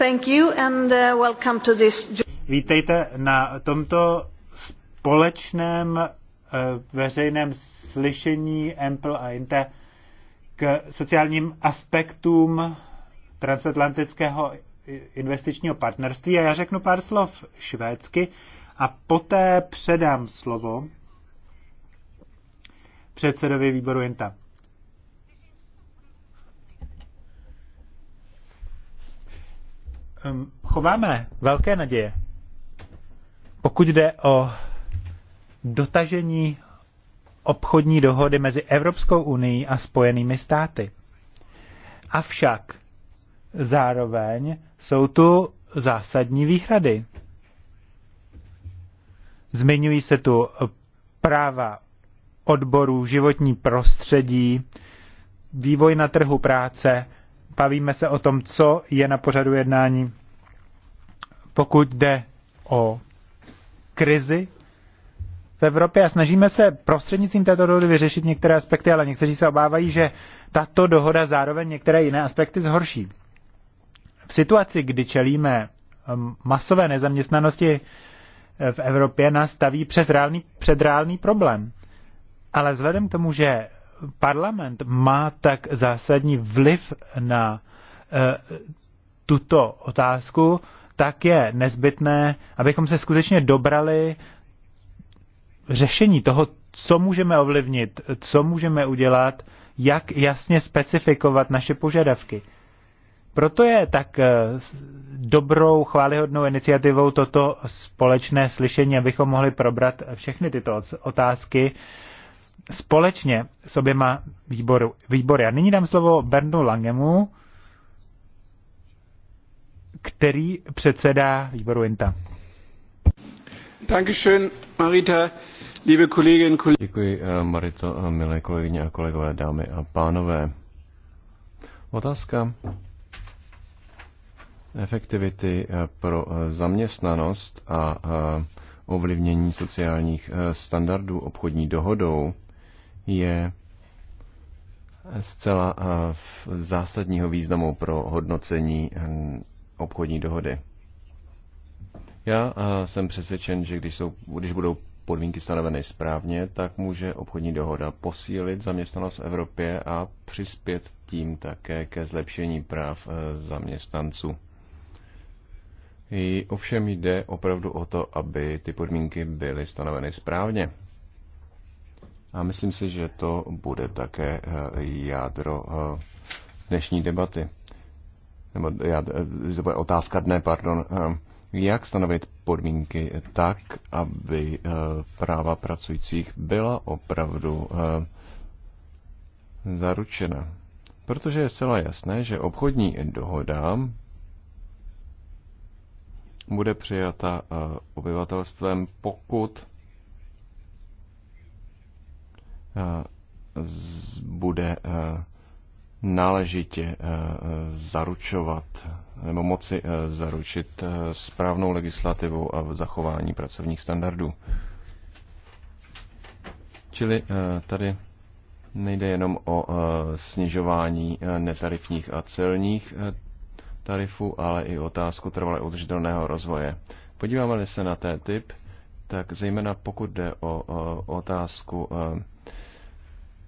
Uh, Vítejte na tomto společném uh, veřejném slyšení Ample a Inte k sociálním aspektům transatlantického investičního partnerství. A já řeknu pár slov švédsky a poté předám slovo předsedovi výboru INTA. chováme velké naděje, pokud jde o dotažení obchodní dohody mezi Evropskou unii a Spojenými státy. Avšak zároveň jsou tu zásadní výhrady. Zmiňují se tu práva odborů, životní prostředí, vývoj na trhu práce bavíme se o tom, co je na pořadu jednání. Pokud jde o krizi v Evropě a snažíme se prostřednictvím této dohody vyřešit některé aspekty, ale někteří se obávají, že tato dohoda zároveň některé jiné aspekty zhorší. V situaci, kdy čelíme um, masové nezaměstnanosti eh, v Evropě, nás staví přes reálný, před reálný problém. Ale vzhledem k tomu, že parlament má tak zásadní vliv na eh, tuto otázku, tak je nezbytné, abychom se skutečně dobrali řešení toho, co můžeme ovlivnit, co můžeme udělat, jak jasně specifikovat naše požadavky. Proto je tak eh, dobrou, chválihodnou iniciativou toto společné slyšení, abychom mohli probrat všechny tyto otázky společně s oběma výboru, výbory. A nyní dám slovo Bernu Langemu, který předsedá výboru INTA. Dankeschön, Marita. Liebe Kolleginnen, Děkuji, eh, Marito, eh, milé kolegyně a kolegové, dámy a pánové. Otázka efektivity eh, pro zaměstnanost a ovlivnění sociálních standardů obchodní dohodou je zcela eh, v zásadního významu pro hodnocení hm, obchodní dohody. Já eh, jsem přesvědčen, že když, jsou, když budou podmínky stanoveny správně, tak může obchodní dohoda posílit zaměstnanost v Evropě a přispět tím také ke zlepšení práv eh, zaměstnanců. I ovšem jde opravdu o to, aby ty podmínky byly stanoveny správně. A myslím si, že to bude také eh, jádro eh, dnešní debaty. Nebo eh, to bude otázka dne, pardon. Jak stanovit podmínky tak, aby práva pracujících byla opravdu zaručena? Protože je zcela jasné, že obchodní dohoda bude přijata obyvatelstvem, pokud Eh, bude eh, náležitě eh, zaručovat nebo moci zaručit správnou legislativu a zachování pracovních standardů. Čili tady nejde jenom o snižování netarifních a celních tarifů, ale i otázku trvalé udržitelného rozvoje. Podíváme-li se na té typ, tak zejména pokud jde o otázku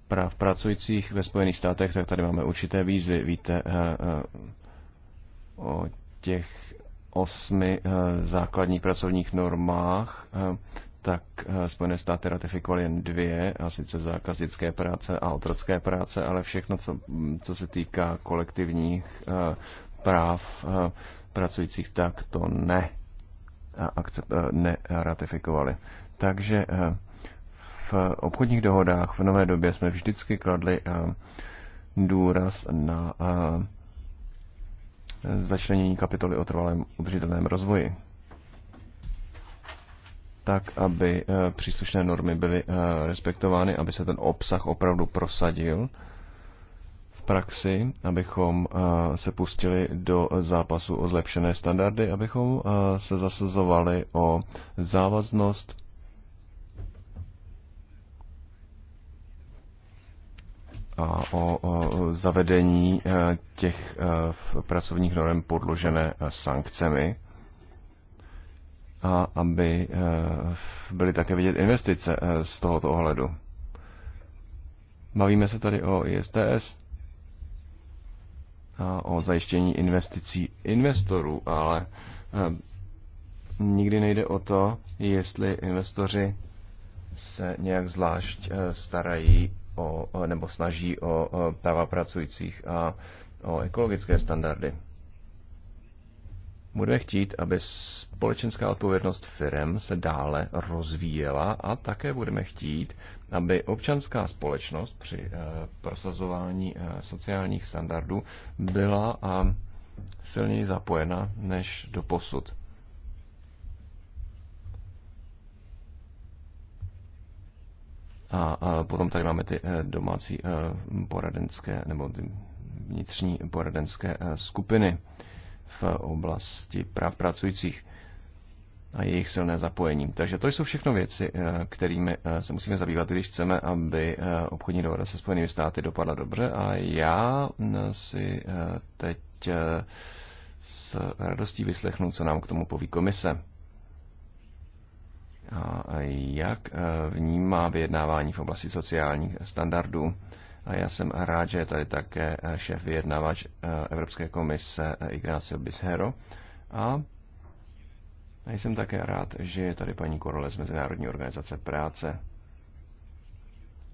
práv pracujících ve Spojených státech, tak tady máme určité výzvy. Víte eh, eh, o těch osmi eh, základních pracovních normách, tak Spojené státy ratifikovaly jen dvě, a sice zákaz dětské práce a otrocké práce, ale všechno, co, co se týká kolektivních práv pracujících, tak to ne, akcept, ne ratifikovali. Takže v obchodních dohodách v nové době jsme vždycky kladli eh, důraz na eh, začlenění kapitoly o trvalém udržitelném rozvoji tak, aby eh, příslušné normy byly respektovány, aby se ten obsah opravdu prosadil v praxi, abychom se pustili do zápasu o zlepšené standardy, abychom se zasazovali o závaznost a o, o zavedení e, těch e, pracovních norm podložené e, sankcemi a aby byly také vidět investice z tohoto ohledu. Bavíme se tady o ISTS a o zajištění investicí investorů, ale nikdy nejde o to, jestli investoři se nějak zvlášť starají o, nebo snaží o práva pracujících a o ekologické standardy. Budeme chtít, aby společenská odpovědnost firm se dále rozvíjela a také budeme chtít, aby občanská společnost při eh, prosazování eh, sociálních standardů byla a eh, silněji zapojena než do posud. A, a potom tady máme ty eh, domácí eh, poradenské nebo ty vnitřní poradenské eh, skupiny v oblasti práv pracujících a jejich silné zapojení. Takže to jsou všechno věci, kterými se musíme zabývat, když chceme, aby obchodní dohoda se Spojenými státy dopadla dobře. A já mm, si teď s radostí vyslechnu, co nám k tomu poví komise a jak eh, vnímá vyjednávání v oblasti sociálních standardů. A já jsem rád, že je tady také eh, šéf vyjednavač eh, Evropské komise Ignacio Bishero. A jsem také rád, že je tady paní Korole z Mezinárodní organizace práce.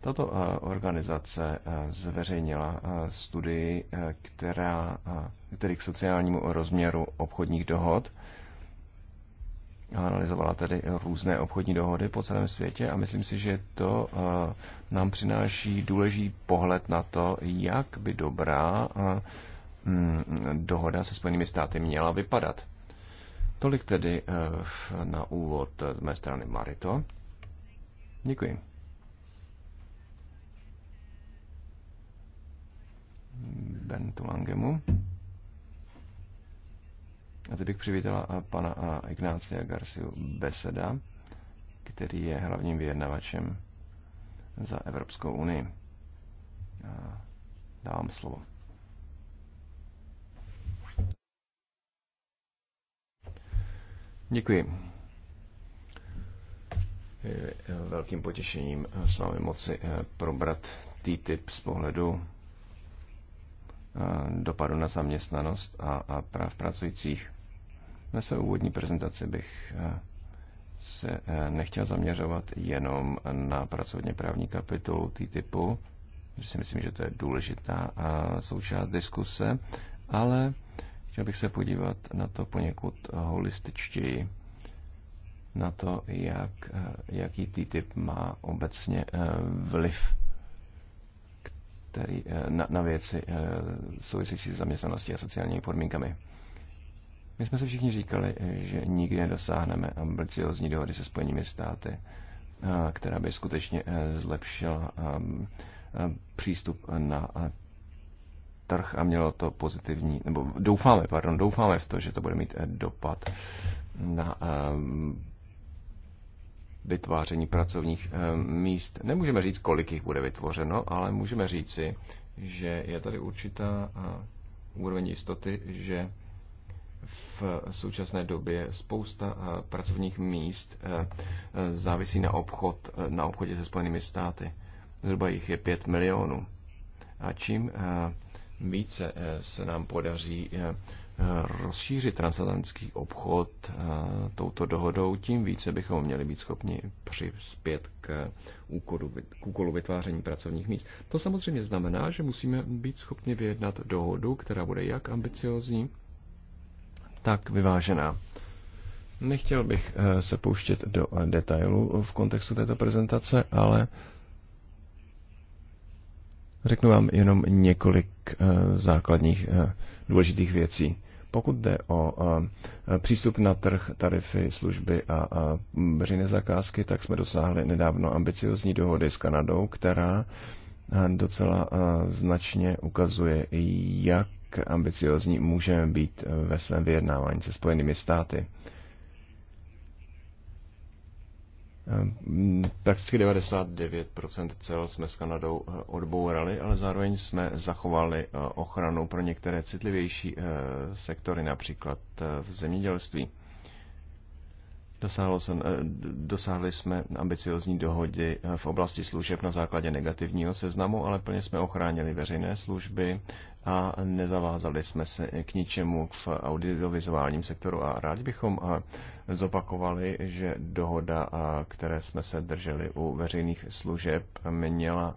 Tato organizace zveřejnila studii, která, který k sociálnímu rozměru obchodních dohod analyzovala tedy různé obchodní dohody po celém světě a myslím si, že to eh, nám přináší důležitý pohled na to, jak by dobrá eh, mm, dohoda se Spojenými státy měla vypadat. Tolik tedy eh, na úvod z mé strany Marito. Děkuji. Bentu Langemu. A teď bych přivítala eh, pana eh, Ignácia Garciu Beseda, který je hlavním vyjednavačem za Evropskou unii. A dávám slovo. Děkuji. Je velkým potěšením eh, s vámi moci probrat TTIP z pohledu dopadu na zaměstnanost a práv pracujících. Ve své úvodní prezentaci bych eh, se eh, nechtěl zaměřovat jenom na pracovně právní kapitolu TTIPu, že si myslím, že to je důležitá eh, součást diskuse, ale chtěl bych se podívat na to poněkud holističtěji, na to, jak, jaký TTIP má obecně vliv který, na, na věci související s zaměstnaností a sociálními podmínkami. My jsme si všichni říkali, že nikdy nedosáhneme ambiciozní dohody se Spojenými státy, eh, která by skutečně eh, zlepšila eh, přístup na trh a mělo to pozitivní, nebo doufáme, pardon, doufáme v to, že to bude mít dopad na vytváření pracovních míst. Nemůžeme říct, kolik jich bude vytvořeno, ale můžeme říci, že je tady určitá úroveň jistoty, že v současné době spousta eh, pracovních míst eh, závisí na, obchod, eh, na obchodě se Spojenými státy. Zhruba jich je 5 milionů. A čím více se nám podaří rozšířit transatlantský obchod touto dohodou, tím více bychom měli být schopni přispět k, úkolu, k úkolu vytváření pracovních míst. To samozřejmě znamená, že musíme být schopni vyjednat dohodu, která bude jak ambiciozní, tak vyvážená. Nechtěl bych eh, se pouštět do eh, detailů v kontextu této prezentace, ale řeknu vám jenom několik eh, základních důležitých věcí. Pokud jde o přístup na trh, tarify, služby a veřejné zakázky, tak jsme dosáhli nedávno ambiciozní dohody s Kanadou, která docela značně ukazuje, jak ambiciozní můžeme být ve svém vyjednávání se Spojenými státy. Prakticky 99% cel jsme s Kanadou eh, odbourali, ale zároveň jsme zachovali eh, ochranu pro některé citlivější eh, sektory, například v zemědělství. dosáhli jsme ambiciozní dohody v oblasti služeb na základě negativního seznamu, ale plně jsme ochránili veřejné služby a nezavázali jsme se k ničemu v audiovizuálním sektoru. A rádi bychom eh, zopakovali, že dohoda, eh, které jsme se drželi u veřejných služeb, měla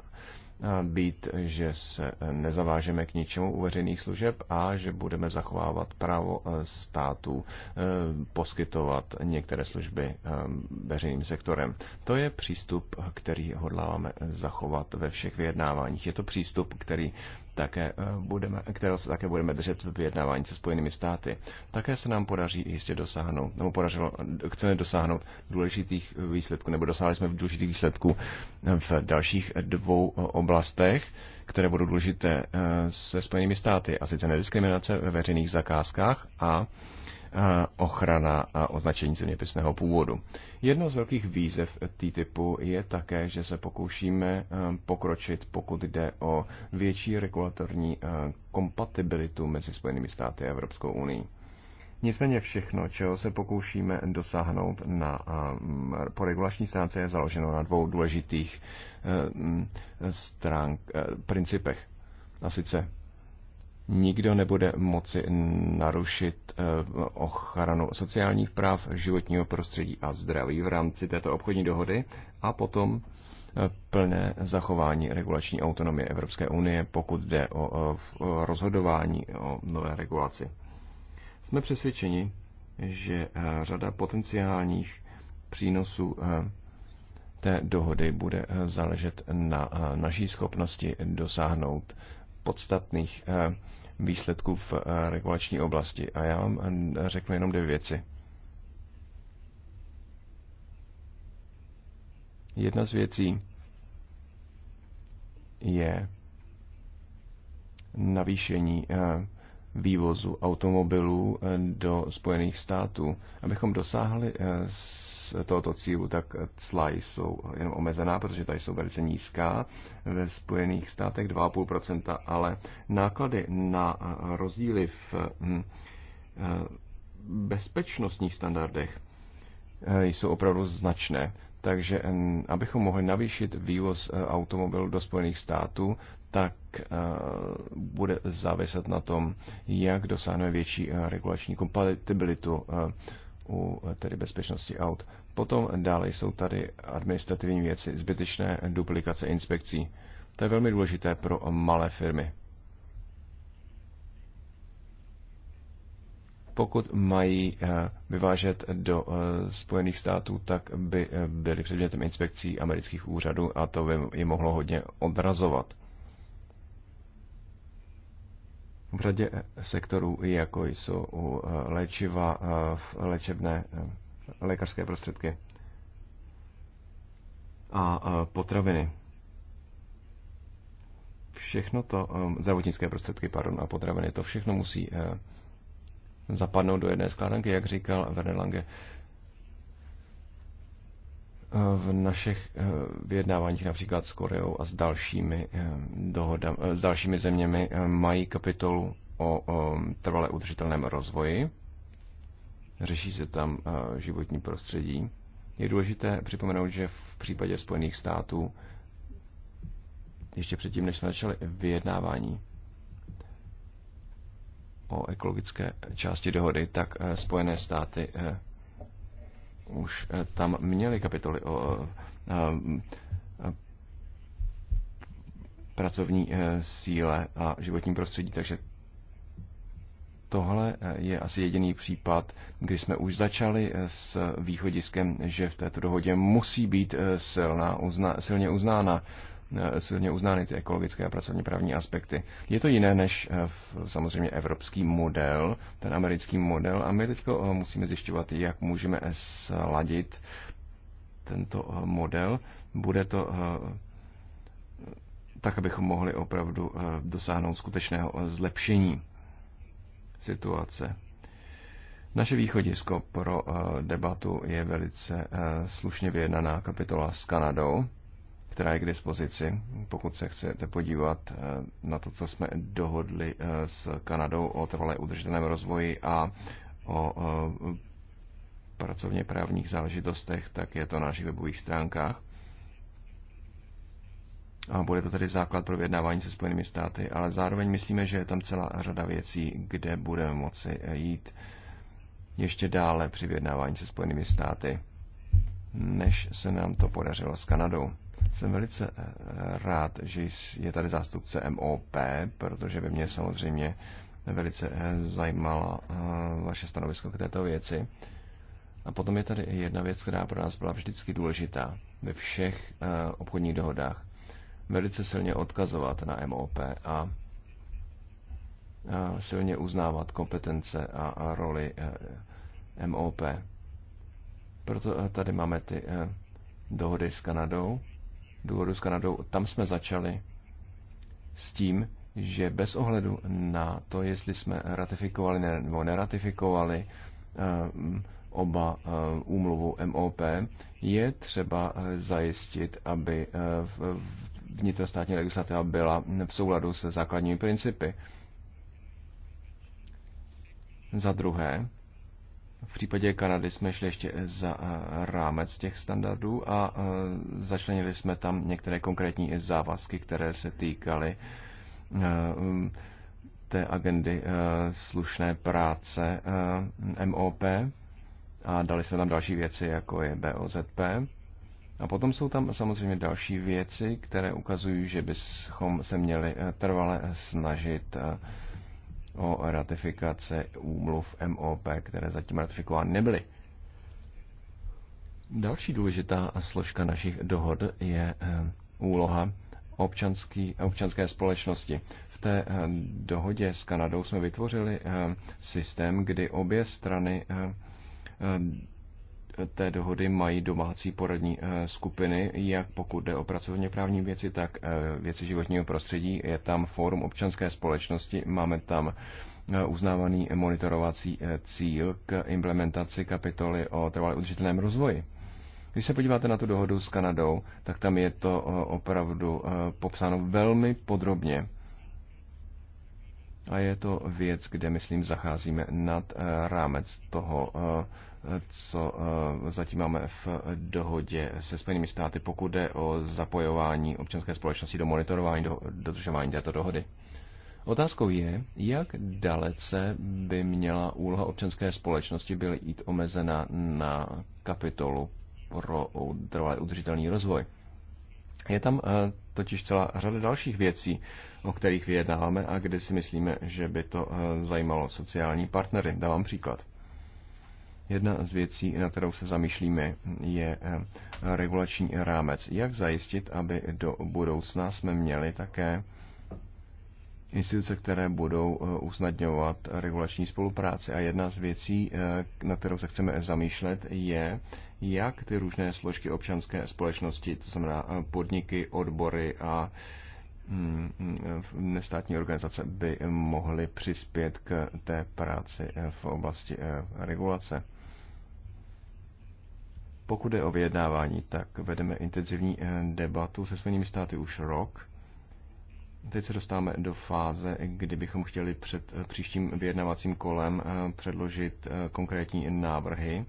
eh, být, že se nezavážeme k ničemu u veřejných služeb a že budeme zachovávat právo států poskytovat některé služby veřejným sektorem. To je přístup, který hodláváme zachovat ve všech vyjednáváních. Je to přístup, který také eh, budeme, kterého se také budeme držet v vyjednávání se Spojenými státy. Také se nám podaří jistě dosáhnout, nebo podařilo, chceme dosáhnout důležitých výsledků, nebo dosáhli jsme důležitých výsledků eh, v dalších dvou eh, oblastech, které budou důležité se Spojenými státy, a sice nediskriminace ve veřejných zakázkách a Eh, ochrana a označení zeměpisného původu. Jedno z velkých výzev TTIPu je také, že se pokoušíme eh, pokročit, pokud jde o větší regulatorní eh, kompatibilitu mezi Spojenými státy a Evropskou unii. Nicméně všechno, čeho se pokoušíme dosáhnout na, po regulační stránce, je založeno na dvou důležitých stránk, principech. A sice nikdo nebude moci narušit eh, ochranu sociálních práv, životního prostředí a zdraví v rámci této obchodní dohody a potom eh, plné zachování regulační autonomie Evropské unie, pokud jde o, eh, rozhodování o nové regulaci. Jsme přesvědčeni, že řada potenciálních přínosů té dohody bude záležet na naší schopnosti dosáhnout podstatných eh, výsledků v eh, regulační oblasti. A já vám eh, řeknu jenom dvě věci. Jedna z věcí je navýšení vývozu automobilů do Spojených států. Abychom dosáhli tohoto cílu, tak cla jsou jenom omezená, protože tady jsou velice nízká. Ve Spojených státech 2,5%, ale náklady na rozdíly v hm, eh, bezpečnostních standardech eh, jsou opravdu značné. Takže hm, abychom mohli navýšit vývoz eh, automobilů do Spojených států, tak bude záviset na tom, jak dosáhneme větší regulační kompatibilitu u eh, tedy bezpečnosti aut. Potom dále jsou tady administrativní věci, zbytečné duplikace inspekcí. To je velmi důležité pro malé firmy. Pokud mají eh, vyvážet do eh, Spojených států, tak by byly předmětem inspekcí amerických úřadů a to by jim mohlo hodně odrazovat. v řadě eh, sektorů, jako jsou u eh, léčiva, eh, v léčebné lékařské prostředky a potraviny. Všechno to, zdravotnické prostředky, pardon, a potraviny, to všechno musí zapadnout do jedné skládanky, jak říkal Werner Lange v našich eh, vyjednáváních například s Koreou a s dalšími, eh, dohodami, eh, s dalšími zeměmi mají kapitolu o, o trvale udržitelném rozvoji. Řeší se tam životní prostředí. Je důležité připomenout, že v případě Spojených států ještě předtím, než jsme začali vyjednávání o ekologické části dohody, tak Spojené státy už eh, tam měli kapitoly o eh, eh, pracovní síle a životním prostředí, takže tohle je asi jediný případ, kdy jsme už začali s východiskem, že v této dohodě musí být silná, uzna, silně uznána Eh, silně uznány ty ekologické a pracovně právní aspekty. Je to jiné než eh, v, samozřejmě evropský model, ten americký model a my teď eh, musíme zjišťovat, jak můžeme sladit tento model. Bude to tak, abychom mohli opravdu dosáhnout skutečného zlepšení situace. Naše východisko pro debatu je velice slušně vyjednaná kapitola s Kanadou která je k dispozici, pokud se chcete podívat eh, na to, co jsme dohodli eh, s Kanadou o trvalé udržitelném rozvoji a o eh, pracovně právních záležitostech, tak je to na našich webových stránkách. A bude to tedy základ pro vyjednávání se Spojenými státy, ale zároveň myslíme, že je tam celá řada věcí, kde budeme moci jít ještě dále při vyjednávání se Spojenými státy, než se nám to podařilo s Kanadou. Jsem velice eh, rád, že je tady zástupce MOP, protože by mě samozřejmě velice eh, zajímala eh, vaše stanovisko k této věci. A potom je tady jedna věc, která pro nás byla vždycky důležitá ve všech obchodních dohodách. Velice silně odkazovat na MOP a silně uznávat kompetence a roli MOP. Proto tady máme ty dohody s Kanadou, důvodu s Kanadou, tam jsme začali s tím, že bez ohledu na to, jestli jsme ratifikovali nebo neratifikovali eh, oba eh, úmluvu MOP, je třeba eh, zajistit, aby vnitrostátní legislativa byla v souladu se základními principy. Za druhé, v případě Kanady jsme šli ještě za eh, rámec těch standardů a eh, začlenili jsme tam některé konkrétní závazky, které se týkaly eh, um, té agendy slušné práce MOP a dali jsme tam další věci, jako je BOZP. A potom jsou tam samozřejmě další věci, které ukazují, že bychom se měli trvale snažit o ratifikace úmluv MOP, které zatím ratifikovány nebyly. Další důležitá složka našich dohod je eh, úloha občanský, občanské společnosti. V té eh, dohodě s Kanadou jsme vytvořili eh, systém, kdy obě strany té dohody mají domácí poradní eh, skupiny, jak pokud jde o pracovně právní věci, tak eh, věci životního prostředí. Je tam fórum občanské společnosti, máme tam eh, uznávaný monitorovací cíl k implementaci kapitoly o trvalé udržitelném rozvoji. Když se podíváte na tu dohodu s Kanadou, tak tam je to opravdu popsáno velmi podrobně a je to věc, kde, myslím, zacházíme nad eh, rámec toho, eh, co eh, zatím máme v dohodě se Spojenými státy, pokud jde o zapojování občanské společnosti do monitorování, do dodržování této dohody. Otázkou je, jak dalece by měla úloha občanské společnosti byla jít omezena na kapitolu pro udržitelný rozvoj. Je tam eh, totiž celá řada dalších věcí, o kterých vyjednáváme a kde si myslíme, že by to eh, zajímalo sociální partnery. Dávám příklad. Jedna z věcí, na kterou se zamýšlíme, je eh, regulační rámec. Jak zajistit, aby do budoucna jsme měli také instituce, které budou eh, usnadňovat regulační spolupráci. A jedna z věcí, eh, na kterou se chceme zamýšlet, je, jak ty různé složky občanské společnosti, to znamená eh, podniky, odbory a mm, mm, nestátní organizace by mohly přispět k té práci v oblasti regulace. Pokud je o vyjednávání, tak vedeme intenzivní debatu se svými státy už rok Teď se dostáváme do fáze, kdy bychom chtěli před eh, příštím vyjednavacím kolem eh, předložit eh, konkrétní návrhy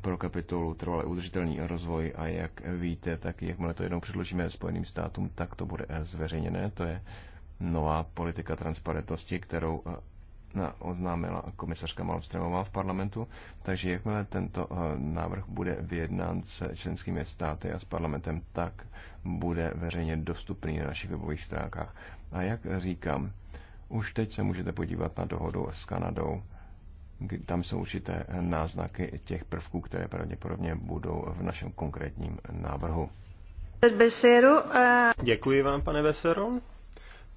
pro kapitolu trvalý udržitelný rozvoj a jak víte, tak jakmile to jednou předložíme Spojeným státům, tak to bude zveřejněné. To je nová politika transparentnosti, kterou oznámila komisařka Malmströmová v parlamentu. Takže jakmile tento návrh bude vyjednán s členskými státy a s parlamentem, tak bude veřejně dostupný na našich webových stránkách. A jak říkám, už teď se můžete podívat na dohodu s Kanadou. Tam jsou určité náznaky těch prvků, které pravděpodobně budou v našem konkrétním návrhu. Děkuji vám, pane Vesero.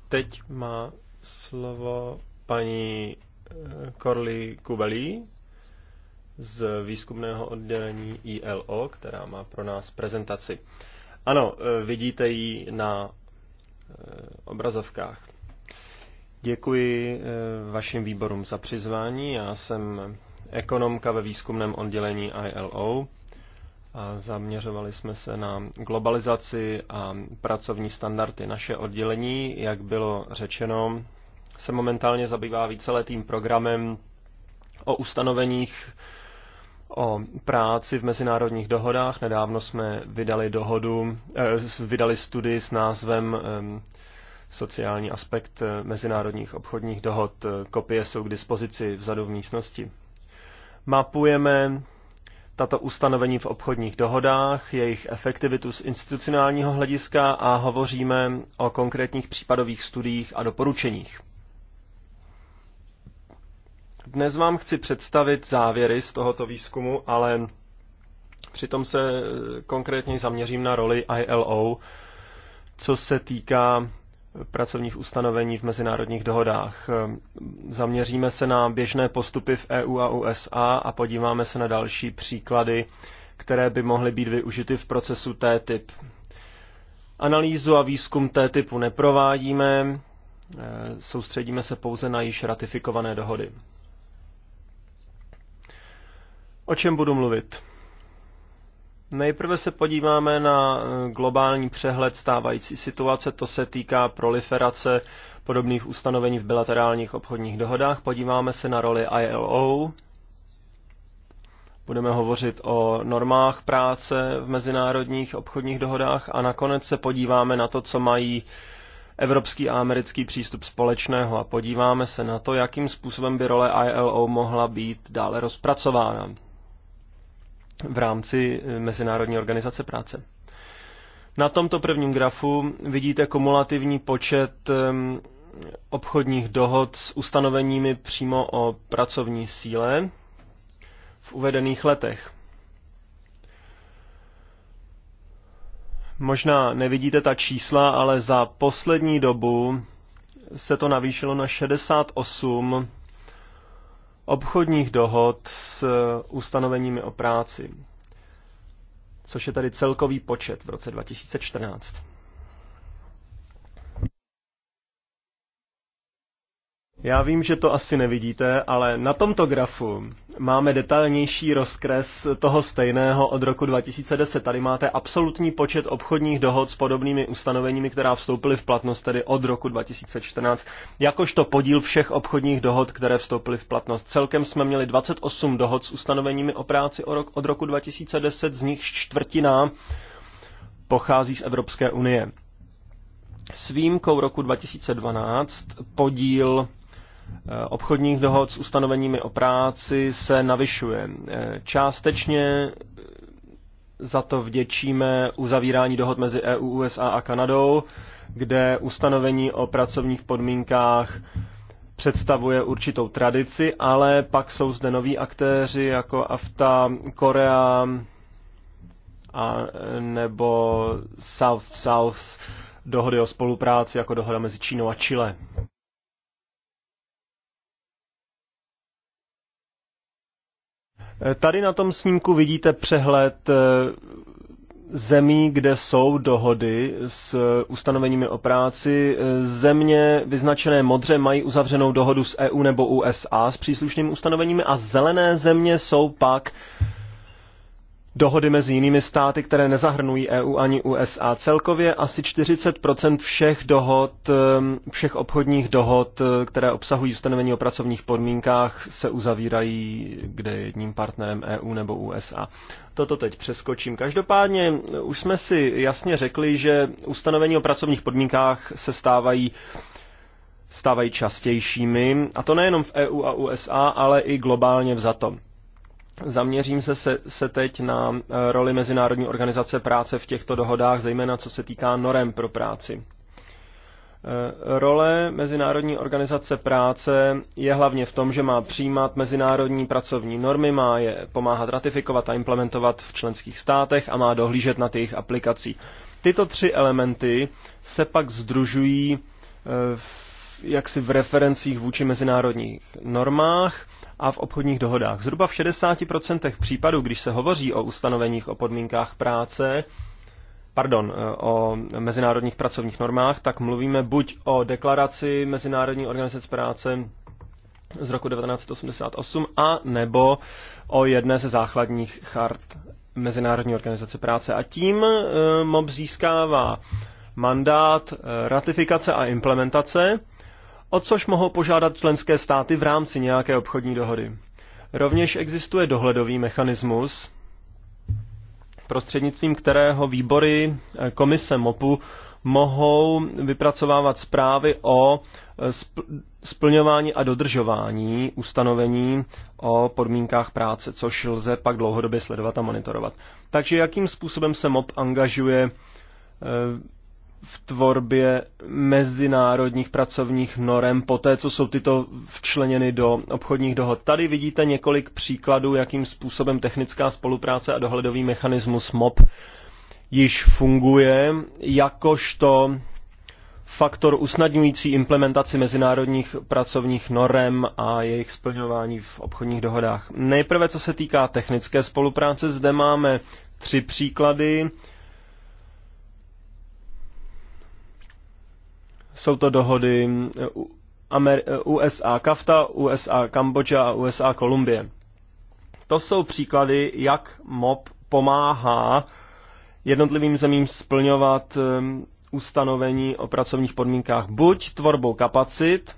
Teď má slovo paní Korli eh, Kubelí z výzkumného oddělení ILO, která má pro nás prezentaci. Ano, eh, vidíte ji na Eh, obrazovkách. Děkuji eh, vašim výborům za přizvání. Já jsem ekonomka ve výzkumném oddělení ILO a zaměřovali jsme se na globalizaci a pracovní standardy. Naše oddělení, jak bylo řečeno, se momentálně zabývá víceletým programem o ustanoveních o práci v mezinárodních dohodách. Nedávno jsme vydali dohodu, eh, vydali studii s názvem eh, Sociální aspekt eh, mezinárodních obchodních dohod. Kopie jsou k dispozici vzadu v místnosti. Mapujeme tato ustanovení v obchodních dohodách, jejich efektivitu z institucionálního hlediska a hovoříme o konkrétních případových studiích a doporučeních. Dnes vám chci představit závěry z tohoto výzkumu, ale přitom se konkrétně zaměřím na roli ILO, co se týká pracovních ustanovení v mezinárodních dohodách. Zaměříme se na běžné postupy v EU a USA a podíváme se na další příklady, které by mohly být využity v procesu T-typ. Analýzu a výzkum T-typu neprovádíme, soustředíme se pouze na již ratifikované dohody. O čem budu mluvit? Nejprve se podíváme na eh, globální přehled stávající situace, to se týká proliferace podobných ustanovení v bilaterálních obchodních dohodách. Podíváme se na roli ILO, budeme hovořit o normách práce v mezinárodních obchodních dohodách a nakonec se podíváme na to, co mají evropský a americký přístup společného a podíváme se na to, jakým způsobem by role ILO mohla být dále rozpracována v rámci eh, Mezinárodní organizace práce. Na tomto prvním grafu vidíte kumulativní počet ehm, obchodních dohod s ustanoveními přímo o pracovní síle v uvedených letech. Možná nevidíte ta čísla, ale za poslední dobu se to navýšilo na 68 obchodních dohod s ustanoveními o práci, což je tady celkový počet v roce 2014. Já vím, že to asi nevidíte, ale na tomto grafu máme detailnější rozkres toho stejného od roku 2010. Tady máte absolutní počet obchodních dohod s podobnými ustanoveními, která vstoupily v platnost tedy od roku 2014, jakožto podíl všech obchodních dohod, které vstoupily v platnost. Celkem jsme měli 28 dohod s ustanoveními o práci od roku 2010, z nich čtvrtina pochází z Evropské unie. S výjimkou roku 2012 podíl Eh, obchodních dohod s ustanoveními o práci se navyšuje. Eh, částečně eh, za to vděčíme uzavírání dohod mezi EU, USA a Kanadou, kde ustanovení o pracovních podmínkách představuje určitou tradici, ale pak jsou zde noví aktéři jako AFTA, Korea a nebo South-South dohody o spolupráci jako dohoda mezi Čínou a Chile. Tady na tom snímku vidíte přehled eh, zemí, kde jsou dohody s ustanoveními o práci. Země vyznačené modře mají uzavřenou dohodu s EU nebo USA s příslušnými ustanoveními a zelené země jsou pak uh, dohody mezi jinými státy, které nezahrnují EU ani USA. Celkově asi 40% všech dohod, ehm, všech obchodních dohod, eh, které obsahují ustanovení o pracovních podmínkách, se uzavírají kde jedním partnerem EU nebo USA. Toto teď přeskočím. Každopádně eh, už jsme si jasně řekli, že ustanovení o pracovních podmínkách se stávají stávají častějšími, a to nejenom v EU a USA, ale i globálně vzato. Zaměřím se, se, se teď na eh, roli Mezinárodní organizace práce v těchto dohodách, zejména co se týká norem pro práci. Eh, role Mezinárodní organizace práce je hlavně v tom, že má přijímat mezinárodní pracovní normy, má je pomáhat ratifikovat a implementovat v členských státech a má dohlížet na jejich aplikací. Tyto tři elementy se pak združují eh, v, jaksi v referencích vůči mezinárodních normách, a v obchodních dohodách. Zhruba v 60% případů, když se hovoří o ustanoveních o podmínkách práce, pardon, eh, o mezinárodních pracovních normách, tak mluvíme buď o deklaraci Mezinárodní organizace práce z roku 1988 a nebo o jedné ze základních chart Mezinárodní organizace práce. A tím eh, MOB získává mandát eh, ratifikace a implementace o což mohou požádat členské státy v rámci nějaké obchodní dohody. Rovněž existuje dohledový mechanismus, prostřednictvím kterého výbory eh, komise MOPu mohou vypracovávat zprávy o eh, splňování a dodržování ustanovení o podmínkách práce, což lze pak dlouhodobě sledovat a monitorovat. Takže jakým způsobem se MOP angažuje eh, v tvorbě mezinárodních pracovních norem, poté co jsou tyto včleněny do obchodních dohod. Tady vidíte několik příkladů, jakým způsobem technická spolupráce a dohledový mechanismus MOP již funguje jakožto faktor usnadňující implementaci mezinárodních pracovních norem a jejich splňování v obchodních dohodách. Nejprve, co se týká technické spolupráce, zde máme tři příklady Jsou to dohody eh, USA eh, Kafta, USA Kambodža a USA Kolumbie. To jsou příklady, jak MOP pomáhá jednotlivým zemím splňovat eh, ustanovení o pracovních podmínkách buď tvorbou kapacit,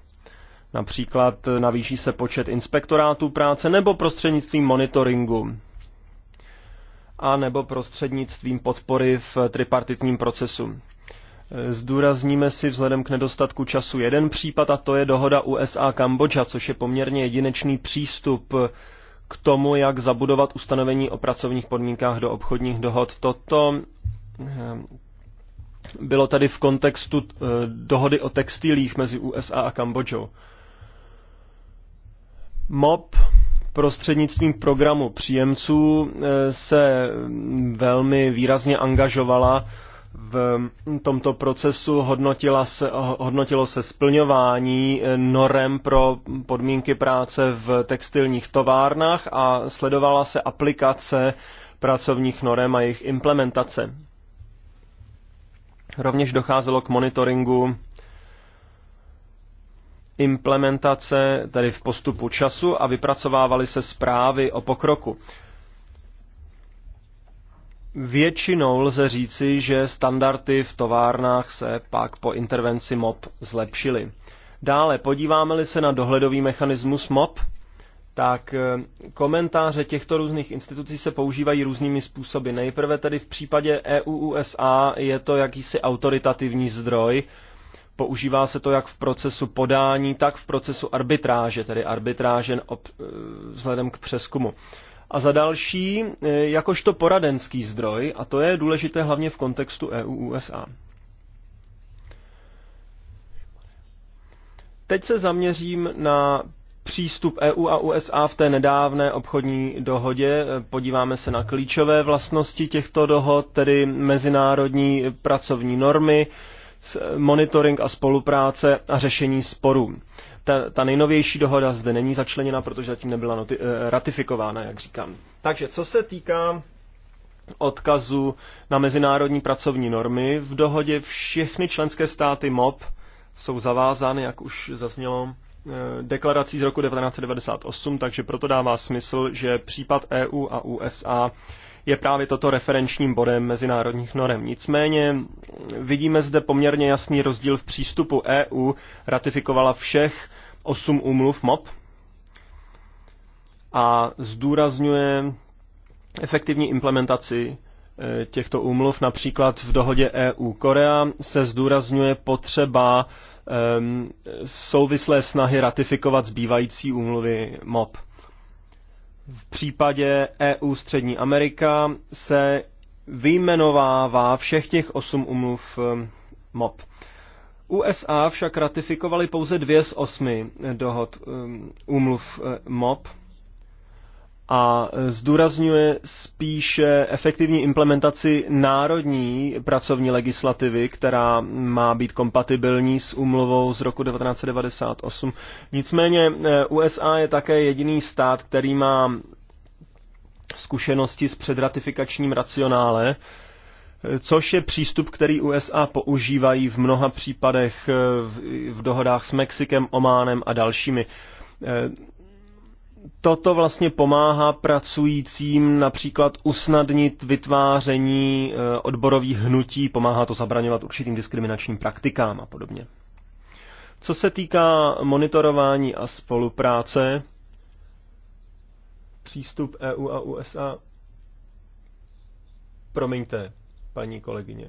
například navýší se počet inspektorátů práce, nebo prostřednictvím monitoringu, a nebo prostřednictvím podpory v tripartitním procesu. Zdůrazníme si vzhledem k nedostatku času jeden případ a to je dohoda USA-Kambodža, což je poměrně jedinečný přístup k tomu, jak zabudovat ustanovení o pracovních podmínkách do obchodních dohod. Toto eh, bylo tady v kontextu eh, dohody o textilích mezi USA a Kambodžou. MOP prostřednictvím programu příjemců eh, se velmi výrazně angažovala v tomto procesu hodnotila se, hodnotilo se splňování eh, norem pro podmínky práce v textilních továrnách a sledovala se aplikace pracovních norem a jejich implementace. Rovněž docházelo k monitoringu implementace, tedy v postupu času a vypracovávaly se zprávy o pokroku. Většinou lze říci, že standardy v továrnách se pak po intervenci MOP zlepšily. Dále, podíváme-li se na dohledový mechanismus MOP, tak eh, komentáře těchto různých institucí se používají různými způsoby. Nejprve tedy v případě EU-USA je to jakýsi autoritativní zdroj. Používá se to jak v procesu podání, tak v procesu arbitráže, tedy arbitráže eh, vzhledem k přeskumu. A za další, eh, jakožto poradenský zdroj, a to je důležité hlavně v kontextu EU-USA. Teď se zaměřím na přístup EU a USA v té nedávné obchodní dohodě. Podíváme se na klíčové vlastnosti těchto dohod, tedy mezinárodní pracovní normy, eh, monitoring a spolupráce a řešení sporů ta, ta nejnovější dohoda zde není začleněna, protože zatím nebyla noti- eh, ratifikována, jak říkám. Takže co se týká odkazu na mezinárodní pracovní normy, v dohodě všechny členské státy MOP jsou zavázány, jak už zaznělo, eh, deklarací z roku 1998, takže proto dává smysl, že případ EU a USA je právě toto referenčním bodem mezinárodních norem. Nicméně vidíme zde poměrně jasný rozdíl v přístupu. EU ratifikovala všech osm úmluv MOP a zdůrazňuje efektivní implementaci e, těchto úmluv, například v dohodě EU-Korea se zdůrazňuje potřeba um, souvislé snahy ratifikovat zbývající úmluvy MOP v případě EU Střední Amerika se vyjmenovává všech těch osm umluv um, MOP. USA však ratifikovali pouze dvě z osmi dohod um, umluv uh, MOP a zdůrazňuje spíše efektivní implementaci národní pracovní legislativy, která má být kompatibilní s úmluvou z roku 1998. Nicméně eh, USA je také jediný stát, který má zkušenosti s předratifikačním racionále, eh, což je přístup, který USA používají v mnoha případech eh, v, v dohodách s Mexikem, Ománem a dalšími toto vlastně pomáhá pracujícím například usnadnit vytváření eh, odborových hnutí, pomáhá to zabraňovat určitým diskriminačním praktikám a podobně. Co se týká monitorování a spolupráce, přístup EU a USA. Promiňte, paní kolegyně.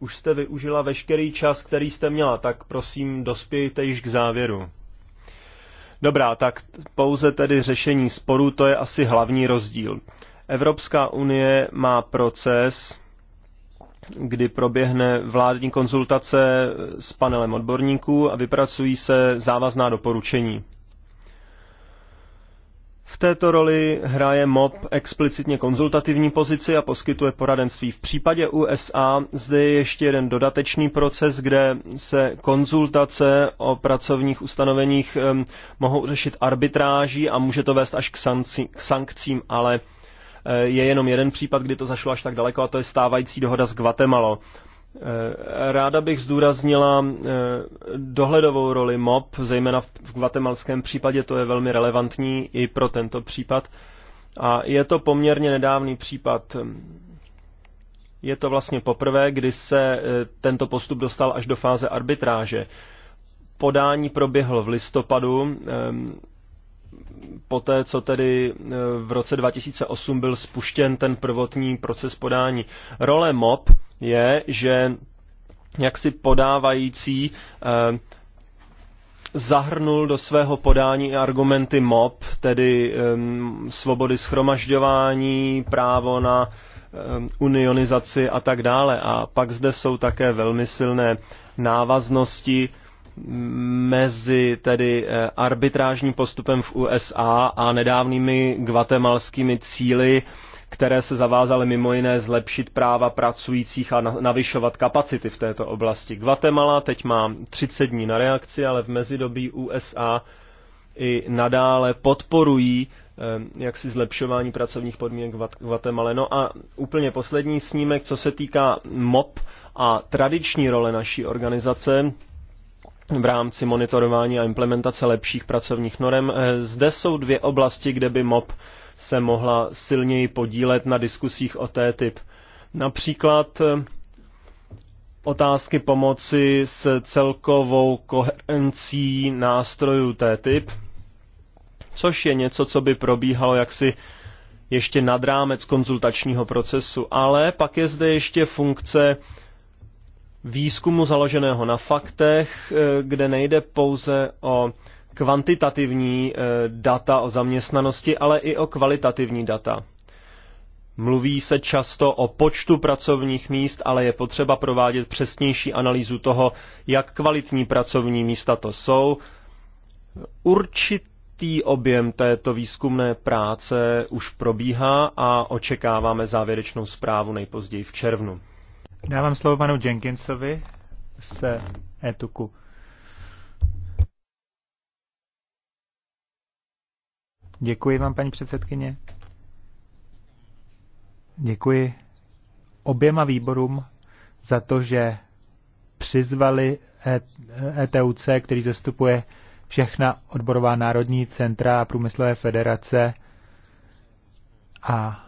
Už jste využila veškerý čas, který jste měla, tak prosím, dospějte již k závěru. Dobrá, tak pouze tedy řešení sporů, to je asi hlavní rozdíl. Evropská unie má proces, kdy proběhne vládní konzultace s panelem odborníků a vypracují se závazná doporučení. V této roli hraje MOB explicitně konzultativní pozici a poskytuje poradenství. V případě USA zde je ještě jeden dodatečný proces, kde se konzultace o pracovních ustanoveních um, mohou řešit arbitráží a může to vést až k, sanci, k sankcím, ale e, je jenom jeden případ, kdy to zašlo až tak daleko a to je stávající dohoda s Guatemala. Eh, ráda bych zdůraznila eh, dohledovou roli MOP, zejména v guatemalském případě, to je velmi relevantní i pro tento případ. A je to poměrně nedávný případ. Je to vlastně poprvé, kdy se eh, tento postup dostal až do fáze arbitráže. Podání proběhlo v listopadu, poté co tedy v roce 2008 byl spuštěn ten prvotní proces podání. Role MOP je, že jaksi podávající eh, zahrnul do svého podání argumenty MOB, tedy svobody schromažďování, právo na unionizaci a tak dále. A pak zde jsou také velmi silné návaznosti mezi tedy eh, arbitrážním postupem v USA a nedávnými guatemalskými cíly které se zavázaly mimo jiné zlepšit práva pracujících a navyšovat kapacity v této oblasti. Guatemala teď má 30 dní na reakci, ale v mezidobí USA i nadále podporují eh, si zlepšování pracovních podmínek v Guatemala. No a úplně poslední snímek, co se týká MOP a tradiční role naší organizace, v rámci monitorování a implementace lepších pracovních norem. Eh, zde jsou dvě oblasti, kde by MOP se mohla silněji podílet na diskusích o té typ. Například eh, otázky pomoci s celkovou koherencí nástrojů té typ, což je něco, co by probíhalo jaksi ještě nad rámec konzultačního procesu, ale pak je zde ještě funkce výzkumu založeného na faktech, eh, kde nejde pouze o kvantitativní eh, data o zaměstnanosti, ale i o kvalitativní data. Mluví se často o počtu pracovních míst, ale je potřeba provádět přesnější analýzu toho, jak kvalitní pracovní místa to jsou. Určitý objem této výzkumné práce už probíhá a očekáváme závěrečnou zprávu nejpozději v červnu. Dávám slovo panu Jenkinsovi se Etuku. Děkuji vám, paní předsedkyně. Děkuji oběma výborům za to, že přizvali ETUC, který zastupuje všechna odborová národní centra a průmyslové federace. A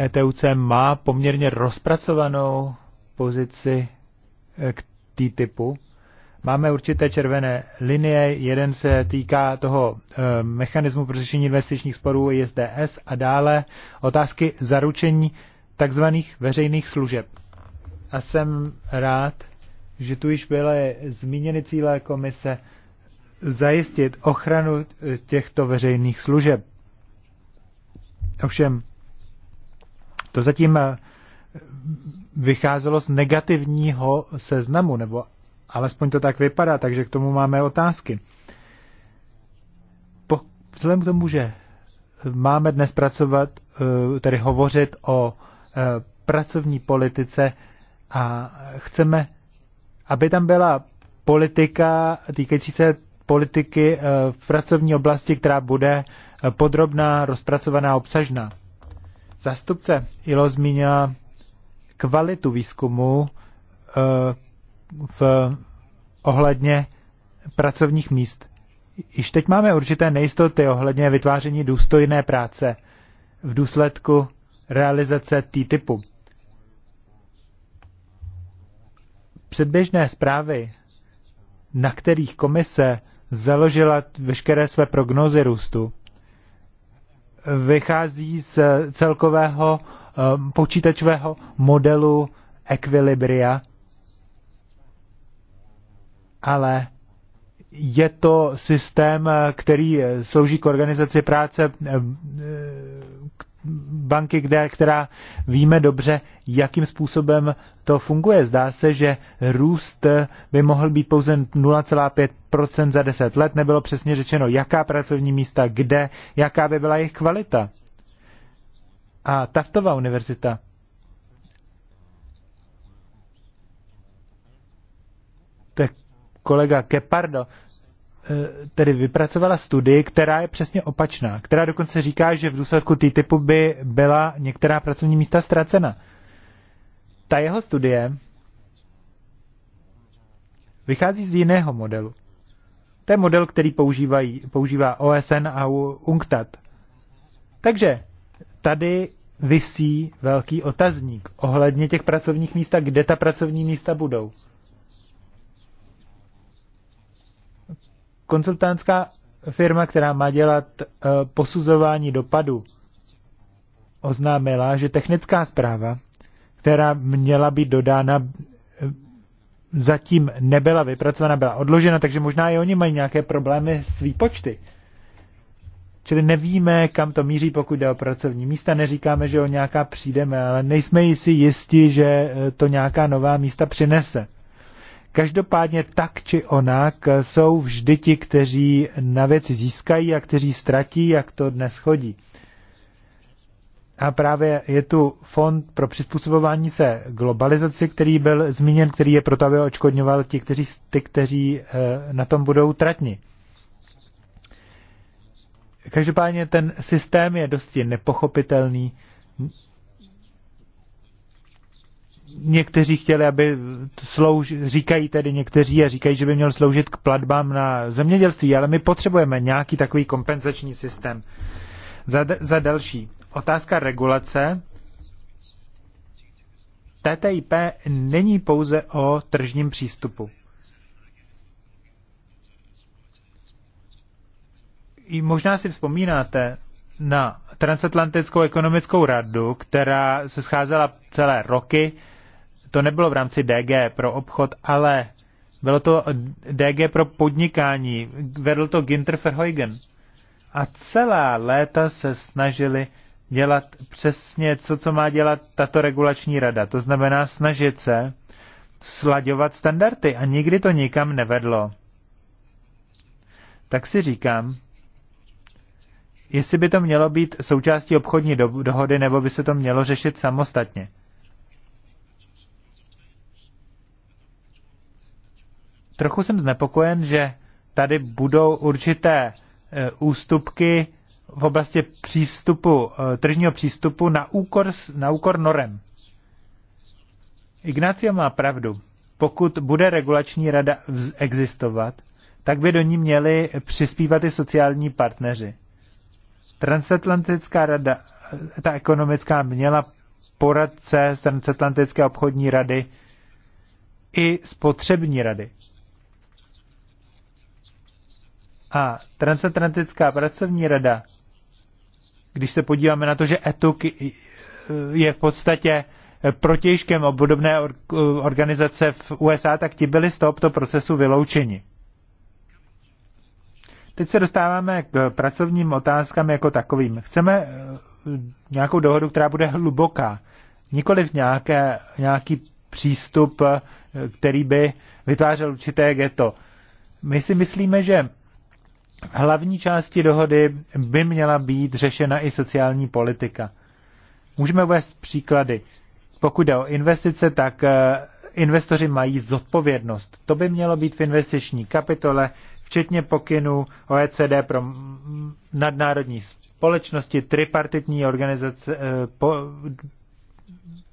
ETUC má poměrně rozpracovanou pozici k t typu Máme určité červené linie, jeden se týká toho e, mechanismu pro řešení investičních sporů ISDS a dále otázky zaručení takzvaných veřejných služeb. A jsem rád, že tu již byly zmíněny cíle komise zajistit ochranu eh, těchto veřejných služeb. Ovšem, to zatím eh, vycházelo z negativního seznamu nebo Alespoň to tak vypadá, takže k tomu máme otázky. Po, vzhledem k tomu, že máme dnes pracovat, eh, tedy hovořit o eh, pracovní politice a chceme, aby tam byla politika týkající se politiky eh, v pracovní oblasti, která bude podrobná, rozpracovaná, obsažná. Zastupce Ilo zmínila kvalitu výzkumu, v ohledně pracovních míst. Již teď máme určité nejistoty ohledně vytváření důstojné práce v důsledku realizace T-typu. Předběžné zprávy, na kterých komise založila veškeré své prognozy růstu, vychází z celkového eh, počítačového modelu ekvilibria, ale je to systém, který slouží k organizaci práce eh, banky, kde, která víme dobře, jakým způsobem to funguje. Zdá se, že růst by mohl být pouze 0,5% za 10 let. Nebylo přesně řečeno, jaká pracovní místa, kde, jaká by byla jejich kvalita. A Taftová univerzita kolega Kepardo eh, tedy vypracovala studii, která je přesně opačná, která dokonce říká, že v důsledku TTIPu by byla některá pracovní místa ztracena. Ta jeho studie vychází z jiného modelu. To je model, který používají, používá OSN a UNCTAD. Takže tady vysí velký otazník ohledně těch pracovních míst, kde ta pracovní místa budou. konzultantská firma, která má dělat eh, posuzování dopadu, oznámila, že technická zpráva, která měla být dodána, eh, zatím nebyla vypracována, byla odložena, takže možná i oni mají nějaké problémy s výpočty. Čili nevíme, kam to míří, pokud jde o pracovní místa. Neříkáme, že o nějaká přijdeme, ale nejsme si jistí, že eh, to nějaká nová místa přinese. Každopádně tak či onak jsou vždy ti, kteří na věci získají a kteří ztratí, jak to dnes chodí. A právě je tu fond pro přizpůsobování se globalizaci, který byl zmíněn, který je proto, aby očkodňoval ti, kteří, ty, kteří eh, na tom budou tratni. Každopádně ten systém je dosti nepochopitelný, někteří chtěli, aby slouž, říkají tedy někteří a říkají, že by měl sloužit k platbám na zemědělství, ale my potřebujeme nějaký takový kompenzační systém. Za, za další, otázka regulace. TTIP není pouze o tržním přístupu. I možná si vzpomínáte na transatlantickou ekonomickou radu, která se scházela celé roky, to nebylo v rámci DG pro obchod, ale bylo to DG pro podnikání, vedl to Ginter Verheugen. A celá léta se snažili dělat přesně to, co má dělat tato regulační rada. To znamená snažit se slaďovat standardy a nikdy to nikam nevedlo. Tak si říkám, jestli by to mělo být součástí obchodní do dohody, nebo by se to mělo řešit samostatně. trochu jsem znepokojen, že tady budou určité e, ústupky v oblasti přístupu, e, tržního přístupu na úkor, na úkor norem. Ignácio má pravdu. Pokud bude regulační rada existovat, tak by do ní měli přispívat i sociální partneři. Transatlantická rada, e, ta ekonomická, měla poradce z Transatlantické obchodní rady i spotřební rady. A transatlantická pracovní rada, když se podíváme na to, že ETUK je v podstatě protěžkem obdobné organizace v USA, tak ti byli z tohoto procesu vyloučeni. Teď se dostáváme k pracovním otázkám jako takovým. Chceme eh, nějakou dohodu, která bude hluboká, nikoliv nějaké, nějaký přístup, eh, který by vytvářel určité geto. My si myslíme, že hlavní části dohody by měla být řešena i sociální politika. Můžeme uvést příklady. Pokud jde o investice, tak eh, investoři mají zodpovědnost. To by mělo být v investiční kapitole, včetně pokynů OECD pro nadnárodní společnosti, tripartitní organizace eh,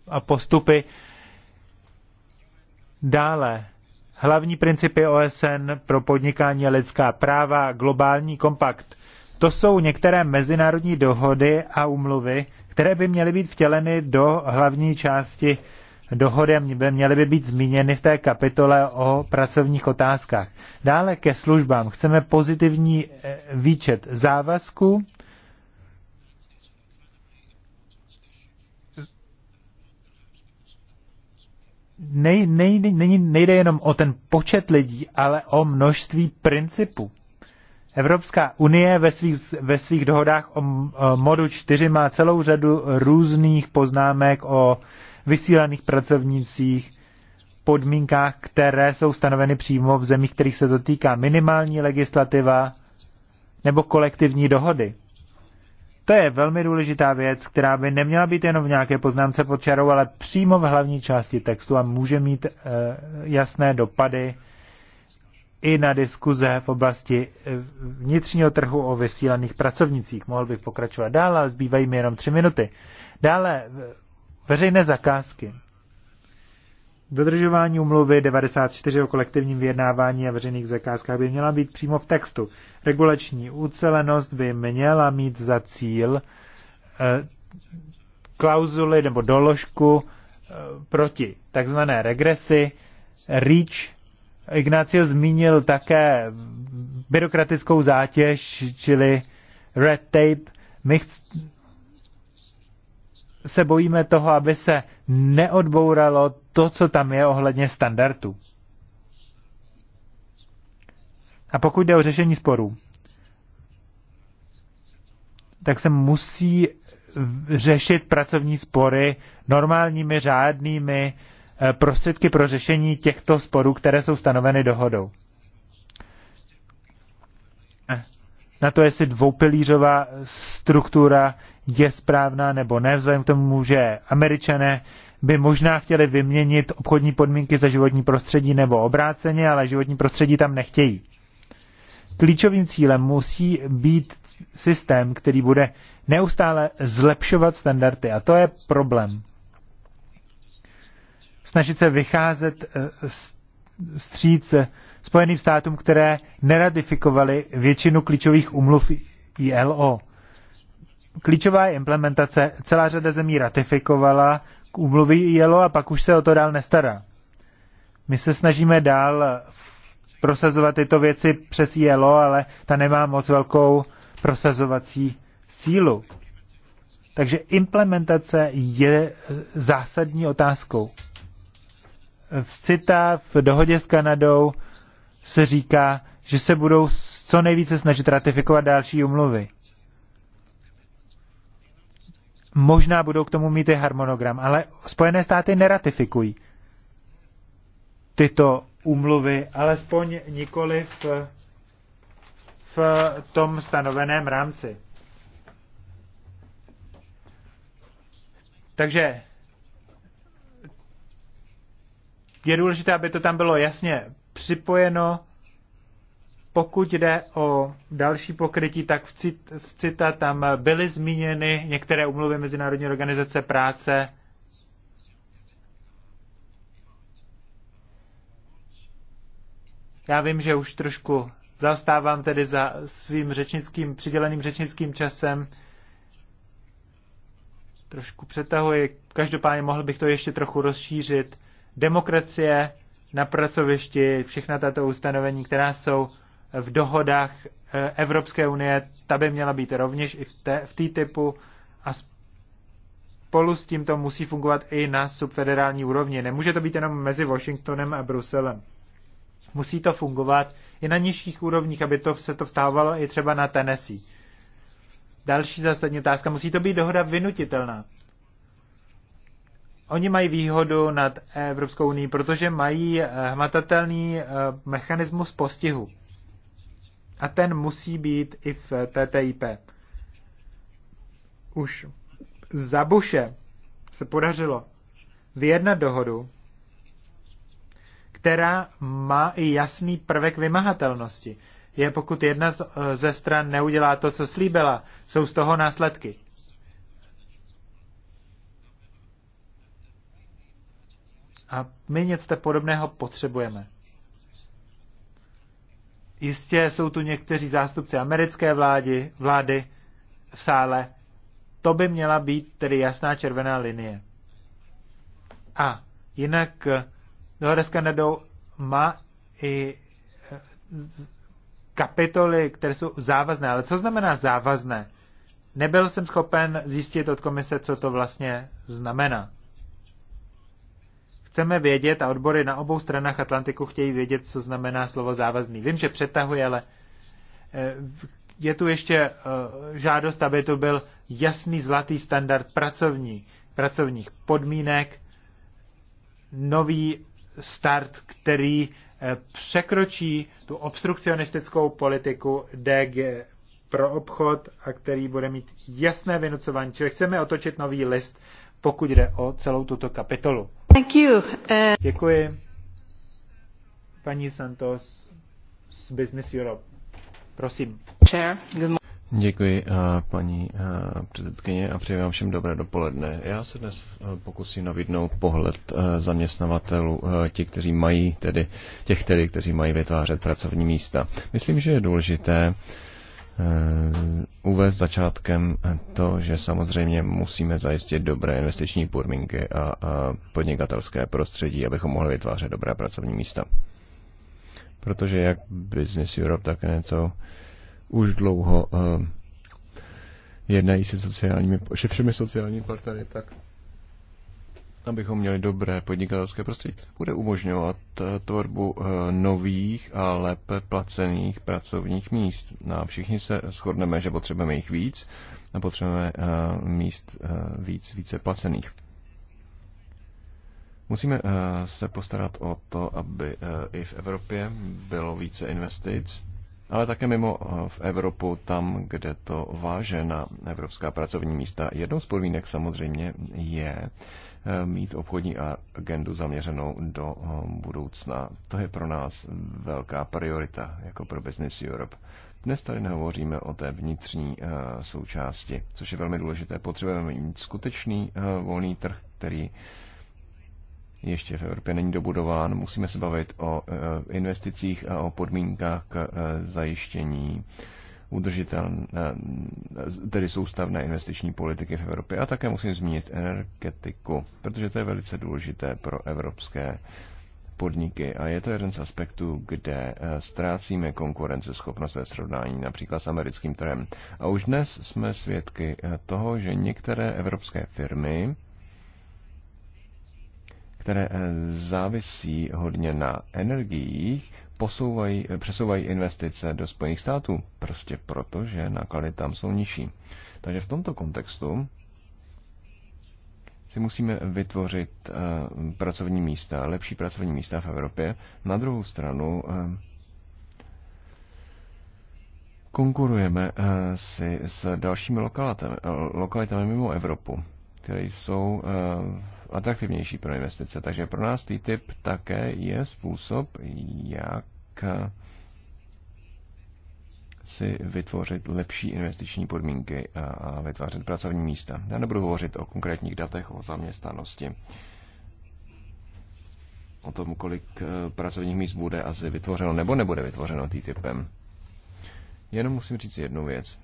a postupy. Dále hlavní principy OSN pro podnikání a lidská práva, globální kompakt. To jsou některé mezinárodní dohody a umluvy, které by měly být vtěleny do hlavní části dohody a by měly by být zmíněny v té kapitole o pracovních otázkách. Dále ke službám chceme pozitivní eh, výčet závazků nej, nej, nej, nejde jenom o ten počet lidí, ale o množství principů. Evropská unie ve svých, ve svých dohodách o modu 4 má celou řadu různých poznámek o vysílaných pracovnících, podmínkách, které jsou stanoveny přímo v zemích, kterých se to týká minimální legislativa nebo kolektivní dohody. To je velmi důležitá věc, která by neměla být jenom v nějaké poznámce pod čarou, ale přímo v hlavní části textu a může mít e, jasné dopady i na diskuze v oblasti eh, vnitřního trhu o vysílaných pracovnicích. Mohl bych pokračovat dál, ale zbývají mi jenom tři minuty. Dále eh, veřejné zakázky. Dodržování umluvy 94 o kolektivním vyjednávání a veřejných zakázkách by měla být přímo v textu. Regulační ucelenost by měla mít za cíl eh, klauzuly nebo doložku eh, proti takzvané regresi. REACH Ignacio zmínil také byrokratickou zátěž, čili red tape. My chc- se bojíme toho, aby se neodbouralo to, co tam je ohledně standardů. A pokud jde o řešení sporů, tak se musí řešit pracovní spory normálními řádnými eh, prostředky pro řešení těchto sporů, které jsou stanoveny dohodou. na to, jestli dvoupilířová struktura je správná nebo ne, vzhledem k tomu, že američané by možná chtěli vyměnit obchodní podmínky za životní prostředí nebo obráceně, ale životní prostředí tam nechtějí. Klíčovým cílem musí být systém, který bude neustále zlepšovat standardy a to je problém. Snažit se vycházet eh, stříce Spojeným státům, které neratifikovaly většinu klíčových umluv ILO. Klíčová je implementace. Celá řada zemí ratifikovala k úmluvy ILO a pak už se o to dál nestará. My se snažíme dál prosazovat tyto věci přes ILO, ale ta nemá moc velkou prosazovací sílu. Takže implementace je zásadní otázkou. V CITA, v dohodě s Kanadou, se říká, že se budou co nejvíce snažit ratifikovat další umluvy. Možná budou k tomu mít i harmonogram, ale Spojené státy neratifikují tyto umluvy, alespoň nikoli v, v tom stanoveném rámci. Takže je důležité, aby to tam bylo jasně připojeno. Pokud jde o další pokrytí, tak v, cit, v CITA tam byly zmíněny některé umluvy Mezinárodní organizace práce. Já vím, že už trošku zastávám tedy za svým řečnickým, přiděleným řečnickým časem. Trošku přetahuji. Každopádně mohl bych to ještě trochu rozšířit. Demokracie na pracovišti, všechna tato ustanovení, která jsou v dohodách eh, Evropské unie, ta by měla být rovněž i v, té, v typu a spolu s tímto musí fungovat i na subfederální úrovni. Nemůže to být jenom mezi Washingtonem a Bruselem. Musí to fungovat i na nižších úrovních, aby to se to vstávalo i třeba na Tennessee. Další zásadní otázka. Musí to být dohoda vynutitelná. Oni mají výhodu nad Evropskou unii, protože mají eh, hmatatelný eh, mechanismus postihu. A ten musí být i v TTIP. Už za Buše se podařilo vyjednat dohodu, která má i jasný prvek vymahatelnosti. Je pokud jedna eh, ze stran neudělá to, co slíbila, jsou z toho následky. A my něco podobného potřebujeme. Jistě jsou tu někteří zástupci americké vlády, vlády v sále. To by měla být tedy jasná červená linie. A jinak eh, dohoda s Kanadou má i eh, kapitoly, které jsou závazné. Ale co znamená závazné? Nebyl jsem schopen zjistit od komise, co to vlastně znamená chceme vědět a odbory na obou stranách Atlantiku chtějí vědět, co znamená slovo závazný. Vím, že přetahuje, ale eh, je tu ještě eh, žádost, aby to byl jasný zlatý standard pracovní, pracovních podmínek, nový start, který eh, překročí tu obstrukcionistickou politiku DG pro obchod a který bude mít jasné vynucování. Čili chceme otočit nový list, pokud jde o celou tuto kapitolu. Thank you. Uh... Děkuji. Paní Santos z Business Europe. Prosím. Chair, good Děkuji, uh, paní uh, předsedkyně, a přeji vám všem dobré dopoledne. Já se dnes uh, pokusím navidnout pohled zaměstnavatelů, těch, kteří mají, tedy těch, tedy, kteří mají vytvářet pracovní místa. Myslím, že je důležité Eh, uvést začátkem to, že samozřejmě musíme zajistit dobré investiční podmínky a, podnikatelské prostředí, abychom mohli vytvářet dobrá pracovní místa. Protože jak Business Europe, tak něco už dlouho eh, jednají se sociálními, se všemi sociálními partnery, tak abychom měli dobré podnikatelské prostředí. Bude umožňovat eh, tvorbu eh, nových a lépe placených pracovních míst. No a všichni se shodneme, že potřebujeme jich víc a potřebujeme eh, míst víc, více placených. Musíme se postarat o to, aby i v Evropě bylo více investic, ale také mimo v Evropu, tam, kde to váže na evropská pracovní místa. Jednou z podmínek samozřejmě je, mít obchodní agendu zaměřenou do eh, budoucna. To je pro nás velká priorita jako pro Business Europe. Dnes tady nehovoříme o té vnitřní eh, součásti, což je velmi důležité. Potřebujeme mít skutečný eh, volný trh, který ještě v Evropě není dobudován. Musíme se bavit o investicích a o podmínkách k zajištění udržitelné, eh, tedy soustavné investiční politiky v Evropě. A také musím zmínit energetiku, protože to je velice důležité pro evropské podniky a je to jeden z aspektů, kde eh, ztrácíme konkurenceschopnost ve srovnání například s americkým trhem. A už dnes jsme svědky eh, toho, že některé evropské firmy, které závisí hodně na energiích, posouvají, přesouvají investice do Spojených států, prostě proto, že náklady tam jsou nižší. Takže v tomto kontextu si musíme vytvořit eh, pracovní místa, lepší pracovní místa v Evropě. Na druhou stranu eh, konkurujeme eh, si s dalšími lokalitami, lokalitami mimo Evropu, které jsou atraktivnější pro investice. Takže pro nás TTIP také je způsob, jak si vytvořit lepší investiční podmínky a vytvářet pracovní místa. Já nebudu hovořit o konkrétních datech o zaměstnanosti, o tom, kolik eh, pracovních míst bude asi vytvořeno nebo nebude vytvořeno TTIPem. Jenom musím říct jednu věc.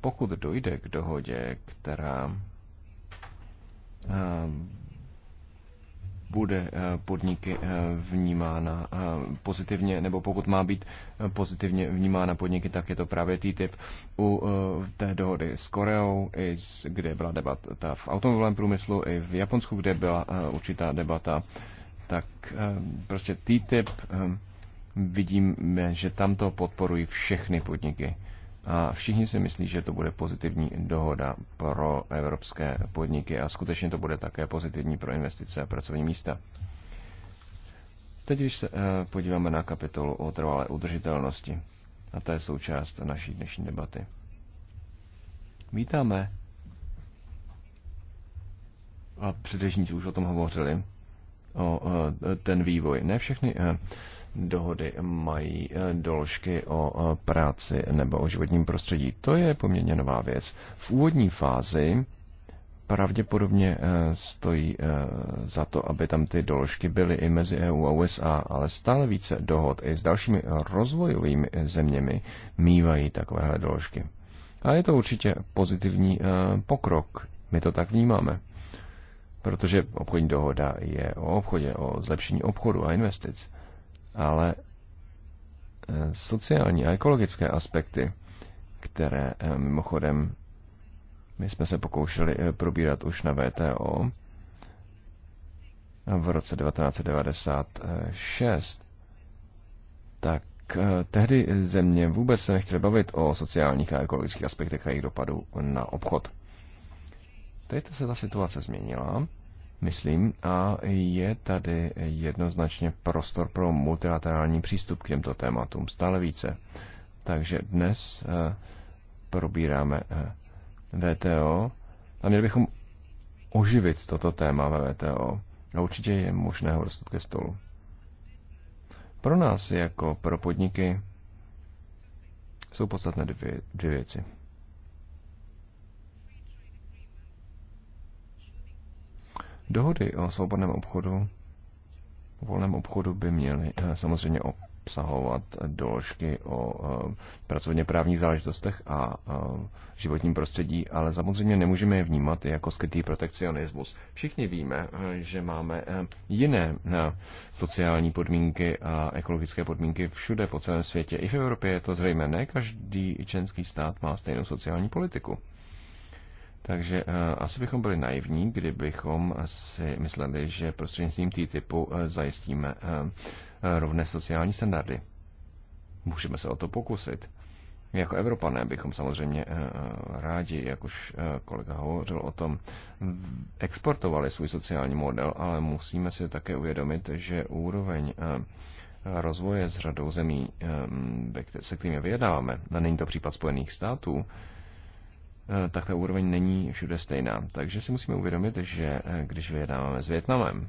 Pokud dojde k dohodě, která Ehm, bude eh, podniky eh, vnímána eh, pozitivně, nebo pokud má být pozitivně vnímána podniky, tak je to právě TTIP. U té dohody s Koreou, kde byla debata v automobilovém průmyslu, i v Japonsku, kde byla určitá debata, tak ehm, prostě TTIP ehm, vidíme, že tam to podporují všechny podniky. A všichni si myslí, že to bude pozitivní dohoda pro evropské podniky a skutečně to bude také pozitivní pro investice a pracovní místa. Teď, když se eh, podíváme na kapitolu o trvalé udržitelnosti, a to je součást naší dnešní debaty. Vítáme. A předřečníci už o tom hovořili, o eh, ten vývoj. Ne všechny eh, dohody mají eh, doložky o eh, práci nebo o životním prostředí. To je poměrně nová věc. V úvodní fázi pravděpodobně eh, stojí za to, aby tam ty doložky byly i mezi EU a USA, ale stále více dohod i s dalšími rozvojovými zeměmi mývají takovéhle doložky. A je to určitě pozitivní pokrok. My to tak vnímáme. Protože obchodní dohoda je o obchodě, o zlepšení obchodu a investic ale eh, sociální a ekologické aspekty, které eh, mimochodem my jsme se pokoušeli eh, probírat už na VTO v roce 1996, tak tehdy země vůbec se nechtěly bavit o sociálních a ekologických aspektech a jejich dopadu na obchod. Teď se ta situace změnila myslím, a je tady jednoznačně prostor pro multilaterální přístup k těmto tématům stále více. Takže dnes eh, probíráme eh, VTO a měli bychom oživit toto téma ve VTO a určitě je možné ho dostat ke stolu. Pro nás jako pro podniky jsou podstatné dvě, dvě věci. Dohody o svobodném obchodu, o volném obchodu by měly eh, samozřejmě obsahovat doložky o eh, pracovně právních záležitostech a eh, životním prostředí, ale samozřejmě nemůžeme je vnímat jako skrytý protekcionismus. Všichni víme, že máme jiné sociální podmínky a ekologické podmínky všude po celém světě. I v Evropě je to zřejmé. Ne každý členský stát má stejnou sociální politiku. Takže eh, asi bychom byli naivní, kdybychom si mysleli, že prostřednictvím TTIPu eh, zajistíme eh, rovné sociální standardy. Můžeme se o to pokusit. Jako Evropané bychom samozřejmě rádi, jak už kolega hovořil o tom, exportovali svůj sociální model, ale musíme si také uvědomit, že úroveň rozvoje s řadou zemí, se kterými vyjednáváme, a není to případ Spojených států, Eh, tak ta úroveň není všude stejná. Takže si musíme uvědomit, že eh, když vyjednáváme s Větnamem,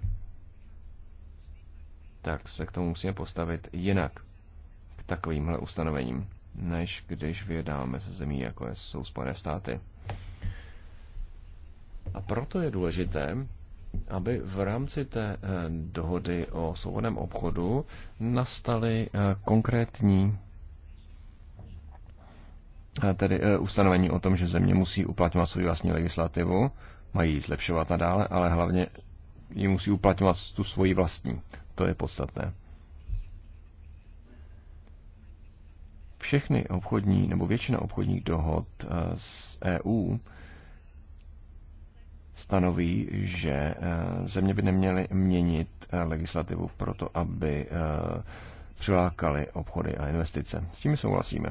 tak se k tomu musíme postavit jinak k takovýmhle ustanovením, než když vyjednáváme se zemí, jako jsou Spojené státy. A proto je důležité, aby v rámci té eh, dohody o svobodném obchodu nastaly konkrétní tedy e, ustanovení o tom, že země musí uplatňovat svou vlastní legislativu, mají ji zlepšovat nadále, ale hlavně ji musí uplatňovat tu svoji vlastní. To je podstatné. Všechny obchodní nebo většina obchodních dohod z e, EU stanoví, že e, země by neměly měnit legislativu proto, aby přilákali obchody a investice. S tím souhlasíme.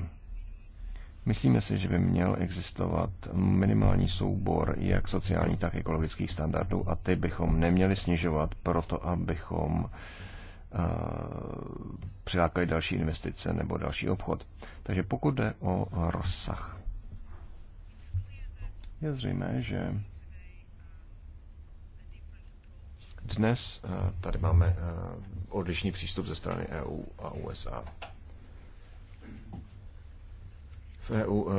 Myslíme si, že by měl existovat minimální soubor jak sociálních, tak ekologických standardů a ty bychom neměli snižovat proto, abychom eh, přilákali další investice nebo další obchod. Takže pokud jde o rozsah, je zřejmé, že dnes eh, tady máme eh, odlišný přístup ze strany EU a USA. EU e,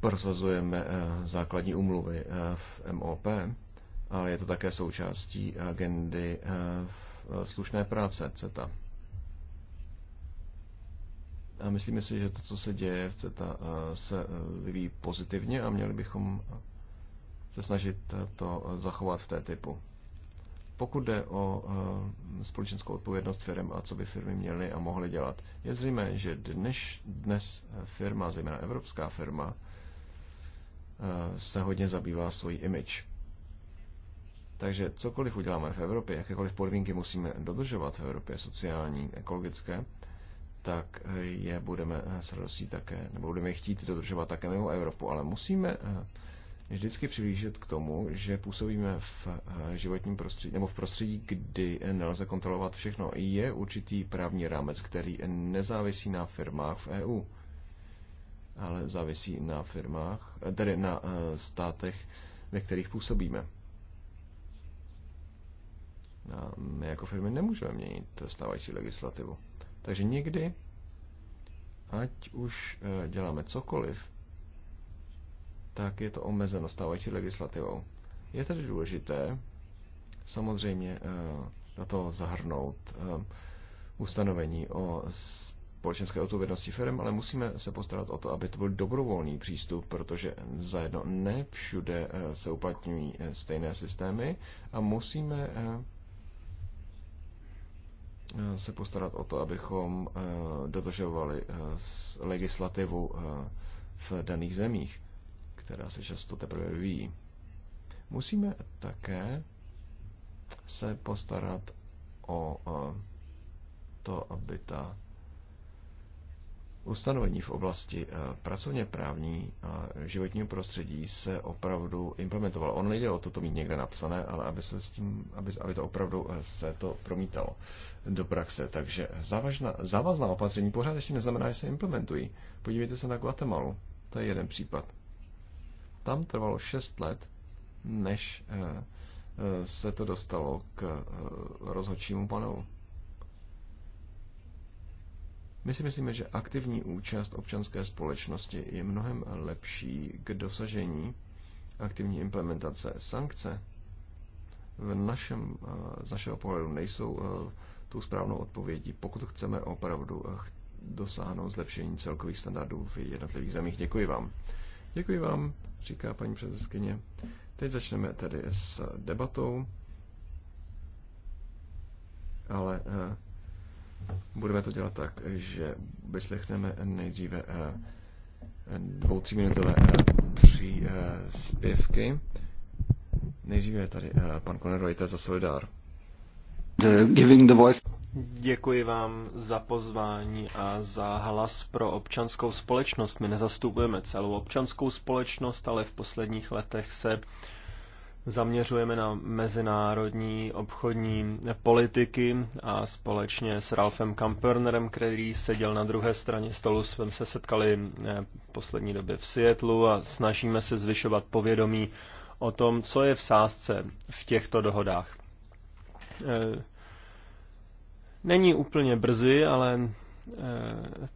prosazujeme e, základní umluvy e, v MOP, ale je to také součástí agendy slušné práce CETA. A myslíme si, že to, co se děje v CETA, se vyvíjí pozitivně a měli bychom se snažit to zachovat v té typu. Pokud jde o eh, společenskou odpovědnost firm a co by firmy měly a mohly dělat, je zřejmé, že dnes, dnes firma, zejména evropská firma, eh, se hodně zabývá svojí image. Takže cokoliv uděláme v Evropě, jakékoliv podmínky musíme dodržovat v Evropě, sociální, ekologické, tak eh, je budeme s radostí také, nebo budeme chtít dodržovat také mimo Evropu, ale musíme vždycky přilížet k tomu, že působíme v eh, životním prostředí, nebo v prostředí, kdy nelze kontrolovat všechno. Je určitý právní rámec, který nezávisí na firmách v EU, ale závisí na firmách, eh, tedy na eh, státech, ve kterých působíme. A my jako firmy nemůžeme měnit stávající legislativu. Takže někdy, ať už děláme cokoliv, tak je to omezeno stávající legislativou. Je tedy důležité samozřejmě eh, na to zahrnout eh, ustanovení o společenské odpovědnosti firm, ale musíme se postarat o to, aby to byl dobrovolný přístup, protože zajedno ne všude eh, se uplatňují stejné systémy a musíme se postarat o to, abychom dodržovali legislativu v daných zemích která se často teprve ví. Musíme také se postarat o to, aby ta ustanovení v oblasti e, pracovně právní a životního prostředí se opravdu implementovalo. On nejde o to, to mít někde napsané, ale aby, se s tím, aby, aby to opravdu e, se to promítalo do praxe. Takže závažná, závazná opatření pořád ještě neznamená, že se implementují. Podívejte se na Guatemalu. To je jeden případ. Tam trvalo 6 let, než eh, eh, se to dostalo k eh, rozhodčímu panelu. My si myslíme, že aktivní účast občanské společnosti je mnohem lepší k dosažení aktivní implementace sankce. V našem, z našeho pohledu nejsou tou správnou odpovědí, pokud chceme opravdu dosáhnout zlepšení celkových standardů v jednotlivých zemích. Děkuji vám. Děkuji vám, říká paní předsedkyně. Teď začneme tedy s debatou, ale eh, budeme to dělat tak, že vyslechneme nejdříve eh, dvou tříminutové tří eh, zpěvky. Nejdříve je tady pan Konerojte za Solidar. The giving the voice. Děkuji vám za pozvání a za hlas pro občanskou společnost. My nezastupujeme celou občanskou společnost, ale v posledních letech se zaměřujeme na mezinárodní obchodní politiky a společně s Ralfem Kampernerem, který seděl na druhé straně stolu, jsme se setkali eh, v poslední době v Seattlu a snažíme se zvyšovat povědomí o tom, co je v sázce v těchto dohodách eh, Není úplně brzy, ale eh,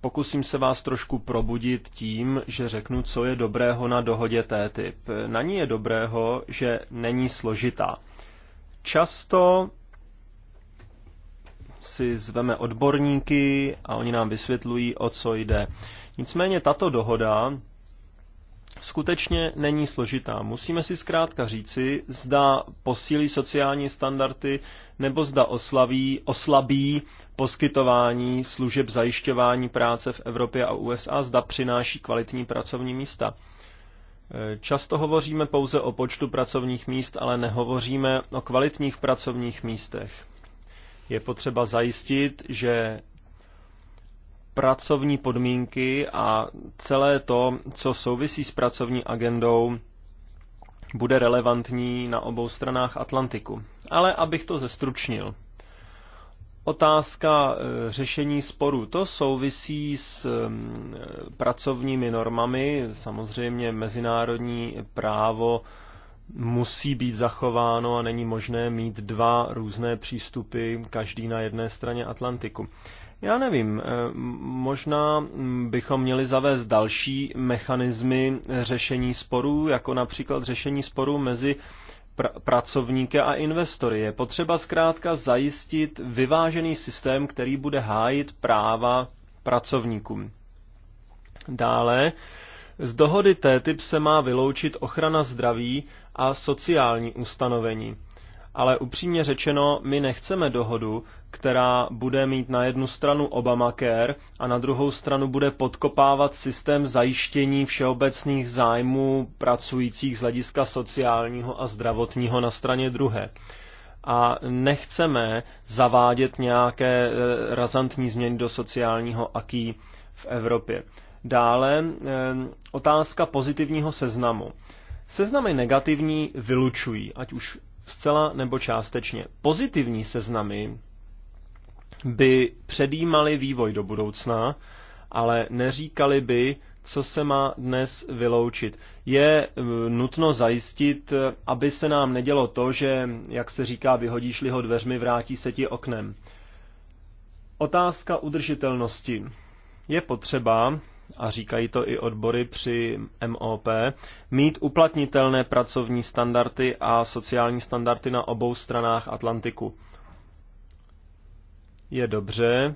pokusím se vás trošku probudit tím, že řeknu, co je dobrého na dohodě té typ. Na ní je dobrého, že není složitá. Často si zveme odborníky a oni nám vysvětlují, o co jde. Nicméně tato dohoda skutečně není složitá. Musíme si zkrátka říci, zda posílí sociální standardy nebo zda oslaví, oslabí poskytování služeb zajišťování práce v Evropě a USA, zda přináší kvalitní pracovní místa. Často hovoříme pouze o počtu pracovních míst, ale nehovoříme o kvalitních pracovních místech. Je potřeba zajistit, že pracovní podmínky a celé to, co souvisí s pracovní agendou, bude relevantní na obou stranách Atlantiku. Ale abych to zestručnil. Otázka e, řešení sporů. To souvisí s e, pracovními normami. Samozřejmě mezinárodní právo musí být zachováno a není možné mít dva různé přístupy, každý na jedné straně Atlantiku. Já nevím, eh, možná bychom měli zavést další mechanismy řešení sporů, jako například řešení sporů mezi pr- pracovníky a investory. Je potřeba zkrátka zajistit vyvážený systém, který bude hájit práva pracovníkům. Dále, z dohody TTIP se má vyloučit ochrana zdraví a sociální ustanovení ale upřímně řečeno, my nechceme dohodu, která bude mít na jednu stranu Obamacare a na druhou stranu bude podkopávat systém zajištění všeobecných zájmů pracujících z hlediska sociálního a zdravotního na straně druhé. A nechceme zavádět nějaké e, razantní změny do sociálního aký v Evropě. Dále e, otázka pozitivního seznamu. Seznamy negativní vylučují, ať už zcela nebo částečně. Pozitivní seznamy by předjímaly vývoj do budoucna, ale neříkali by, co se má dnes vyloučit. Je e, nutno zajistit, e, aby se nám nedělo to, že, jak se říká, vyhodíš-li ho dveřmi, vrátí se ti oknem. Otázka udržitelnosti. Je potřeba, a říkají to i odbory při MOP, mít uplatnitelné pracovní standardy a sociální standardy na obou stranách Atlantiku. Je dobře,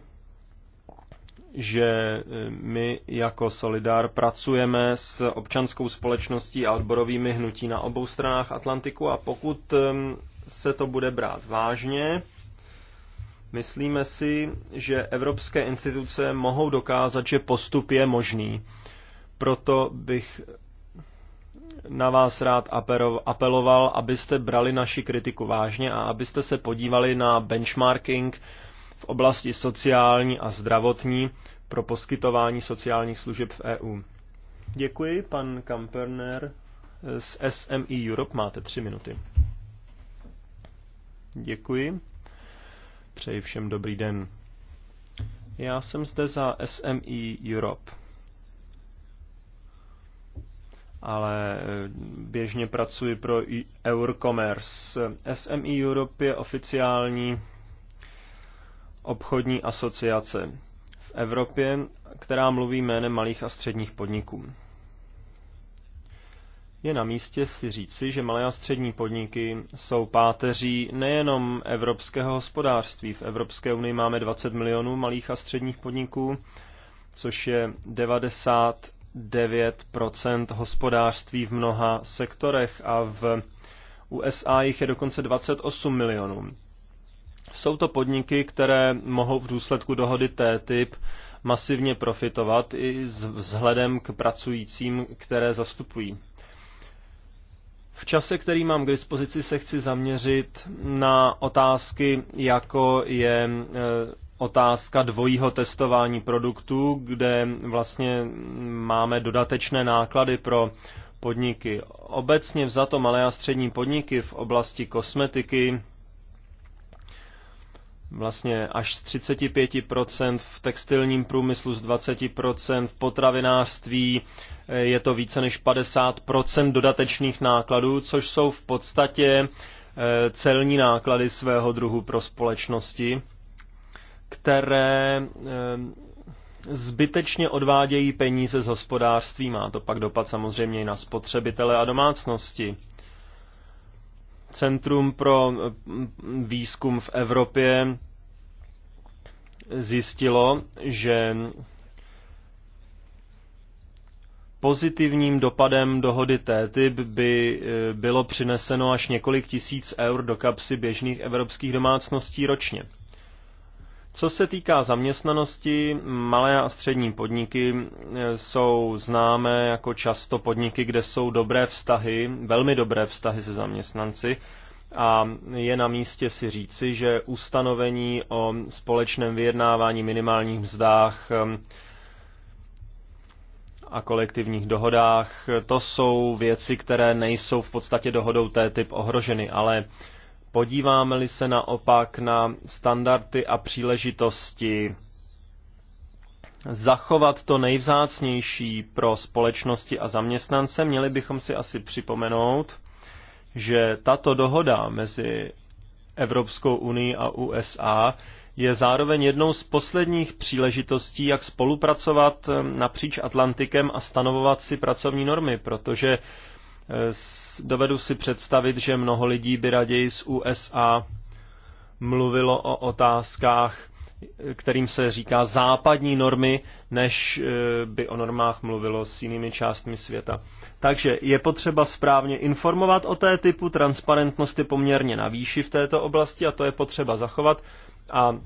že eh, my jako Solidar pracujeme s občanskou společností a odborovými hnutí na obou stranách Atlantiku a pokud ehm, se to bude brát vážně, Myslíme si, že evropské instituce mohou dokázat, že postup je možný. Proto bych na vás rád apeloval, abyste brali naši kritiku vážně a abyste se podívali na benchmarking v oblasti sociální a zdravotní pro poskytování sociálních služeb v EU. Děkuji, pan Kamperner z SME Europe. Máte tři minuty. Děkuji. Přeji všem dobrý den. Já jsem zde za SME Europe. Ale eh, běžně pracuji pro Eurocommerce. SME Europe je oficiální obchodní asociace v Evropě, která mluví jménem malých a středních podniků je na místě si říci, že malé a střední podniky jsou páteří nejenom evropského hospodářství. V Evropské unii máme 20 milionů malých a středních podniků, což je 99 hospodářství v mnoha sektorech a v USA jich je dokonce 28 milionů. Jsou to podniky, které mohou v důsledku dohody T-typ masivně profitovat i vzhledem k pracujícím, které zastupují. V čase, který mám k dispozici, se chci zaměřit na otázky, jako je e, otázka dvojího testování produktů, kde vlastně máme dodatečné náklady pro podniky. Obecně vzato malé a střední podniky v oblasti kosmetiky vlastně až z 35% v textilním průmyslu, z 20% v potravinářství, eh, je to více než 50% dodatečných nákladů, což jsou v podstatě eh, celní náklady svého druhu pro společnosti, které eh, zbytečně odvádějí peníze z hospodářství. Má to pak dopad samozřejmě i na spotřebitele a domácnosti. Centrum pro výzkum v Evropě zjistilo, že pozitivním dopadem dohody TTIP by e, bylo přineseno až několik tisíc eur do kapsy běžných evropských domácností ročně. Co se týká zaměstnanosti, malé a střední podniky eh, jsou známé jako často podniky, kde jsou dobré vztahy, velmi dobré vztahy se zaměstnanci a je na místě si říci, že ustanovení o společném vyjednávání minimálních mzdách eh, a kolektivních dohodách, eh, to jsou věci, které nejsou v podstatě dohodou té typ ohroženy, ale Podíváme-li se naopak na standardy a příležitosti zachovat to nejvzácnější pro společnosti a zaměstnance, měli bychom si asi připomenout, že tato dohoda mezi Evropskou unii a USA je zároveň jednou z posledních příležitostí, jak spolupracovat napříč Atlantikem a stanovovat si pracovní normy, protože Eh, dovedu si představit, že mnoho lidí by raději z USA mluvilo o otázkách, eh, kterým se říká západní normy, než eh, by o normách mluvilo s jinými částmi světa. Takže je potřeba správně informovat o té typu, transparentnost je poměrně na výši v této oblasti a to je potřeba zachovat a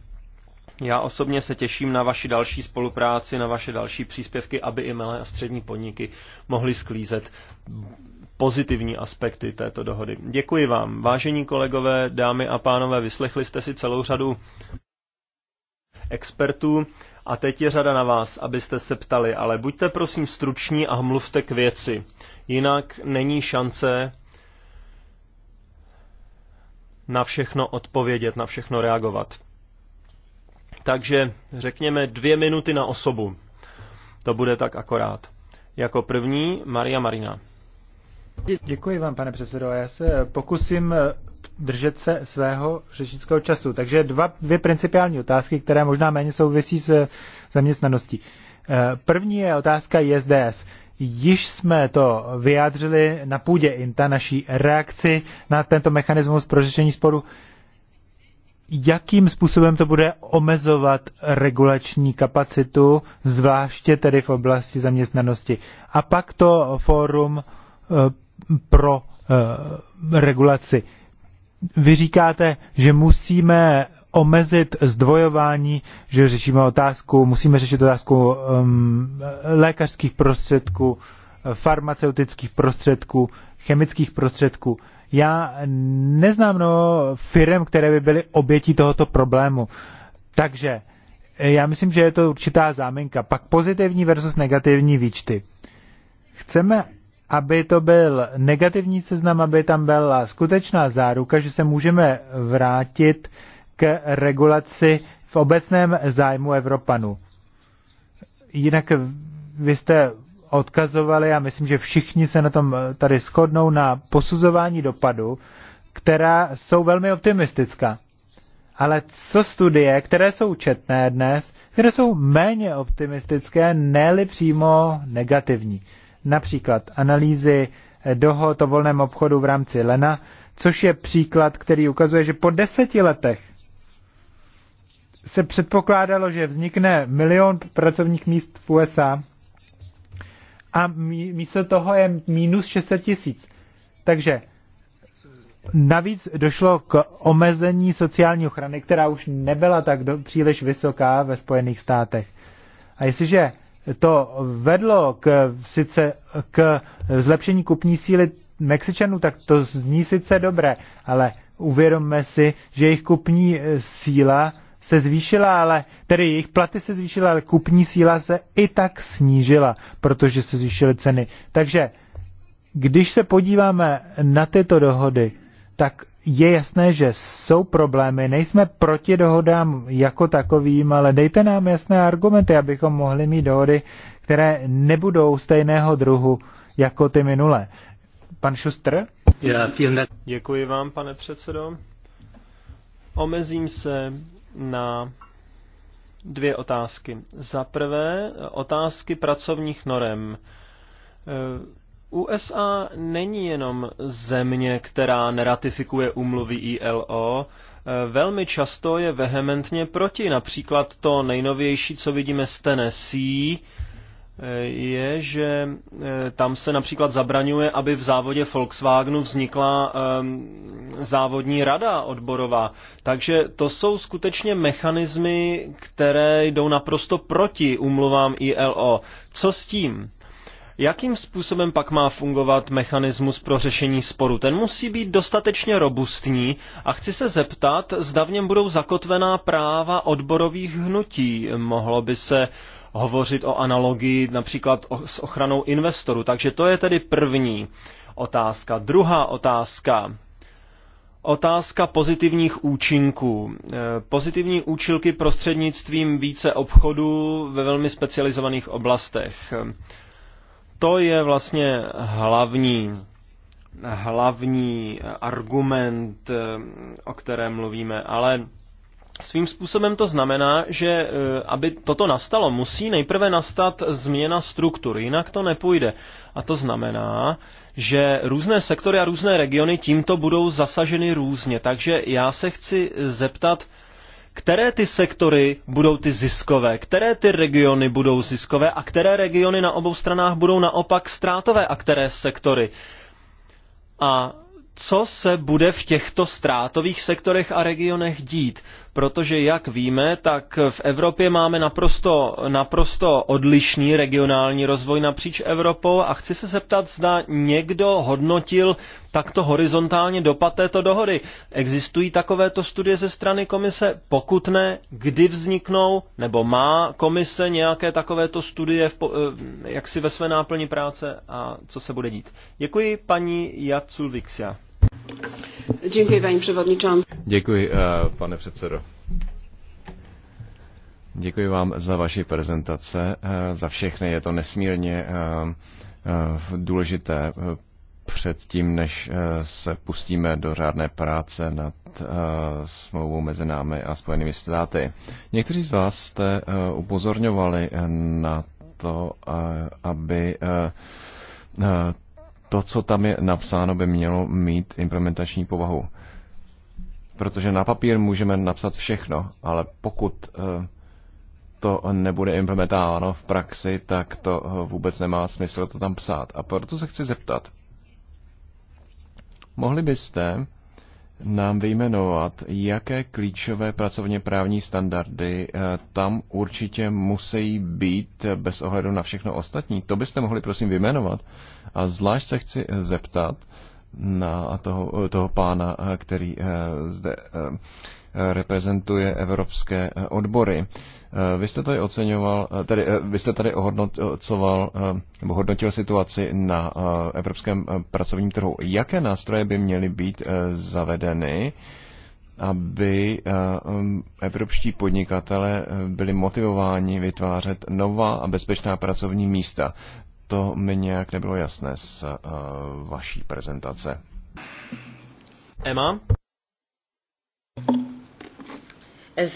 já osobně se těším na vaši další spolupráci, na vaše další příspěvky, aby i malé a střední podniky mohly sklízet pozitivní aspekty této dohody. Děkuji vám. Vážení kolegové, dámy a pánové, vyslechli jste si celou řadu expertů a teď je řada na vás, abyste se ptali, ale buďte prosím struční a mluvte k věci. Jinak není šance na všechno odpovědět, na všechno reagovat. Takže řekněme dvě minuty na osobu. To bude tak akorát. Jako první Maria Marina. Děkuji vám, pane předsedo. Já se pokusím eh, držet se svého řečnického času. Takže dva, dvě principiální otázky, které možná méně souvisí s eh, zaměstnaností. Eh, první je otázka ISDS. Již jsme to vyjádřili na půdě INTA, naší reakci na tento mechanismus pro řešení sporu. Jakým způsobem to bude omezovat regulační kapacitu, zvláště tedy v oblasti zaměstnanosti? A pak to fórum pro eh, regulaci. Vy říkáte, že musíme omezit zdvojování, že řešíme otázku, musíme řešit otázku um, lékařských prostředků, eh, farmaceutických prostředků, chemických prostředků. Já neznám no firm, které by byly obětí tohoto problému. Takže eh, já myslím, že je to určitá záminka. Pak pozitivní versus negativní výčty. Chceme aby to byl negativní seznam, aby tam byla skutečná záruka, že se můžeme vrátit k regulaci v obecném zájmu Evropanů. Jinak vy jste odkazovali, a myslím, že všichni se na tom tady shodnou, na posuzování dopadu, která jsou velmi optimistická. Ale co studie, které jsou četné dnes, které jsou méně optimistické, ne přímo negativní například analýzy eh, dohod o volném obchodu v rámci Lena, což je příklad, který ukazuje, že po deseti letech se předpokládalo, že vznikne milion pracovních míst v USA a místo toho je minus 600 tisíc. Takže navíc došlo k omezení sociální ochrany, která už nebyla tak do, příliš vysoká ve Spojených státech. A jestliže to vedlo k, sice k zlepšení kupní síly Mexičanů, tak to zní sice dobré, ale uvědomme si, že jejich kupní eh, síla se zvýšila, ale tedy jejich platy se zvýšily, ale kupní síla se i tak snížila, protože se zvýšily ceny. Takže když se podíváme na tyto dohody, tak je jasné, že jsou problémy, nejsme proti dohodám jako takovým, ale dejte nám jasné argumenty, abychom mohli mít dohody, které nebudou stejného druhu jako ty minulé. Pan Šustr? Děkuji vám, pane předsedo. Omezím se na dvě otázky. Za prvé, otázky pracovních norem. USA není jenom země, která neratifikuje umluvy ILO, eh, velmi často je vehementně proti. Například to nejnovější, co vidíme z Tennessee, eh, je, že eh, tam se například zabraňuje, aby v závodě Volkswagenu vznikla ehm, závodní rada odborová. Takže to jsou skutečně mechanismy, které jdou naprosto proti umluvám ILO. Co s tím? Jakým způsobem pak má fungovat mechanismus pro řešení sporu? Ten musí být dostatečně robustní a chci se zeptat, zda v něm budou zakotvená práva odborových hnutí. Mohlo by se hovořit o analogii například o, s ochranou investorů. Takže to je tedy první otázka. Druhá otázka. Otázka pozitivních účinků. E, pozitivní účinky prostřednictvím více obchodu ve velmi specializovaných oblastech to je vlastně hlavní, hlavní argument, eh, o kterém mluvíme, ale Svým způsobem to znamená, že eh, aby toto nastalo, musí nejprve nastat změna struktur, jinak to nepůjde. A to znamená, že různé sektory a různé regiony tímto budou zasaženy různě. Takže já se chci zeptat, které ty sektory budou ty ziskové, které ty regiony budou ziskové a které regiony na obou stranách budou naopak ztrátové a které sektory. A co se bude v těchto ztrátových sektorech a regionech dít. Protože, jak víme, tak v Evropě máme naprosto, naprosto odlišný regionální rozvoj napříč Evropou a chci se zeptat, zda někdo hodnotil takto horizontálně dopad této dohody. Existují takovéto studie ze strany komise? Pokud ne, kdy vzniknou, nebo má komise nějaké takovéto studie, v, eh, jak si ve své náplni práce a co se bude dít? Děkuji paní Jaculviksia. Děkuji, paní předsedající. Děkuji, pane předsedo. Děkuji vám za vaši prezentace, eh, za všechny. Je to nesmírně eh, eh, důležité předtím, než se pustíme do řádné práce nad smlouvou mezi námi a Spojenými státy. Někteří z vás jste upozorňovali na to, aby to, co tam je napsáno, by mělo mít implementační povahu. Protože na papír můžeme napsat všechno, ale pokud eh, to nebude implementováno v praxi, tak to eh, vůbec nemá smysl to tam psát. A proto se chci zeptat, mohli byste nám vyjmenovat, jaké klíčové pracovně právní standardy eh, tam určitě musí být bez ohledu na všechno ostatní. To byste mohli prosím vyjmenovat. A zvlášť se chci zeptat na toho, toho pána, eh, který eh, zde reprezentuje evropské odbory. Eh, vy jste tady oceňoval, eh, tedy, eh, vy jste tady ohodnocoval, nebo hodnotil situaci na evropském pracovním trhu. Jaké nástroje by měly být zavedeny, aby um, evropští podnikatele byli motivováni vytvářet nová a bezpečná pracovní místa? To mi nějak nebylo jasné z vaší prezentace. Emma?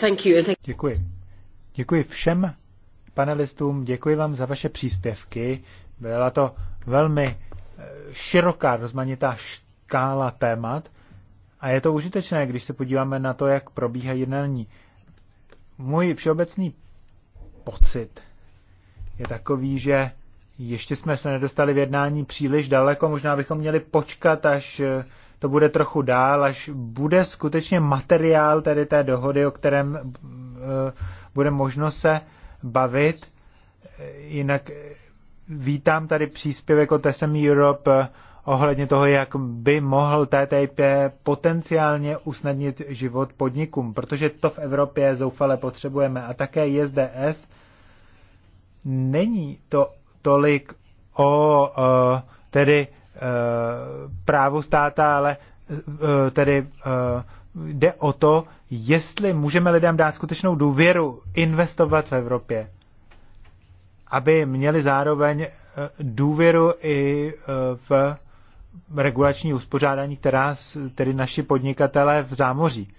Thank you. Děkuji. Děkuji všem panelistům, děkuji vám za vaše příspěvky. Byla to velmi eh, široká, rozmanitá škála témat a je to užitečné, když se podíváme na to, jak probíhají jednání. Můj všeobecný pocit je takový, že ještě jsme se nedostali v jednání příliš daleko, možná bychom měli počkat, až eh, to bude trochu dál, až bude skutečně materiál tedy té dohody, o kterém eh, bude možno se bavit. Jinak vítám tady příspěvek od SM Europe ohledně toho, jak by mohl TTIP potenciálně usnadnit život podnikům, protože to v Evropě zoufale potřebujeme. A také JSDS není to tolik o e, tedy e, právu státa, ale e, tedy jde o to, jestli můžeme lidem dát skutečnou důvěru investovat v Evropě, aby měli zároveň eh, důvěru i eh, v regulační uspořádání, která tedy naši podnikatelé v zámoří.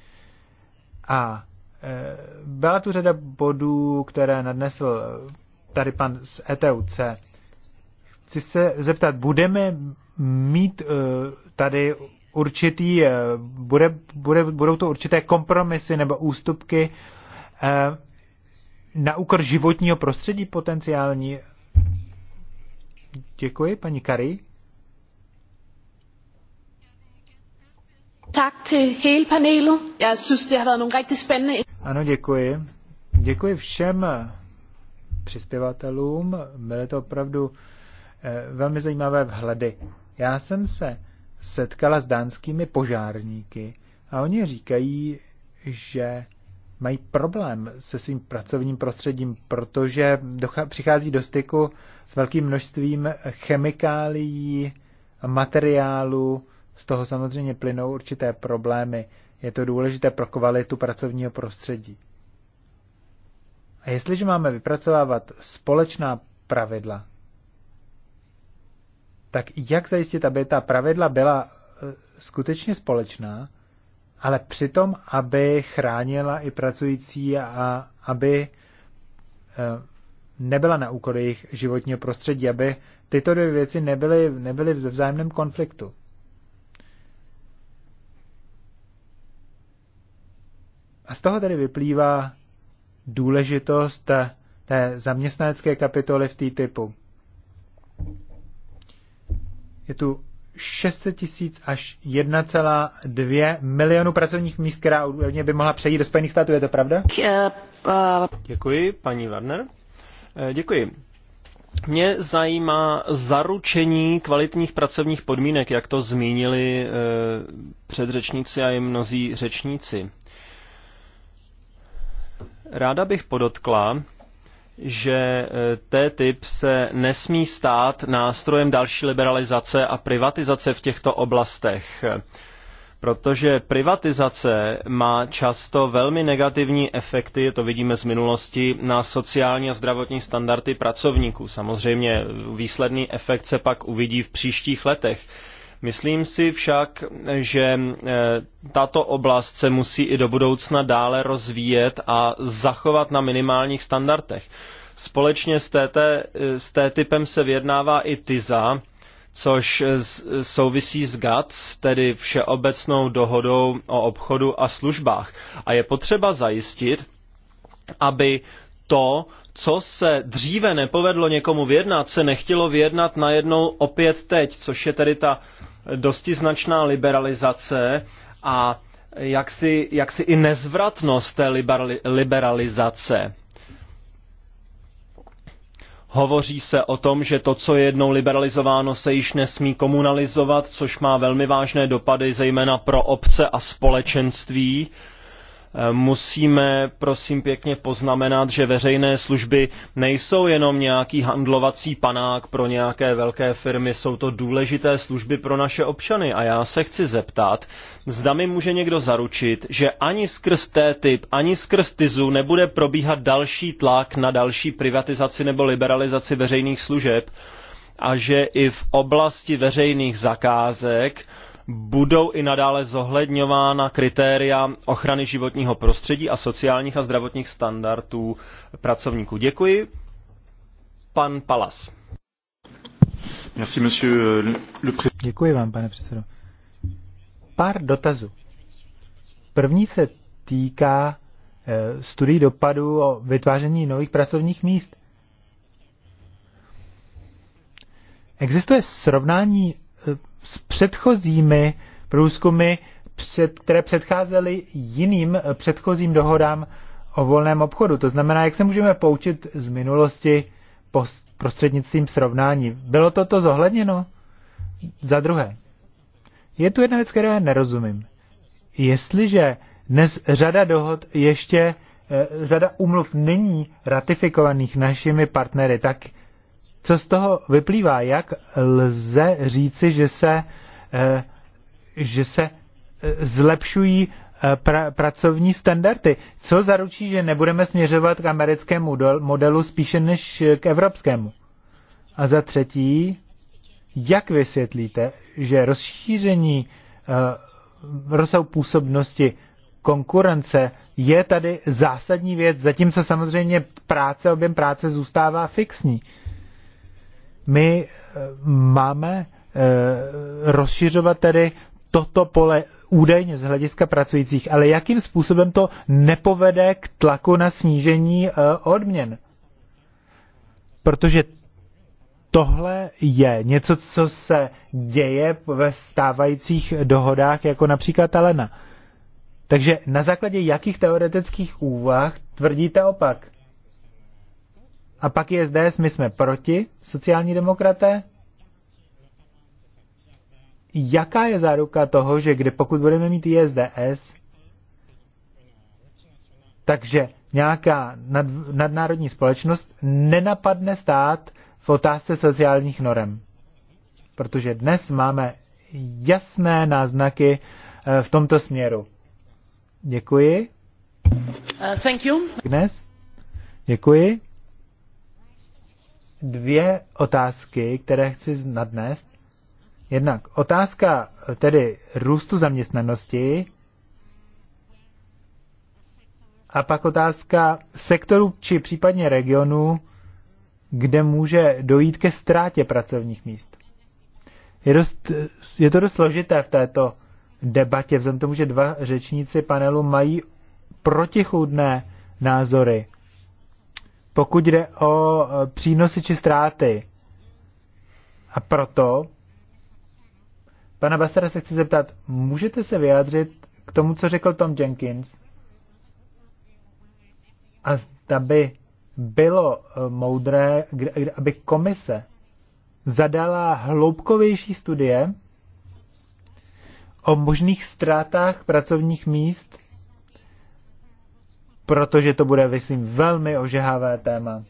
A eh, byla tu řada bodů, které nadnesl tady pan z ETUC. Chci se zeptat, budeme mít tady určitý, eh, bude, bude, budou to určité kompromisy nebo ústupky eh, na úkor životního prostředí potenciální. Děkuji, paní Kari. Tak til hele panelu. Já synes, det har været nogle rigtig spændende... Ano, děkuji. Děkuji všem eh, přispěvatelům. Byly to opravdu velmi zajímavé vhledy. Já jsem se setkala s dánskými požárníky a oni říkají, že mají problém se svým pracovním prostředím, protože přichází do styku s velkým množstvím chemikálií, materiálu, z toho samozřejmě plynou určité problémy. Je to důležité pro kvalitu pracovního prostředí. A jestliže máme vypracovávat společná pravidla, tak jak zajistit, aby ta pravidla byla e, skutečně společná, ale přitom, aby chránila i pracující a aby e, nebyla na úkor jejich životního prostředí, aby tyto dvě věci nebyly, nebyly v vzájemném konfliktu. A z toho tedy vyplývá důležitost té zaměstnanecké kapitoly v té typu je tu 600 tisíc až 1,2 milionu pracovních míst, která by mohla přejít do Spojených států. Je to pravda? Eh, děkuji, paní Warner. Eh, děkuji. Mě zajímá zaručení kvalitních pracovních podmínek, jak to zmínili eh, předřečníci a i mnozí řečníci. Ráda bych podotkla, že eh, TTIP se nesmí stát nástrojem další liberalizace a privatizace v těchto oblastech, protože privatizace má často velmi negativní efekty, to vidíme z minulosti, na sociální a zdravotní standardy pracovníků. Samozřejmě výsledný efekt se pak uvidí v příštích letech Myslím si však, že eh, tato oblast se musí i do budoucna dále rozvíjet a zachovat na minimálních standardech. Společně s, TT, eh, s T-typem se vyjednává i TISA, což eh, souvisí s GATS, tedy Všeobecnou dohodou o obchodu a službách. A je potřeba zajistit, aby to, co se dříve nepovedlo někomu vyjednat, se nechtělo vyjednat najednou opět teď, což je tedy ta dosti značná liberalizace a jaksi, jaksi i nezvratnost té liberalizace. Hovoří se o tom, že to, co je jednou liberalizováno, se již nesmí komunalizovat, což má velmi vážné dopady zejména pro obce a společenství, Musíme, prosím pěkně, poznamenat, že veřejné služby nejsou jenom nějaký handlovací panák pro nějaké velké firmy, jsou to důležité služby pro naše občany. A já se chci zeptat, zda mi může někdo zaručit, že ani skrz té typ, ani skrz TIZu nebude probíhat další tlak na další privatizaci nebo liberalizaci veřejných služeb a že i v oblasti veřejných zakázek budou i nadále zohledňována kritéria ochrany životního prostředí a sociálních a zdravotních standardů pracovníků. Děkuji. Pan Palas. Děkuji vám, pane předsedo. Pár dotazů. První se týká eh, studií dopadu o vytváření nových pracovních míst. Existuje srovnání s předchozími průzkumy, před, které předcházely jiným předchozím dohodám o volném obchodu. To znamená, jak se můžeme poučit z minulosti prostřednictvím srovnání. Bylo toto zohledněno? Za druhé, je tu jedna věc, které nerozumím. Jestliže dnes řada dohod ještě, eh, řada umluv není ratifikovaných našimi partnery, tak co z toho vyplývá? Jak lze říci, že se, eh, že se eh, zlepšují eh, pra, pracovní standardy? Co zaručí, že nebudeme směřovat k americkému modelu spíše než k evropskému? A za třetí, jak vysvětlíte, že rozšíření rozsahu působnosti konkurence je tady zásadní věc, zatímco samozřejmě práce, objem práce zůstává fixní my eh, máme eh, rozšiřovat tedy toto pole údajně z hlediska pracujících, ale jakým způsobem to nepovede k tlaku na snížení eh, odměn? Protože tohle je něco, co se děje ve stávajících dohodách, jako například Talena. Takže na základě jakých teoretických úvah tvrdíte opak? A pak je zde, my jsme proti, sociální demokraté. Jaká je záruka toho, že kdy pokud budeme mít ISDS, takže nějaká nad, nadnárodní společnost nenapadne stát v otázce sociálních norem. Protože dnes máme jasné náznaky eh, v tomto směru. Děkuji. Uh, thank you. Dnes. Děkuji dvě otázky, které chci nadnést. Jednak otázka eh, tedy růstu zaměstnanosti a pak otázka sektoru či případně regionu, kde může dojít ke ztrátě pracovních míst. Je, dost, je to dost složité v této debatě, vzhledem tomu, že dva řečníci panelu mají protichůdné názory pokud jde o e, přínosy či ztráty. A proto, pana Basara se chci zeptat, můžete se vyjádřit k tomu, co řekl Tom Jenkins? A zda by bylo e, moudré, aby komise zadala hloubkovější studie o možných ztrátách pracovních míst protože to bude, myslím, velmi ožehavé téma.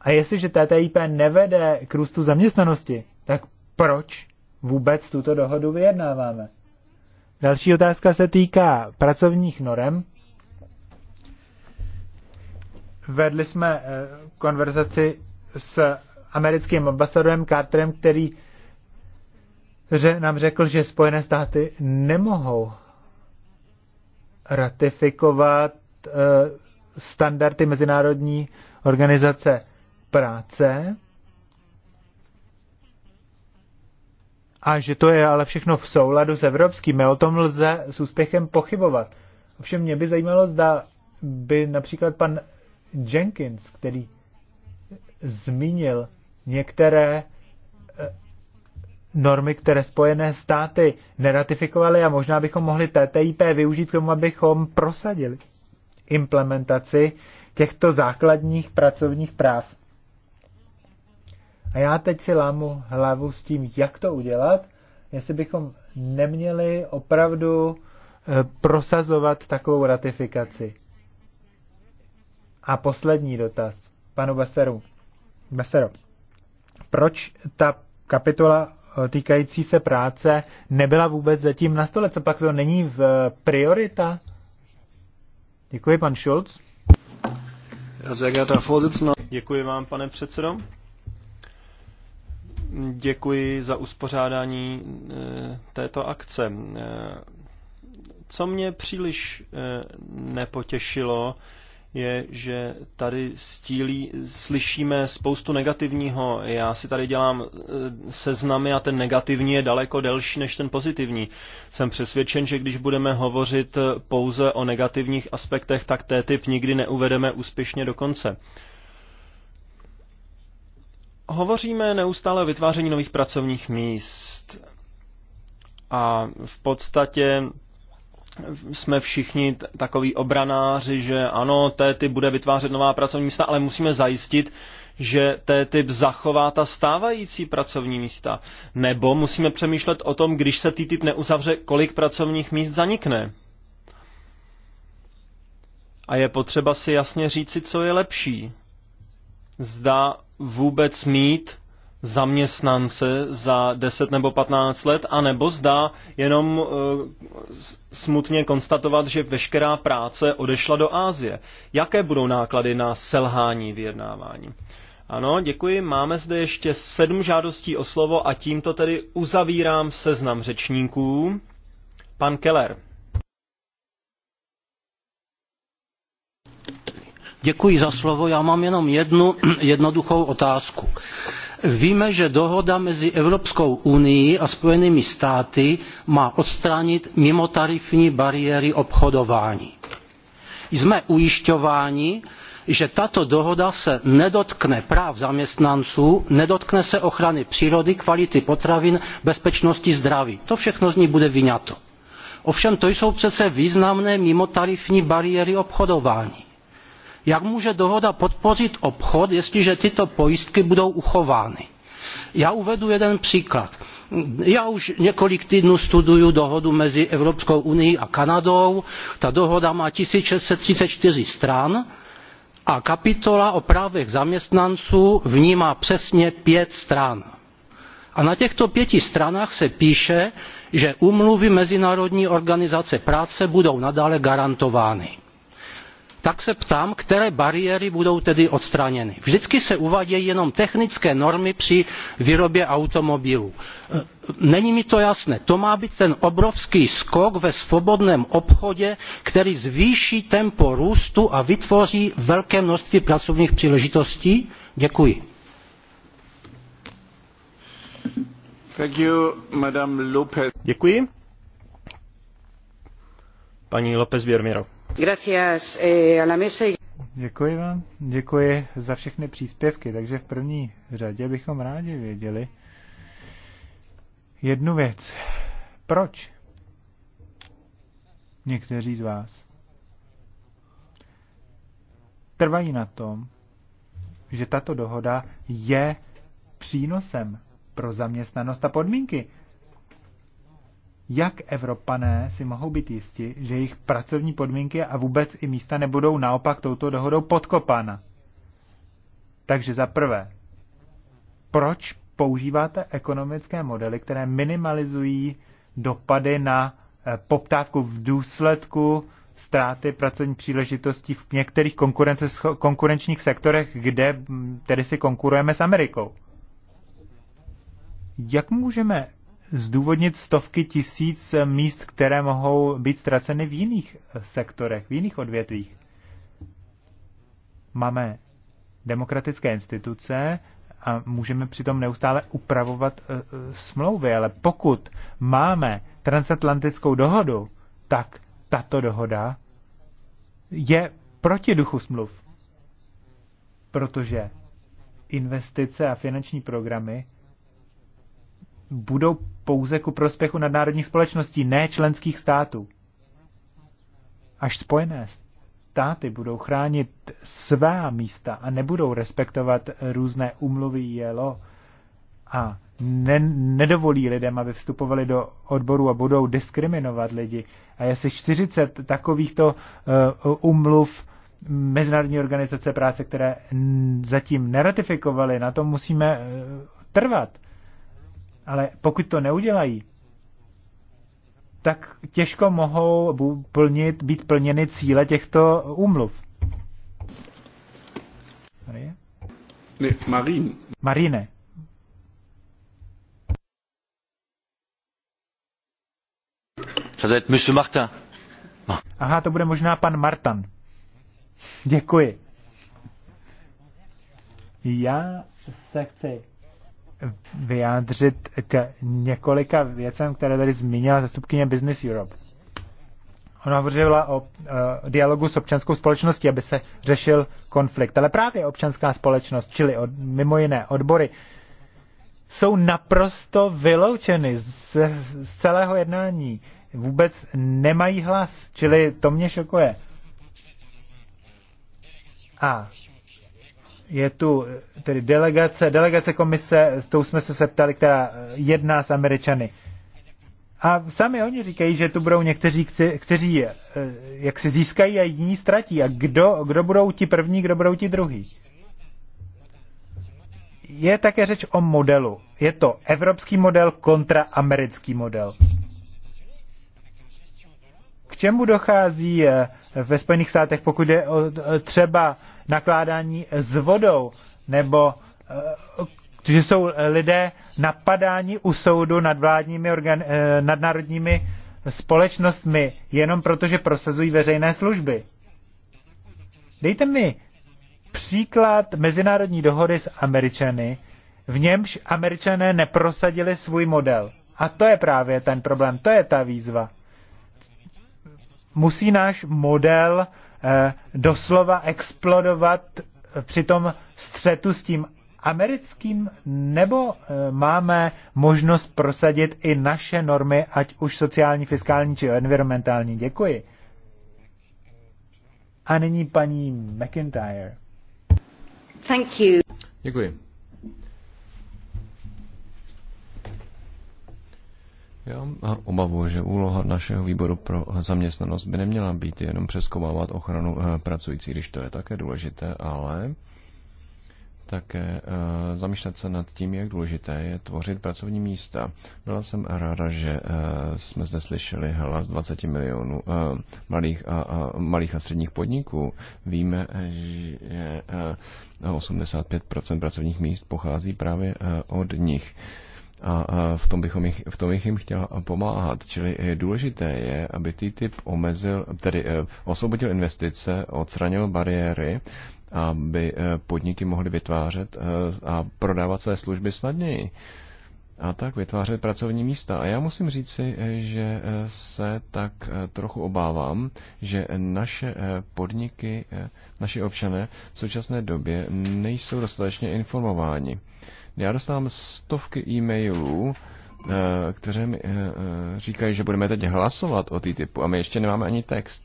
A jestliže TTIP nevede k růstu zaměstnanosti, tak proč vůbec tuto dohodu vyjednáváme? Další otázka se týká pracovních norem. Vedli jsme eh, konverzaci s americkým ambasadorem Carterem, který nám řekl, že Spojené státy nemohou ratifikovat eh, standardy Mezinárodní organizace práce a že to je ale všechno v souladu s evropskými. O tom lze s úspěchem pochybovat. Ovšem mě by zajímalo, zda by například pan Jenkins, který zmínil některé normy, které Spojené státy neratifikovaly a možná bychom mohli TTIP využít k tomu, abychom prosadili implementaci těchto základních pracovních práv. A já teď si lámu hlavu s tím, jak to udělat, jestli bychom neměli opravdu eh, prosazovat takovou ratifikaci. A poslední dotaz panu Beseru. Besero, proč ta kapitola Eh, týkající se práce nebyla vůbec zatím na stole. Co pak to není v eh, priorita? Děkuji, pan Schulz. Děkuji vám, pane předsedo. Děkuji za uspořádání eh, této akce. Co mě příliš nepotěšilo, je, že tady stílí, slyšíme spoustu negativního. Já si tady dělám eh, seznamy a ten negativní je daleko delší než ten pozitivní. Jsem přesvědčen, že když budeme hovořit eh, pouze o negativních aspektech, tak té typ nikdy neuvedeme úspěšně do konce. Hovoříme neustále o vytváření nových pracovních míst a v podstatě jsme všichni takoví obranáři, že ano, TTIP bude vytvářet nová pracovní místa, ale musíme zajistit, že TTIP zachová ta stávající pracovní místa. Nebo musíme přemýšlet o tom, když se TTIP neuzavře, kolik pracovních míst zanikne. A je potřeba si jasně říci, co je lepší. Zda vůbec mít zaměstnance za 10 nebo 15 let, anebo zda jenom eh, smutně konstatovat, že veškerá práce odešla do Ázie. Jaké budou náklady na selhání vyjednávání? Ano, děkuji. Máme zde ještě sedm žádostí o slovo a tímto tedy uzavírám seznam řečníků. Pan Keller. Děkuji za slovo. Já mám jenom jednu jednoduchou otázku Víme, že dohoda mezi Evropskou unií a Spojenými státy má odstranit mimotarifní bariéry obchodování. Jsme ujišťováni, že tato dohoda se nedotkne práv zaměstnanců, nedotkne se ochrany přírody, kvality potravin, bezpečnosti zdraví. To všechno z ní bude vyňato. Ovšem to jsou přece významné mimotarifní bariéry obchodování jak může dohoda podpořit obchod, jestliže tyto pojistky budou uchovány? Já uvedu jeden příklad. Já už několik týdnů studuju dohodu mezi Evropskou unií a Kanadou. Ta dohoda má 1634 stran a kapitola o právech zaměstnanců v ní má přesně pět stran. A na těchto pěti stranách se píše, že úmluvy Mezinárodní organizace práce budou nadále garantovány tak se ptám které bariéry budou tedy odstraněny. vždycky se uvádějí jenom technické normy při výrobě automobilů. E, není mi to jasné. to má být ten obrovský skok ve svobodném obchodě který zvýší tempo růstu a vytvoří velké množství pracovních příležitostí? děkuji. Děkuji. Paní López Biermiro. Eh, děkuji vám, děkuji za všechny příspěvky. Takže v první řadě bychom rádi věděli jednu věc. Proč někteří z vás trvají na tom, že tato dohoda je přínosem pro zaměstnanost a podmínky, jak Evropané si mohou být jisti, že jejich pracovní podmínky a vůbec i místa nebudou naopak touto dohodou podkopána. Takže za prvé, proč používáte ekonomické modely, které minimalizují dopady na eh, poptávku v důsledku ztráty pracovní příležitostí v některých konkurenčních sektorech, kde hm, tedy si konkurujeme s Amerikou. Jak můžeme zdůvodnit stovky tisíc míst, které mohou být ztraceny v jiných sektorech, v jiných odvětvích. Máme demokratické instituce a můžeme přitom neustále upravovat eh, eh, smlouvy, ale pokud máme transatlantickou dohodu, tak tato dohoda je proti duchu smluv, protože investice a finanční programy budou pouze ku prospěchu nadnárodních společností, ne členských států. Až spojené státy budou chránit svá místa a nebudou respektovat různé umluvy jelo a ne, nedovolí lidem, aby vstupovali do odboru a budou diskriminovat lidi. A je asi 40 takovýchto uh, eh, umluv Mezinárodní organizace práce, které zatím neratifikovaly, na tom musíme uh, trvat. Ale pokud to neudělají, tak těžko mohou plnit, být plněny cíle těchto úmluv. Marie? Ne, Marín. Marine. Ça doit être Monsieur Martin. Aha, to bude možná pan Martan. Děkuji. Já se chci vyjádřit k několika věcem, které tady zmínila zastupkyně Business Europe. Ona hovořila o uh, dialogu s občanskou společností, aby se řešil konflikt. Ale právě občanská společnost, čili od, mimo jiné odbory, jsou naprosto vyloučeny z, z celého jednání. Vůbec nemají hlas, čili to mě šokuje. A je tu eh, tedy delegace, delegace komise, s tou jsme se septali, která eh, jedná s Američany. A sami oni říkají, že tu budou někteří, kteří eh, jak si získají a jiní ztratí. A kdo, kdo budou ti první, kdo budou ti druhý? Je také řeč o modelu. Je to evropský model kontra americký model. K čemu dochází ve Spojených státech, pokud je třeba nakládání s vodou, nebo eh, že jsou lidé napadáni u soudu nad vládními organ, eh, nadnárodními společnostmi jenom proto, že prosazují veřejné služby. Dejte mi příklad mezinárodní dohody s Američany, v němž Američané neprosadili svůj model. A to je právě ten problém, to je ta výzva. Musí náš model Eh, doslova explodovat při tom střetu s tím americkým, nebo eh, máme možnost prosadit i naše normy, ať už sociální, fiskální či environmentální? Děkuji. A nyní paní McIntyre. Thank you. Děkuji. Já mám obavu, že úloha našeho výboru pro zaměstnanost by neměla být jenom přeskovávat ochranu eh, pracující, když to je také důležité, ale také eh, zamýšlet se nad tím, jak důležité je tvořit pracovní místa. Byla jsem ráda, že eh, jsme zde slyšeli hlas 20 milionů malých a, a, malých a středních podniků. Víme, že 85% pracovních míst pochází právě od nich a v tom, bychom jich, v tom bych jim chtěl pomáhat. Čili důležité je, aby TTIP omezil, tedy eh, osvobodil investice, odstranil bariéry, aby eh, podniky mohly vytvářet eh, a prodávat své služby snadněji a tak vytvářet pracovní místa. A já musím říci, že se tak trochu obávám, že naše podniky, naše občané v současné době nejsou dostatečně informováni. Já dostávám stovky e-mailů, eh, které mi eh, eh, říkají, že budeme teď hlasovat o TTIPu a my ještě nemáme ani text.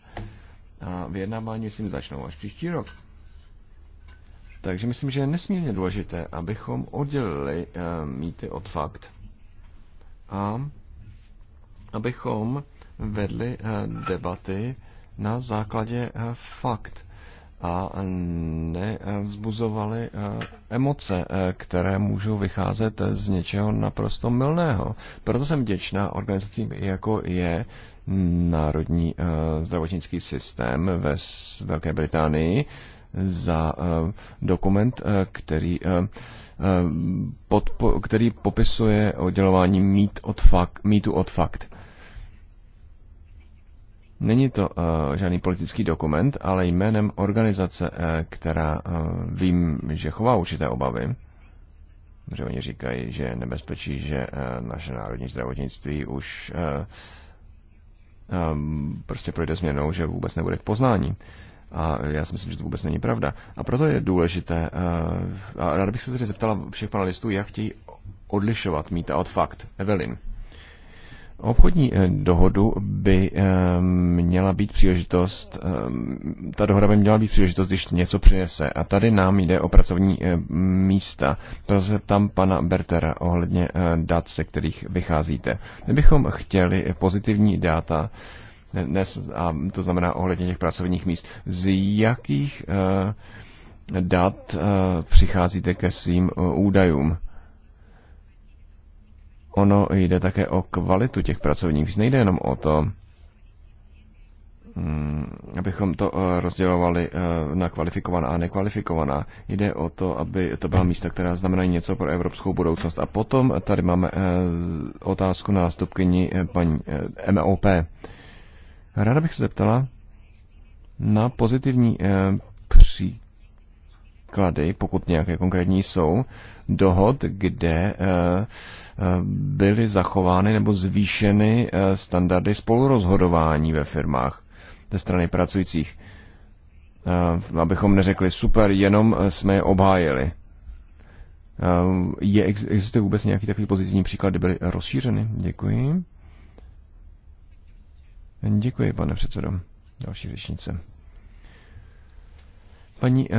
A vyjednávání, myslím, začnou až příští rok. Takže myslím, že je nesmírně důležité, abychom oddělili mýty od fakt a abychom vedli debaty na základě fakt a nevzbuzovaly eh, emoce, eh, které můžou vycházet z něčeho naprosto mylného. Proto jsem vděčná organizacím, jako je Národní eh, zdravotnický systém ve Velké Británii, za dokument, který, podpo, který popisuje oddělování mít od fakt, mítu od fakt. Není to eh, žádný politický dokument, ale jménem organizace, eh, která eh, vím, že chová určité obavy, že oni říkají, že je nebezpečí, že naše národní zdravotnictví už prostě projde změnou, že vůbec nebude k poznání. A já si myslím, že to vůbec není pravda. A proto je důležité, a rád bych se tedy zeptala všech panelistů, jak chtějí odlišovat mýta od fakt. Evelyn. Obchodní eh, dohodu by eh, měla být příležitost, eh, ta dohoda by měla být příležitost, když něco přinese. A tady nám jde o pracovní místa. To se tam pana Bertera ohledně dat, se kterých vycházíte. My bychom chtěli pozitivní data, dnes, a to znamená ohledně těch pracovních míst. Z jakých dat přicházíte ke svým údajům? ono jde také o kvalitu těch pracovníků. Nejde jenom o to, mm, abychom to eh, rozdělovali eh, na kvalifikovaná a nekvalifikovaná. Jde o to, aby to byla místa, která znamenají něco pro evropskou budoucnost. A potom tady máme eh, otázku na nástupkyni paní MOP. Ráda bych se zeptala na pozitivní příklady, pokud nějaké konkrétní jsou, dohod, kde byly zachovány nebo zvýšeny eh, standardy spolurozhodování ve firmách ze strany pracujících. Eh, abychom neřekli super, jenom eh, jsme je obhájili. Je, existuje vůbec nějaký takový pozitivní příklad, kdy byly rozšířeny? Děkuji. Děkuji, pane předsedo. Další řečnice. Paní uh,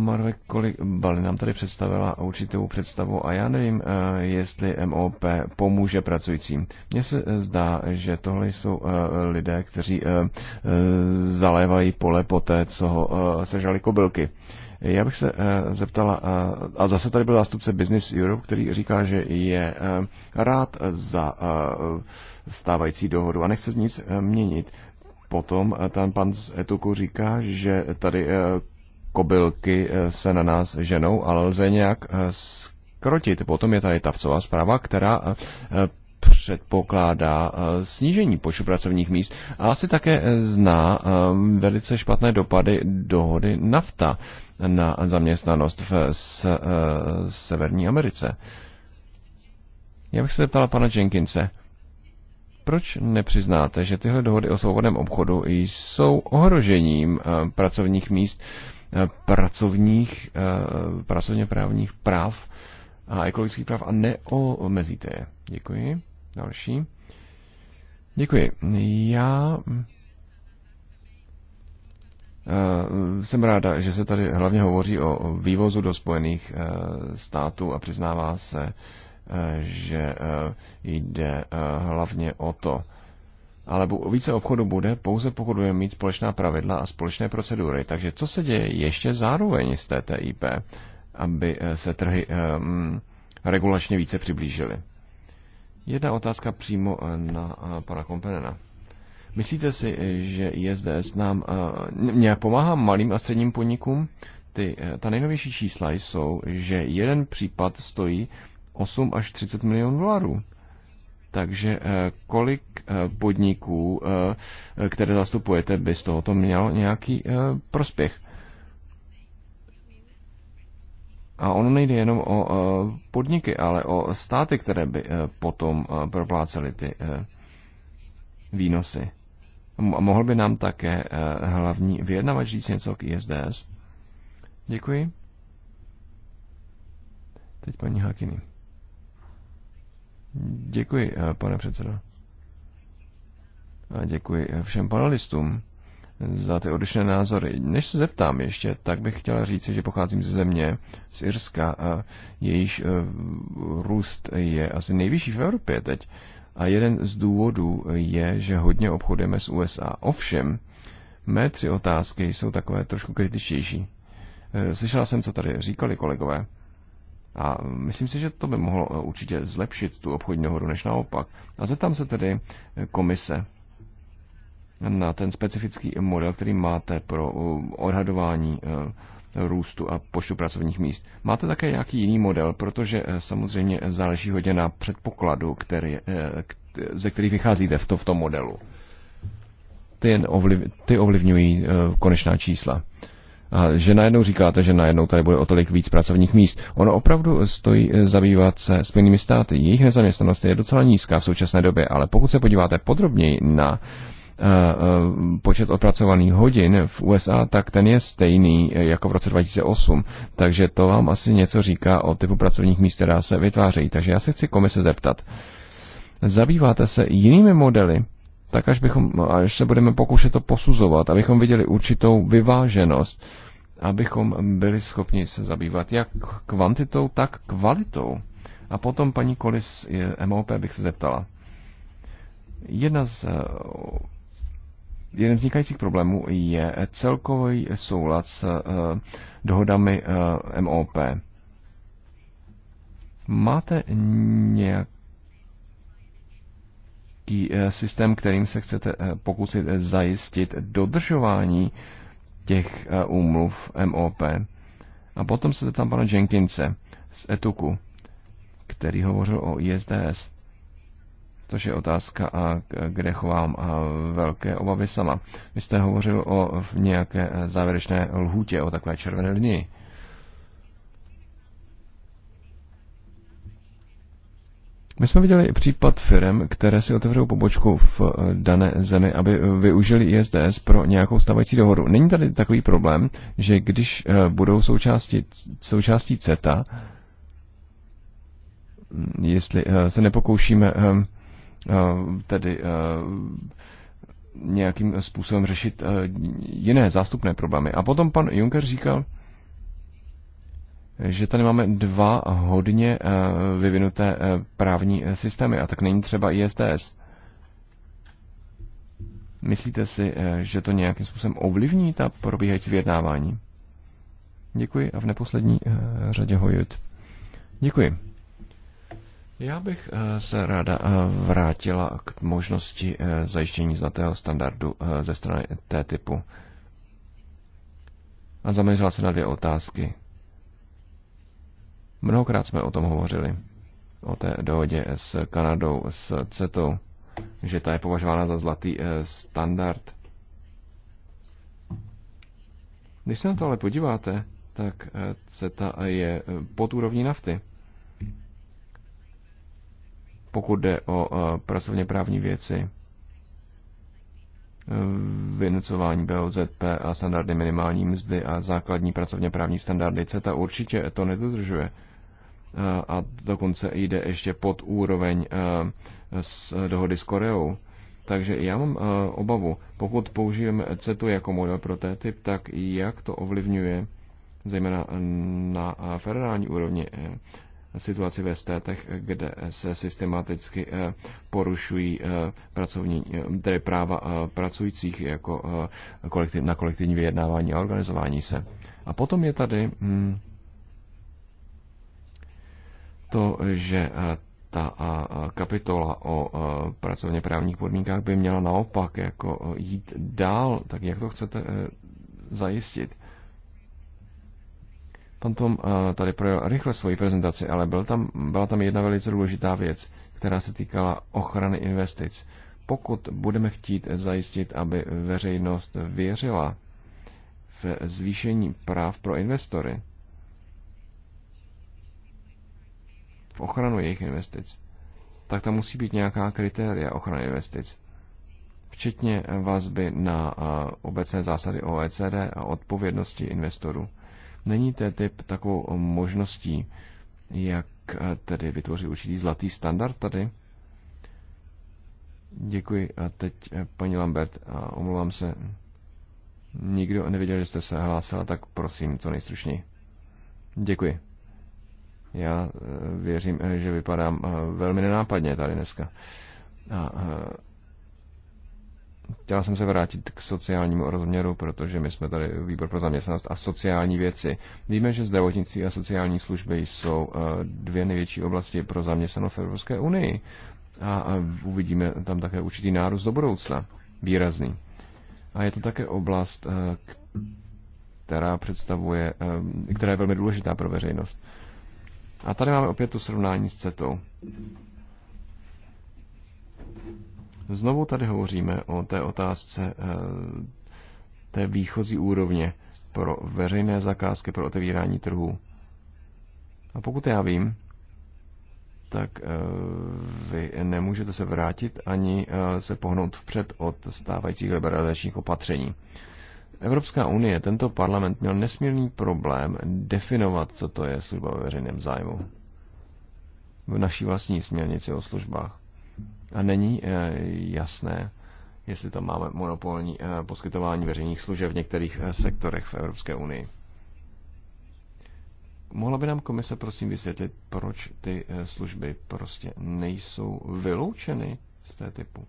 Marve Kolik-Bali nám tady představila určitou představu a já nevím, uh, jestli MOP pomůže pracujícím. Mně se eh, zdá, že tohle jsou uh, lidé, kteří uh, uh, zalévají pole poté, co ho uh, sežali kobylky. Já bych se uh, zeptala, uh, a zase tady byl zástupce Business Europe, který říká, že je uh, rád za uh, stávající dohodu a nechce nic uh, měnit potom tam pan z Etuku říká, že tady kobylky eh, se na nás ženou, ale lze nějak eh, skrotit. Potom je tady Tavcová zpráva, která eh, předpokládá snížení počtu pracovních míst a asi také zná velice špatné dopady dohody nafta na zaměstnanost v Severní Americe. Já bych se zeptala pana Jenkinse, proč nepřiznáte, že tyhle dohody o svobodném obchodu jsou ohrožením pracovních míst pracovních, eh, pracovně právních práv a ekologických práv a neomezíte je. Děkuji. Další. Děkuji. Já eh, jsem ráda, že se tady hlavně hovoří o vývozu do Spojených eh, států a přiznává se, že jde hlavně o to, ale více obchodu bude, pouze pokud budeme mít společná pravidla a společné procedury. Takže co se děje ještě zároveň z TTIP, aby eh, se trhy um, regulačně více přiblížily? Jedna otázka přímo eh, na pana Kompenena. Myslíte si, že ISDS nám uh, nějak pomáhá malým a středním podnikům? Ty, ta nejnovější čísla jsou, že jeden případ stojí 8 až 30 milionů dolarů. Takže eh, kolik eh, podniků, eh, které zastupujete, by z tohoto mělo nějaký prospěch? A ono nejde jenom o podniky, ale o státy, které by potom proplácely ty výnosy. A mohl by nám také hlavní vyjednavač říct něco k ISDS? Děkuji. Teď paní Hakiny. Děkuji, eh, pane předsedo. A děkuji eh, všem panelistům za ty odlišné názory. Než se zeptám ještě, tak bych chtěla říci, že pocházím ze země, z Irska, a jejíž eh, růst je asi nejvyšší v Evropě teď. A jeden z důvodů je, že hodně obchodujeme s USA. Ovšem, mé tři otázky jsou takové trošku kritičtější. Slyšela jsem, co tady říkali kolegové. A myslím si, že to by mohlo eh, určitě zlepšit tu obchodní dohodu, než naopak. A zeptám se tedy eh, komise na ten specifický model, který máte pro eh, odhadování růstu a počtu pracovních míst. Máte také nějaký jiný model, protože samozřejmě záleží hodně na předpokladu, který, ze kterých vycházíte v, to, v tom modelu. Ty, ovliv, ty ovlivňují konečná čísla a že najednou říkáte, že najednou tady bude o tolik víc pracovních míst. Ono opravdu stojí eh, zabývat se Spojenými státy. Jejich nezaměstnanost je docela nízká v současné době, ale pokud se podíváte podrobněji na eh, eh, počet opracovaných hodin v USA, tak ten je stejný jako v roce 2008. Takže to vám asi něco říká o typu pracovních míst, která se vytvářejí. Takže já se chci komise zeptat. Zabýváte se jinými modely tak až, bychom, až se budeme pokoušet to posuzovat, abychom viděli určitou vyváženost, abychom byli schopni se zabývat jak kvantitou, tak kvalitou. A potom paní Kolis MOP bych se zeptala. Jedna z, eh, jeden z vznikajících problémů je celkový soulad s eh, dohodami eh, MOP. Máte nějak Eh, systém, kterým se chcete eh, pokusit eh, zajistit dodržování těch úmluv MOP. A potom se zeptám pana Jenkinse z Etuku, který hovořil o ISDS, což je otázka, a kde chovám a velké obavy sama. Vy jste hovořil o v nějaké závěrečné lhůtě, o takové červené linii. My jsme viděli případ firm, které si otevřou pobočku v eh, dané zemi, aby eh, využili ISDS pro nějakou stavající dohodu. Není tady takový problém, že když eh, budou součástí, součástí CETA, hm, jestli se nepokoušíme tedy nějakým způsobem řešit jiné zástupné problémy. A potom pan Juncker říkal, že tady máme dva hodně eh, vyvinuté eh, právní eh, systémy a tak není třeba ISTS. Myslíte si, že to nějakým způsobem ovlivní ta probíhající vyjednávání? Děkuji a v neposlední řadě hojit. Děkuji. Já bych se ráda vrátila k možnosti zajištění zlatého standardu ze strany té typu. A zaměřila se na dvě otázky. Mnohokrát jsme o tom hovořili, o té dohodě s Kanadou, s CETO, že ta je považována za zlatý eh, standard. Když se na to ale podíváte, tak eh, CETA je eh, pod úrovní nafty. Pokud jde o pracovně právní věci, vynucování BOZP a standardy minimální mzdy a základní pracovně právní standardy CETA určitě to nedodržuje a dokonce jde ještě pod úroveň eh, s eh, dohody s Koreou. Takže já mám eh, obavu, pokud použijeme CETu jako model pro TTIP, tak jak to ovlivňuje zejména na federální úrovni situaci ve státech, kde se systematicky porušují pracovní, tedy práva pracujících jako na kolektivní vyjednávání a organizování se. A potom je tady hm, to, že eh, ta eh, kapitola o eh, pracovně právních podmínkách by měla naopak jako jít dál, tak jak to chcete zajistit? Pan Tom tady projel rychle svoji prezentaci, ale byl tam, byla tam jedna velice důležitá věc, která se týkala ochrany investic. Pokud budeme chtít zajistit, aby veřejnost věřila v zvýšení práv pro investory, v ochranu jejich investic, tak tam musí být nějaká kritéria ochrany investic, včetně vazby na eh, obecné zásady OECD a odpovědnosti investorů. Není to typ takovou možností, jak eh, tedy vytvořit určitý zlatý standard tady? Děkuji. A teď eh, paní Lambert, a omlouvám se, nikdo nevěděl, že jste se hlásila, tak prosím, co nejstručněji. Děkuji. Já eh, věřím, eh, že vypadám eh, velmi nenápadně tady dneska. A, chtěl jsem se vrátit k sociálnímu rozměru, protože my jsme tady výbor pro zaměstnanost a sociální věci. Víme, že zdravotnictví a sociální služby jsou dvě největší oblasti pro zaměstnanost v Evropské unii a uvidíme tam také určitý nárůst do budoucna, výrazný. A je to také oblast, která představuje, která je velmi důležitá pro veřejnost. A tady máme opět to srovnání s CETou. Znovu tady hovoříme o té otázce eh, té výchozí úrovně pro veřejné zakázky, pro otevírání trhů. A pokud já vím, tak eh, vy nemůžete se vrátit ani eh, se pohnout vpřed od stávajících liberalizačních opatření. Evropská unie, tento parlament měl nesmírný problém definovat, co to je služba ve veřejném zájmu v naší vlastní směrnici o službách. A není eh, jasné, jestli tam máme monopolní eh, poskytování veřejných služeb v některých eh, sektorech v Evropské unii. Mohla by nám komise prosím vysvětlit, proč ty služby prostě nejsou vyloučeny z té typu?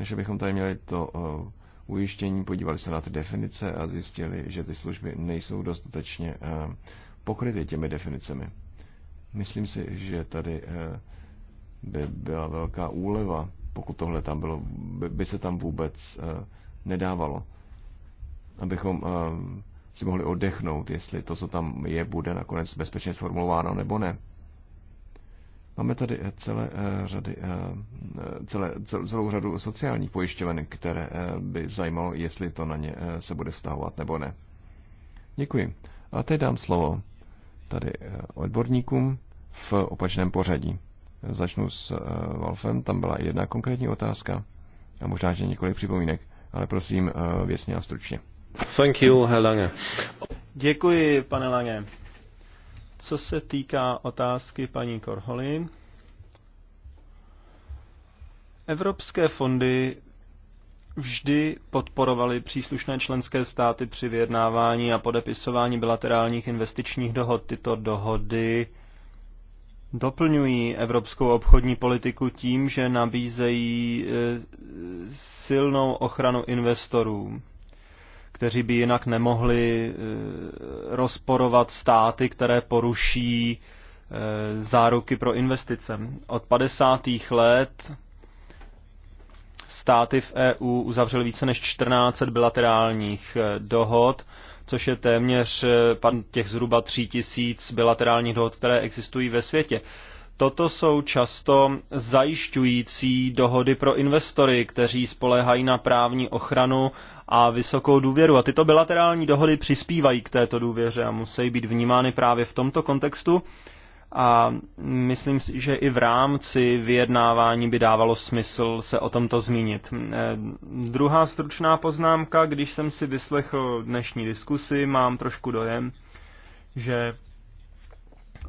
že bychom tady měli to eh, ujištění, podívali se na ty definice a zjistili, že ty služby nejsou dostatečně eh, pokryty těmi definicemi. Myslím si, že tady eh, by byla velká úleva, pokud tohle tam bylo, by, se tam vůbec nedávalo. Abychom si mohli oddechnout, jestli to, co tam je, bude nakonec bezpečně sformulováno nebo ne. Máme tady eh, celé eh, řady, eh, celé, celou řadu sociálních pojišťoven, které by zajímalo, jestli to na ně se bude vztahovat nebo ne. Děkuji. A teď dám slovo tady odborníkům v opačném pořadí. Začnu s Wolfem. tam byla jedna konkrétní otázka a možná, že několik připomínek, ale prosím věcně a stručně. Thank you, Herr Lange. Děkuji, pane Lange. Co se týká otázky paní Korholy, evropské fondy vždy podporovaly příslušné členské státy při vyjednávání a podepisování bilaterálních investičních dohod. Tyto dohody doplňují evropskou obchodní politiku tím, že nabízejí eh, silnou ochranu investorům kteří by jinak nemohli eh, rozporovat státy, které poruší eh, záruky pro investice. Od 50. let státy v EU uzavřely více než 14 bilaterálních eh, dohod, což je téměř těch zhruba 3 tisíc bilaterálních dohod, které existují ve světě. Toto jsou často zajišťující dohody pro investory, kteří spolehají na právní ochranu a vysokou důvěru. A tyto bilaterální dohody přispívají k této důvěře a musí být vnímány právě v tomto kontextu. A myslím si, že i v rámci vyjednávání by dávalo smysl se o tomto zmínit. Eh, druhá stručná poznámka, když jsem si vyslechl dnešní diskusi, mám trošku dojem, že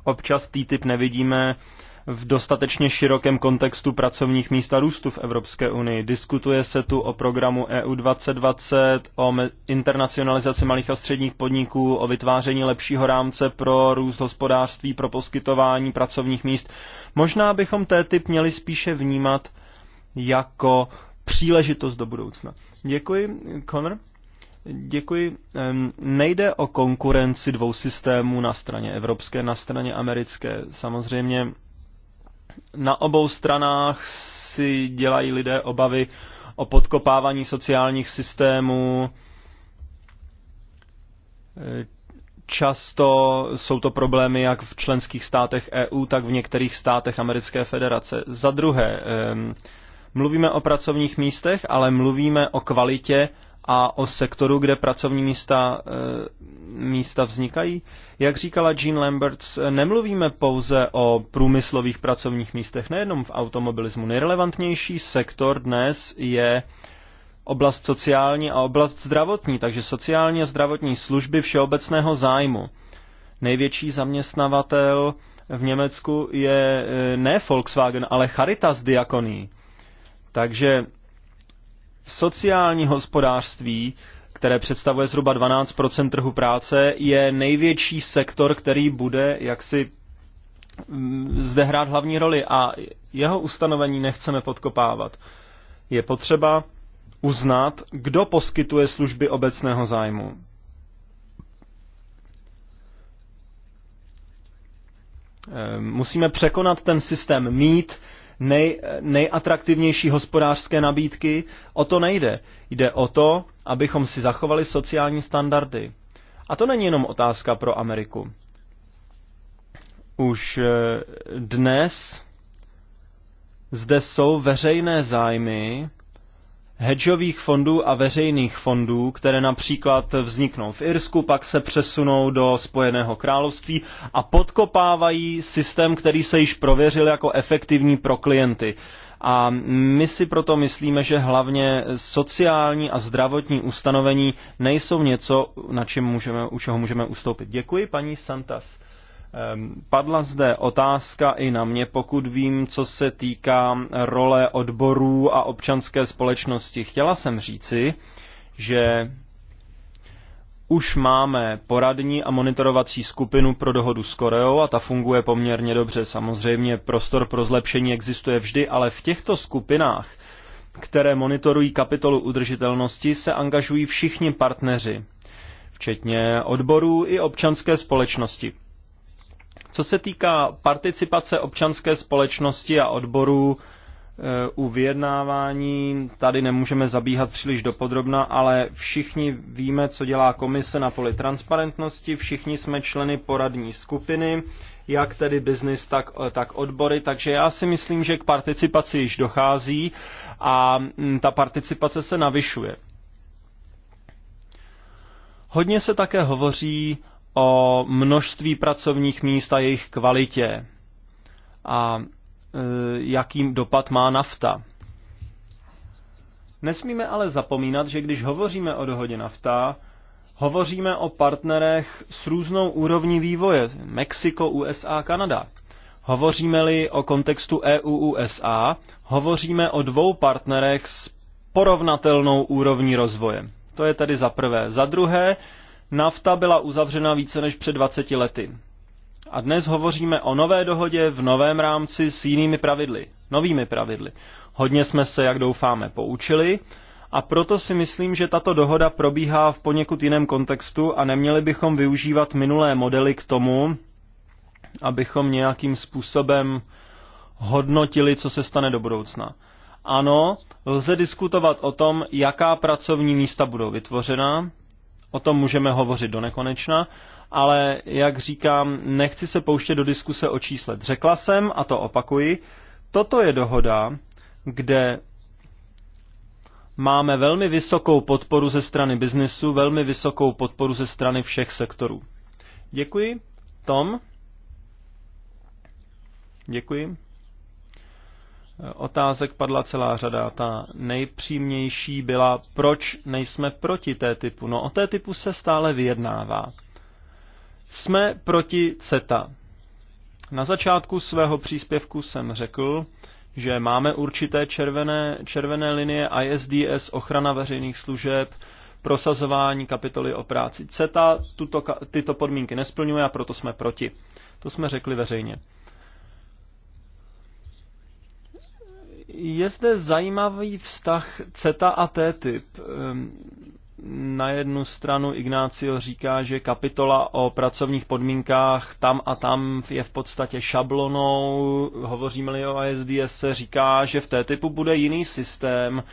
občas TTIP nevidíme v dostatečně širokém kontextu pracovních míst a růstu v Evropské unii. Diskutuje se tu o programu EU 2020, o internacionalizaci malých a středních podniků, o vytváření lepšího rámce pro růst hospodářství, pro poskytování pracovních míst. Možná bychom té typ měli spíše vnímat jako příležitost do budoucna. Děkuji, Konr. Děkuji. Nejde o konkurenci dvou systémů na straně evropské, na straně americké. Samozřejmě na obou stranách si dělají lidé obavy o podkopávání sociálních systémů. Často jsou to problémy jak v členských státech EU, tak v některých státech Americké federace. Za druhé, mluvíme o pracovních místech, ale mluvíme o kvalitě a o sektoru, kde pracovní místa, e, místa vznikají. Jak říkala Jean Lamberts, nemluvíme pouze o průmyslových pracovních místech, nejenom v automobilismu. Nejrelevantnější sektor dnes je oblast sociální a oblast zdravotní, takže sociální a zdravotní služby všeobecného zájmu. Největší zaměstnavatel v Německu je e, ne Volkswagen, ale Charitas Diakoní. Takže Sociální hospodářství, které představuje zhruba 12 trhu práce, je největší sektor, který bude jaksi mm, zde hrát hlavní roli a jeho ustanovení nechceme podkopávat. Je potřeba uznat, kdo poskytuje služby obecného zájmu. Ehm, musíme překonat ten systém mít nej, nejatraktivnější hospodářské nabídky. O to nejde. Jde o to, abychom si zachovali sociální standardy. A to není jenom otázka pro Ameriku. Už eh, dnes zde jsou veřejné zájmy, hedžových fondů a veřejných fondů, které například vzniknou v Irsku, pak se přesunou do Spojeného království a podkopávají systém, který se již prověřil jako efektivní pro klienty. A my si proto myslíme, že hlavně sociální a zdravotní ustanovení nejsou něco, na čem můžeme, u čeho můžeme ustoupit. Děkuji, paní Santas. Ehm, padla zde otázka i na mě, pokud vím, co se týká role odborů a občanské společnosti. Chtěla jsem říci, že už máme poradní a monitorovací skupinu pro dohodu s Koreou a ta funguje poměrně dobře. Samozřejmě prostor pro zlepšení existuje vždy, ale v těchto skupinách, které monitorují kapitolu udržitelnosti, se angažují všichni partneři, včetně odborů i občanské společnosti. Co se týká participace občanské společnosti a odborů eh, u vyjednávání, tady nemůžeme zabíhat příliš dopodrobna, ale všichni víme, co dělá komise na poli transparentnosti, všichni jsme členy poradní skupiny, jak tedy biznis, tak, eh, tak odbory. Takže já si myslím, že k participaci již dochází a mm, ta participace se navyšuje. Hodně se také hovoří o množství pracovních míst a jejich kvalitě a e, jakým dopad má nafta. Nesmíme ale zapomínat, že když hovoříme o dohodě nafta, hovoříme o partnerech s různou úrovní vývoje Mexiko, USA, Kanada. Hovoříme-li o kontextu EU-USA, hovoříme o dvou partnerech s porovnatelnou úrovní rozvoje. To je tedy za prvé. Za druhé, NAFTA byla uzavřena více než před 20 lety. A dnes hovoříme o nové dohodě v novém rámci s jinými pravidly, novými pravidly. Hodně jsme se, jak doufáme, poučili a proto si myslím, že tato dohoda probíhá v poněkud jiném kontextu a neměli bychom využívat minulé modely k tomu, abychom nějakým způsobem hodnotili, co se stane do budoucna. Ano, lze diskutovat o tom, jaká pracovní místa budou vytvořena, O tom můžeme hovořit do nekonečna, ale jak říkám, nechci se pouštět do diskuse o čísle. Řekla jsem, a to opakuji, toto je dohoda, kde máme velmi vysokou podporu ze strany biznesu, velmi vysokou podporu ze strany všech sektorů. Děkuji. Tom? Děkuji. Otázek padla celá řada. Ta nejpřímnější byla, proč nejsme proti té typu. No o té typu se stále vyjednává. Jsme proti CETA. Na začátku svého příspěvku jsem řekl, že máme určité červené, červené linie ISDS, ochrana veřejných služeb, prosazování kapitoly o práci CETA, tuto, tyto podmínky nesplňuje a proto jsme proti. To jsme řekli veřejně. Je zde zajímavý vztah CETA a TTIP. Ehm, na jednu stranu Ignácio říká, že kapitola o pracovních podmínkách tam a tam je v podstatě šablonou. Hovoříme-li o ASDS, se říká, že v té typu bude jiný systém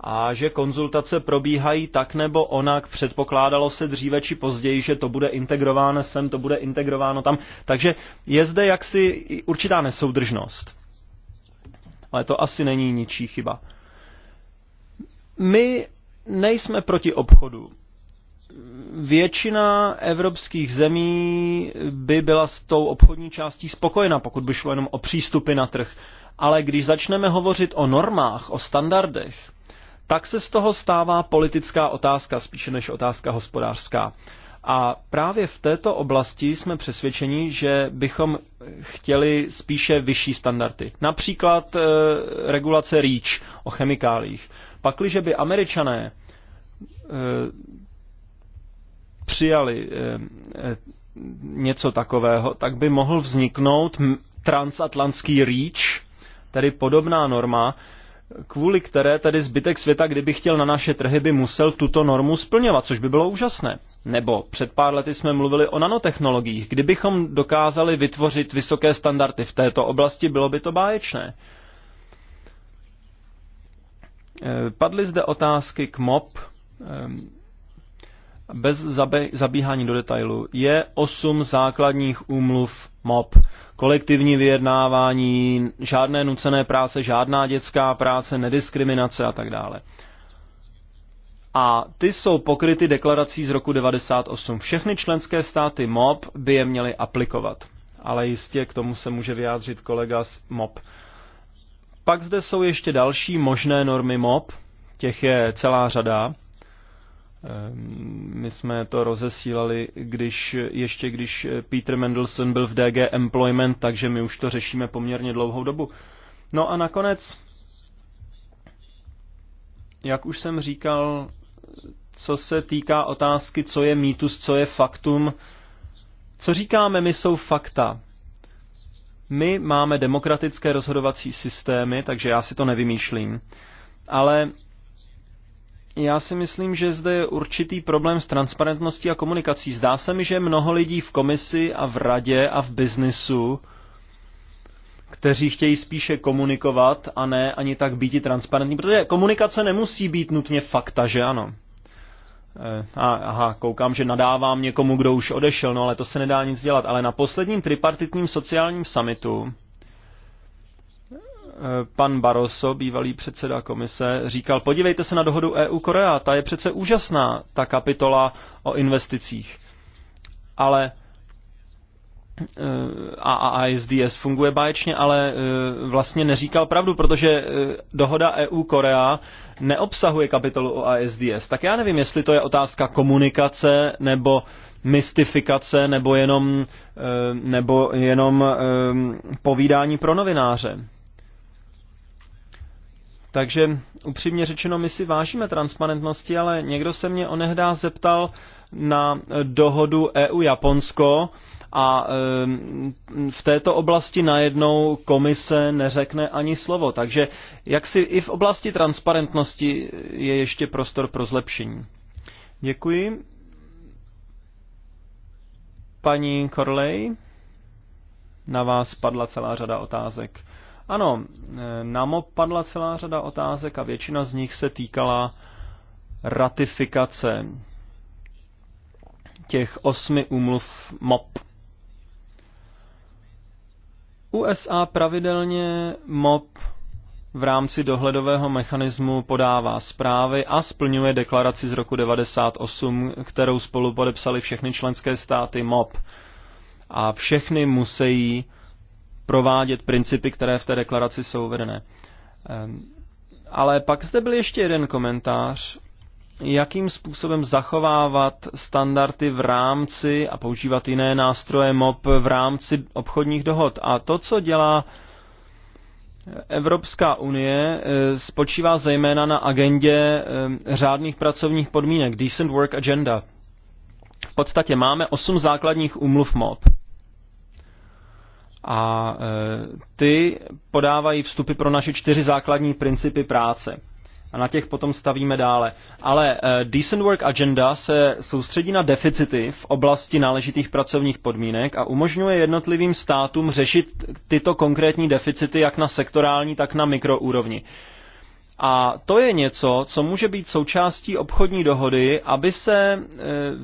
a že konzultace probíhají tak nebo onak. Předpokládalo se dříve či později, že to bude integrováno sem, to bude integrováno tam. Takže je zde jaksi určitá nesoudržnost ale to asi není ničí chyba. My nejsme proti obchodu. Většina evropských zemí by byla s tou obchodní částí spokojena, pokud by šlo jenom o přístupy na trh. Ale když začneme hovořit o normách, o standardech, tak se z toho stává politická otázka spíše než otázka hospodářská. A právě v této oblasti jsme přesvědčeni, že bychom chtěli spíše vyšší standardy. Například e, regulace REACH o chemikáliích. Pakliže by američané e, přijali e, něco takového, tak by mohl vzniknout transatlantský REACH, tedy podobná norma, kvůli které tedy zbytek světa, kdyby chtěl na naše trhy, by musel tuto normu splňovat, což by bylo úžasné. Nebo před pár lety jsme mluvili o nanotechnologiích. Kdybychom dokázali vytvořit vysoké standardy v této oblasti, bylo by to báječné. Eh, padly zde otázky k MOP ehm, bez zabe- zabíhání do detailu, je osm základních úmluv MOP. Kolektivní vyjednávání, žádné nucené práce, žádná dětská práce, nediskriminace a tak dále. A ty jsou pokryty deklarací z roku 1998. Všechny členské státy MOP by je měly aplikovat. Ale jistě k tomu se může vyjádřit kolega z MOP. Pak zde jsou ještě další možné normy MOP, těch je celá řada Ehm, my jsme to rozesílali, když, ještě když Peter Mendelssohn byl v DG Employment, takže my už to řešíme poměrně dlouhou dobu. No a nakonec, jak už jsem říkal, co se týká otázky, co je mýtus, co je faktum, co říkáme my jsou fakta. My máme demokratické rozhodovací systémy, takže já si to nevymýšlím. Ale já si myslím, že zde je určitý problém s transparentností a komunikací. Zdá se mi, že mnoho lidí v komisi a v radě a v biznisu, kteří chtějí spíše komunikovat a ne ani tak být transparentní, protože komunikace nemusí být nutně fakta, že ano. Eh, a, aha, koukám, že nadávám někomu, kdo už odešel, no ale to se nedá nic dělat. Ale na posledním tripartitním sociálním summitu Eh, pan Barroso, bývalý předseda komise, říkal, podívejte se na dohodu EU-Korea, ta je přece úžasná, ta kapitola o investicích. Ale eh, a, ISDS funguje báječně, ale eh, vlastně neříkal pravdu, protože dohoda EU-Korea neobsahuje kapitolu o ISDS. Tak já nevím, jestli to je otázka komunikace nebo mystifikace nebo jenom, nebo jenom povídání pro novináře. Takže upřímně řečeno, my si vážíme transparentnosti, ale někdo se mě onehdá zeptal na dohodu EU-Japonsko a v této oblasti najednou komise neřekne ani slovo. Takže jak si i v oblasti transparentnosti je ještě prostor pro zlepšení. Děkuji. Paní Korlej, na vás padla celá řada otázek. Ano, e, MOP padla celá řada otázek a většina z nich se týkala ratifikace těch osmi úmluv MOP. USA pravidelně MOP v rámci dohledového mechanismu podává zprávy a splňuje deklaraci z roku 98, kterou spolu podepsali všechny členské státy MOP. A všechny musí provádět principy, které v té deklaraci jsou uvedené. Ehm, ale pak zde byl ještě jeden komentář, jakým způsobem zachovávat standardy v rámci a používat jiné nástroje MOP v rámci obchodních dohod. A to, co dělá Evropská unie eh, spočívá zejména na agendě eh, řádných pracovních podmínek, Decent Work Agenda. V podstatě máme osm základních umluv MOP. A e, ty podávají vstupy pro naše čtyři základní principy práce. A na těch potom stavíme dále. Ale e, Decent Work Agenda se soustředí na deficity v oblasti náležitých pracovních podmínek a umožňuje jednotlivým státům řešit tyto konkrétní deficity jak na sektorální, tak na mikroúrovni. A to je něco, co může být součástí obchodní dohody, aby se e,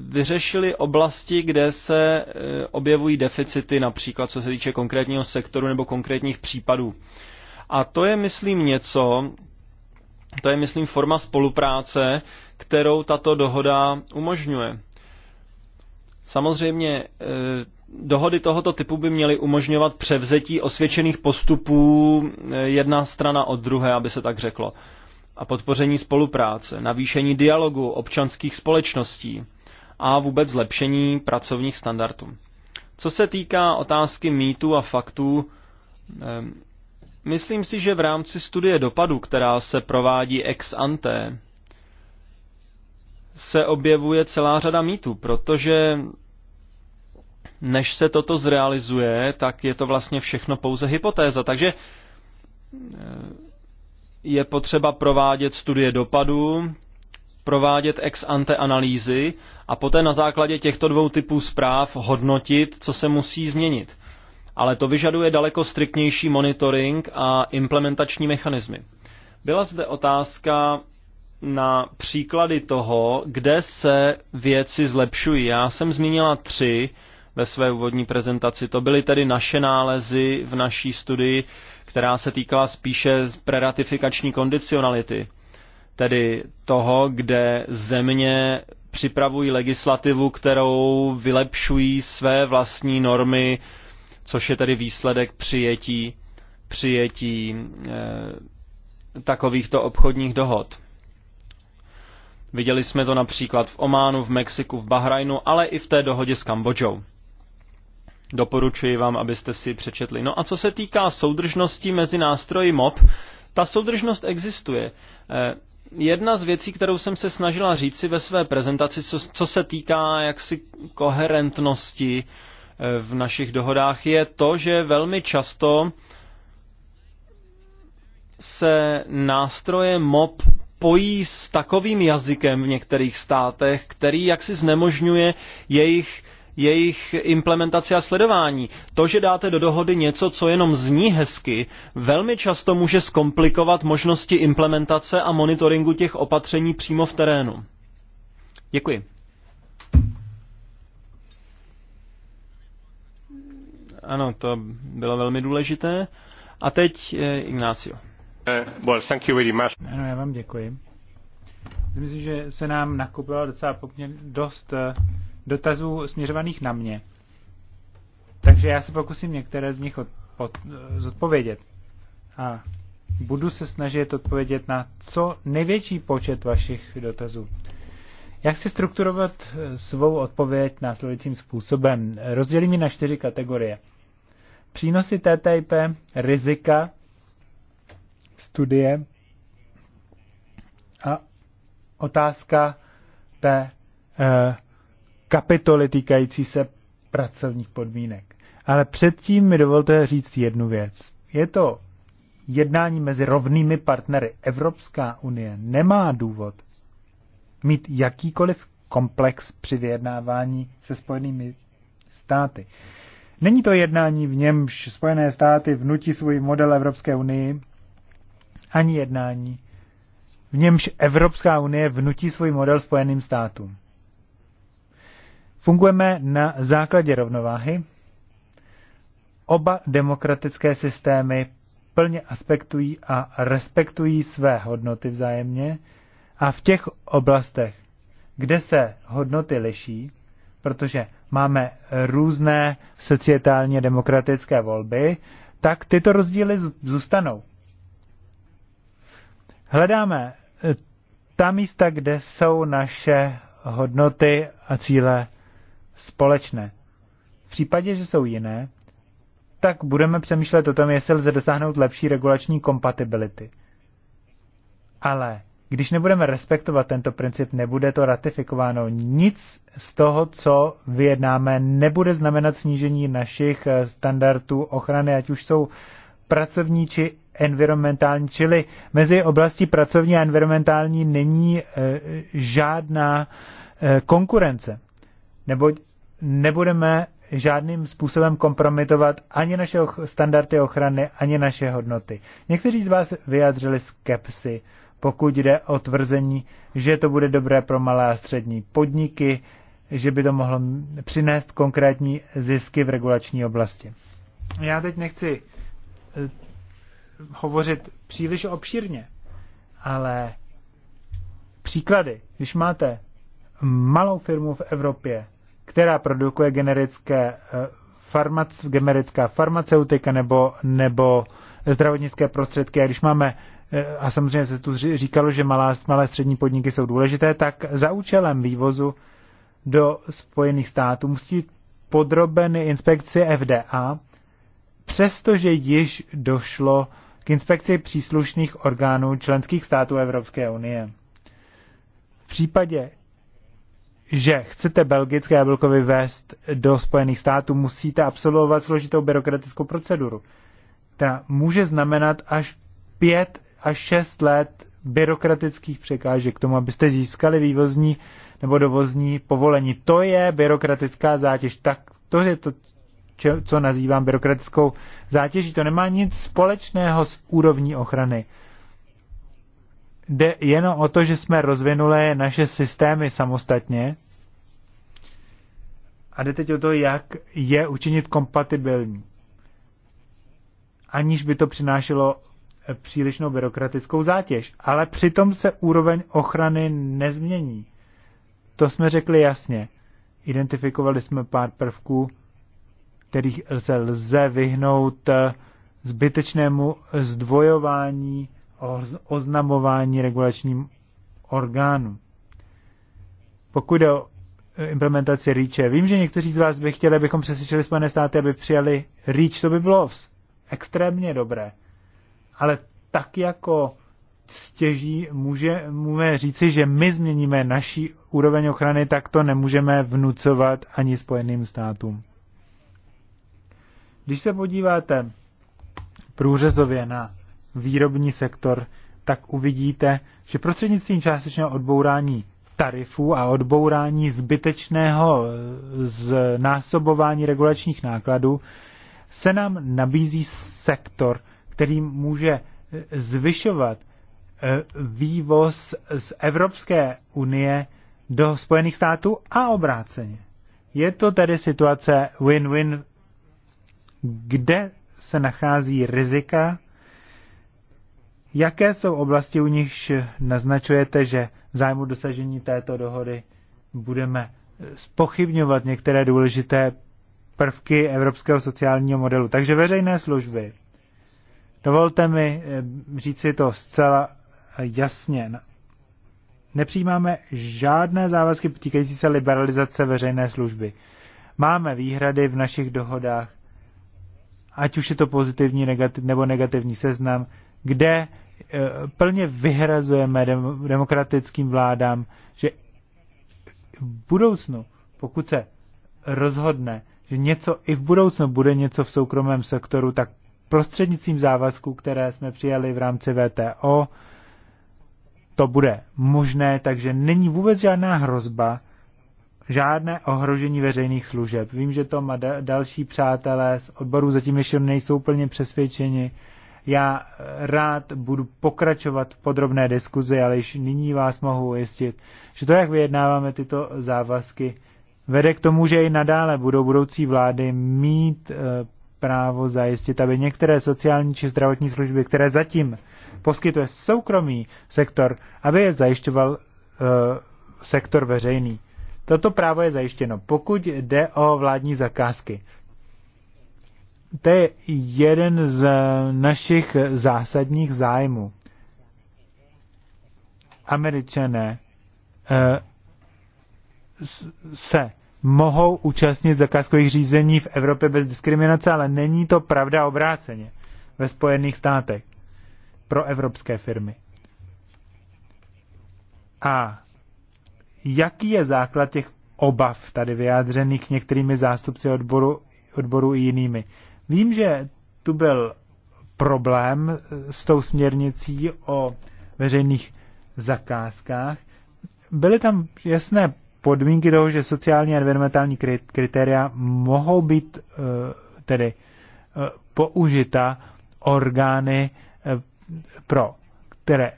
vyřešily oblasti, kde se e, objevují deficity, například co se týče konkrétního sektoru nebo konkrétních případů. A to je, myslím, něco, to je, myslím, forma spolupráce, kterou tato dohoda umožňuje. Samozřejmě e, Dohody tohoto typu by měly umožňovat převzetí osvědčených postupů eh, jedna strana od druhé, aby se tak řeklo, a podpoření spolupráce, navýšení dialogu občanských společností a vůbec zlepšení pracovních standardů. Co se týká otázky mýtů a faktů, eh, myslím si, že v rámci studie dopadu, která se provádí ex ante, se objevuje celá řada mýtů, protože než se toto zrealizuje, tak je to vlastně všechno pouze hypotéza. Takže eh, je potřeba provádět studie dopadů, provádět ex ante analýzy a poté na základě těchto dvou typů zpráv hodnotit, co se musí změnit. Ale to vyžaduje daleko striktnější monitoring a implementační mechanismy. Byla zde otázka na příklady toho, kde se věci zlepšují. Já jsem zmínila tři, ve své úvodní prezentaci. To byly tedy naše nálezy v naší studii, která se týkala spíše preratifikační kondicionality, tedy toho, kde země připravují legislativu, kterou vylepšují své vlastní normy, což je tedy výsledek přijetí, přijetí e, takovýchto obchodních dohod. Viděli jsme to například v Ománu, v Mexiku, v Bahrajnu, ale i v té dohodě s Kambodžou. Doporučuji vám, abyste si přečetli. No a co se týká soudržnosti mezi nástroji MOP, ta soudržnost existuje. Eh, jedna z věcí, kterou jsem se snažila říci ve své prezentaci, co, co se týká jaksi koherentnosti eh, v našich dohodách, je to, že velmi často se nástroje MOP pojí s takovým jazykem v některých státech, který jaksi znemožňuje jejich jejich implementaci a sledování. To, že dáte do dohody něco, co jenom zní hezky, velmi často může zkomplikovat možnosti implementace a monitoringu těch opatření přímo v terénu. Děkuji. Ano, to bylo velmi důležité. A teď eh, Ignácio. Eh, thank you very much. Ano, já vám děkuji. Myslím, že se nám nakupilo docela poměrně dost eh, dotazů směřovaných na mě. Takže já se pokusím některé z nich od, od, zodpovědět. A budu se snažit odpovědět na co největší počet vašich dotazů. Jak si strukturovat eh, svou odpověď následujícím způsobem. Rozdělím ji na čtyři kategorie. Přínosy TTIP, rizika, studie a otázka P. eh, kapitoly týkající se pracovních podmínek. Ale předtím mi dovolte říct jednu věc. Je to jednání mezi rovnými partnery. Evropská unie nemá důvod mít jakýkoliv komplex při vyjednávání se spojenými státy. Není to jednání, v němž Spojené státy vnutí svůj model Evropské unii, ani jednání, v němž Evropská unie vnutí svůj model Spojeným státům. Fungujeme na základě rovnováhy. Oba demokratické systémy plně aspektují a respektují své hodnoty vzájemně a v těch oblastech, kde se hodnoty liší, protože máme různé societálně demokratické volby, tak tyto rozdíly zůstanou. Hledáme eh, ta místa, kde jsou naše hodnoty a cíle společné. V případě, že jsou jiné, tak budeme přemýšlet o tom, jestli lze dosáhnout lepší regulační kompatibility. Ale když nebudeme respektovat tento princip, nebude to ratifikováno. Nic z toho, co vyjednáme, nebude znamenat snížení našich eh, standardů ochrany, ať už jsou pracovní či environmentální, čili mezi oblastí pracovní a environmentální není e, žádná e, konkurence. Neboť nebudeme žádným způsobem kompromitovat ani naše standardy ochrany, ani naše hodnoty. Někteří z vás vyjádřili skepsy, pokud jde o tvrzení, že to bude dobré pro malé a střední podniky, že by to mohlo přinést konkrétní zisky v regulační oblasti. Já teď nechci eh, hovořit příliš obšírně, ale příklady, když máte malou firmu v Evropě, která produkuje generické eh, farmac, generická farmaceutika nebo, nebo zdravotnické prostředky. A když máme, eh, a samozřejmě se tu říkalo, že malá, malé střední podniky jsou důležité, tak za účelem vývozu do Spojených států musí být podrobeny inspekci FDA, přestože již došlo k inspekci příslušných orgánů členských států Evropské unie. V případě že chcete belgické jablko vyvést do Spojených států, musíte absolvovat složitou byrokratickou proceduru, Ta může znamenat až pět až šest let byrokratických překážek k tomu, abyste získali vývozní nebo dovozní povolení. To je byrokratická zátěž. Tak to je to, co nazývám byrokratickou zátěží. To nemá nic společného s úrovní ochrany jde jenom o to, že jsme rozvinuli naše systémy samostatně. A jde teď o to, jak je učinit kompatibilní. Aniž by to přinášelo eh, přílišnou byrokratickou zátěž. Ale přitom se úroveň ochrany nezmění. To jsme řekli jasně. Identifikovali jsme pár prvků, kterých se lze vyhnout eh, zbytečnému zdvojování oznamování regulačním orgánu. Pokud o e, implementaci REACHe, vím, že někteří z vás by chtěli, abychom přesvědčili Spojené státy, aby přijali REACH, to by bylo extrémně dobré. Ale tak jako stěží můžeme říci, že my změníme naší úroveň ochrany, tak to nemůžeme vnucovat ani Spojeným státům. Když se podíváte průřezově na výrobní sektor, tak uvidíte, že prostřednictvím částečného odbourání tarifů a odbourání zbytečného eh, znásobování regulačních nákladů se nám nabízí sektor, který může eh, zvyšovat eh, vývoz z Evropské unie do Spojených států a obráceně. Je to tedy situace win-win, kde se nachází rizika Jaké jsou oblasti, u nichž naznačujete, že v zájmu dosažení této dohody budeme eh, spochybňovat některé důležité prvky evropského sociálního modelu? Takže veřejné služby. Dovolte mi eh, říci to zcela jasně. Nepřijímáme žádné závazky týkající se liberalizace veřejné služby. Máme výhrady v našich dohodách, ať už je to pozitivní negativ, nebo negativní seznam, kde eh, plně vyhrazujeme demokratickým vládám, že v budoucnu, pokud se rozhodne, že něco i v budoucnu bude něco v soukromém sektoru, tak prostřednictvím závazků, které jsme přijali v rámci VTO, to bude možné, takže není vůbec žádná hrozba, žádné ohrožení veřejných služeb. Vím, že to má další přátelé z odboru, zatím ještě nejsou plně přesvědčeni, já rád budu pokračovat v podrobné diskuzi, ale již nyní vás mohu ujistit, že to, jak vyjednáváme tyto závazky, vede k tomu, že i nadále budou budoucí vlády mít eh, právo zajistit, aby některé sociální či zdravotní služby, které zatím poskytuje soukromý sektor, aby je zajišťoval eh, sektor veřejný. Toto právo je zajištěno, pokud jde o vládní zakázky. To je jeden z našich zásadních zájmů. Američané eh, se mohou účastnit zakázkových řízení v Evropě bez diskriminace, ale není to pravda obráceně ve Spojených státech pro evropské firmy. A jaký je základ těch obav tady vyjádřených některými zástupci odboru, odboru i jinými? Vím, že tu byl problém s tou směrnicí o veřejných zakázkách. Byly tam jasné podmínky toho, že sociální a environmentální kritéria mohou být eh, tedy eh, použita orgány eh, pro, které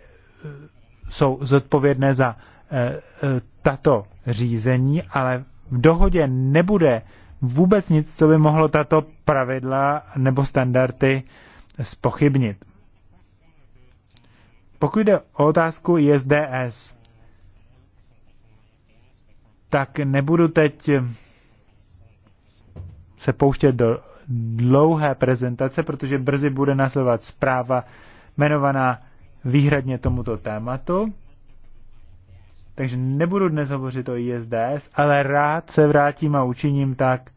jsou zodpovědné za tato řízení, ale v dohodě nebude vůbec nic, co by mohlo tato pravidla nebo standardy spochybnit. Pokud jde o otázku ISDS, tak nebudu teď se pouštět do dlouhé prezentace, protože brzy bude následovat zpráva jmenovaná výhradně tomuto tématu. Takže nebudu dnes hovořit o ISDS, ale rád se vrátím a učiním tak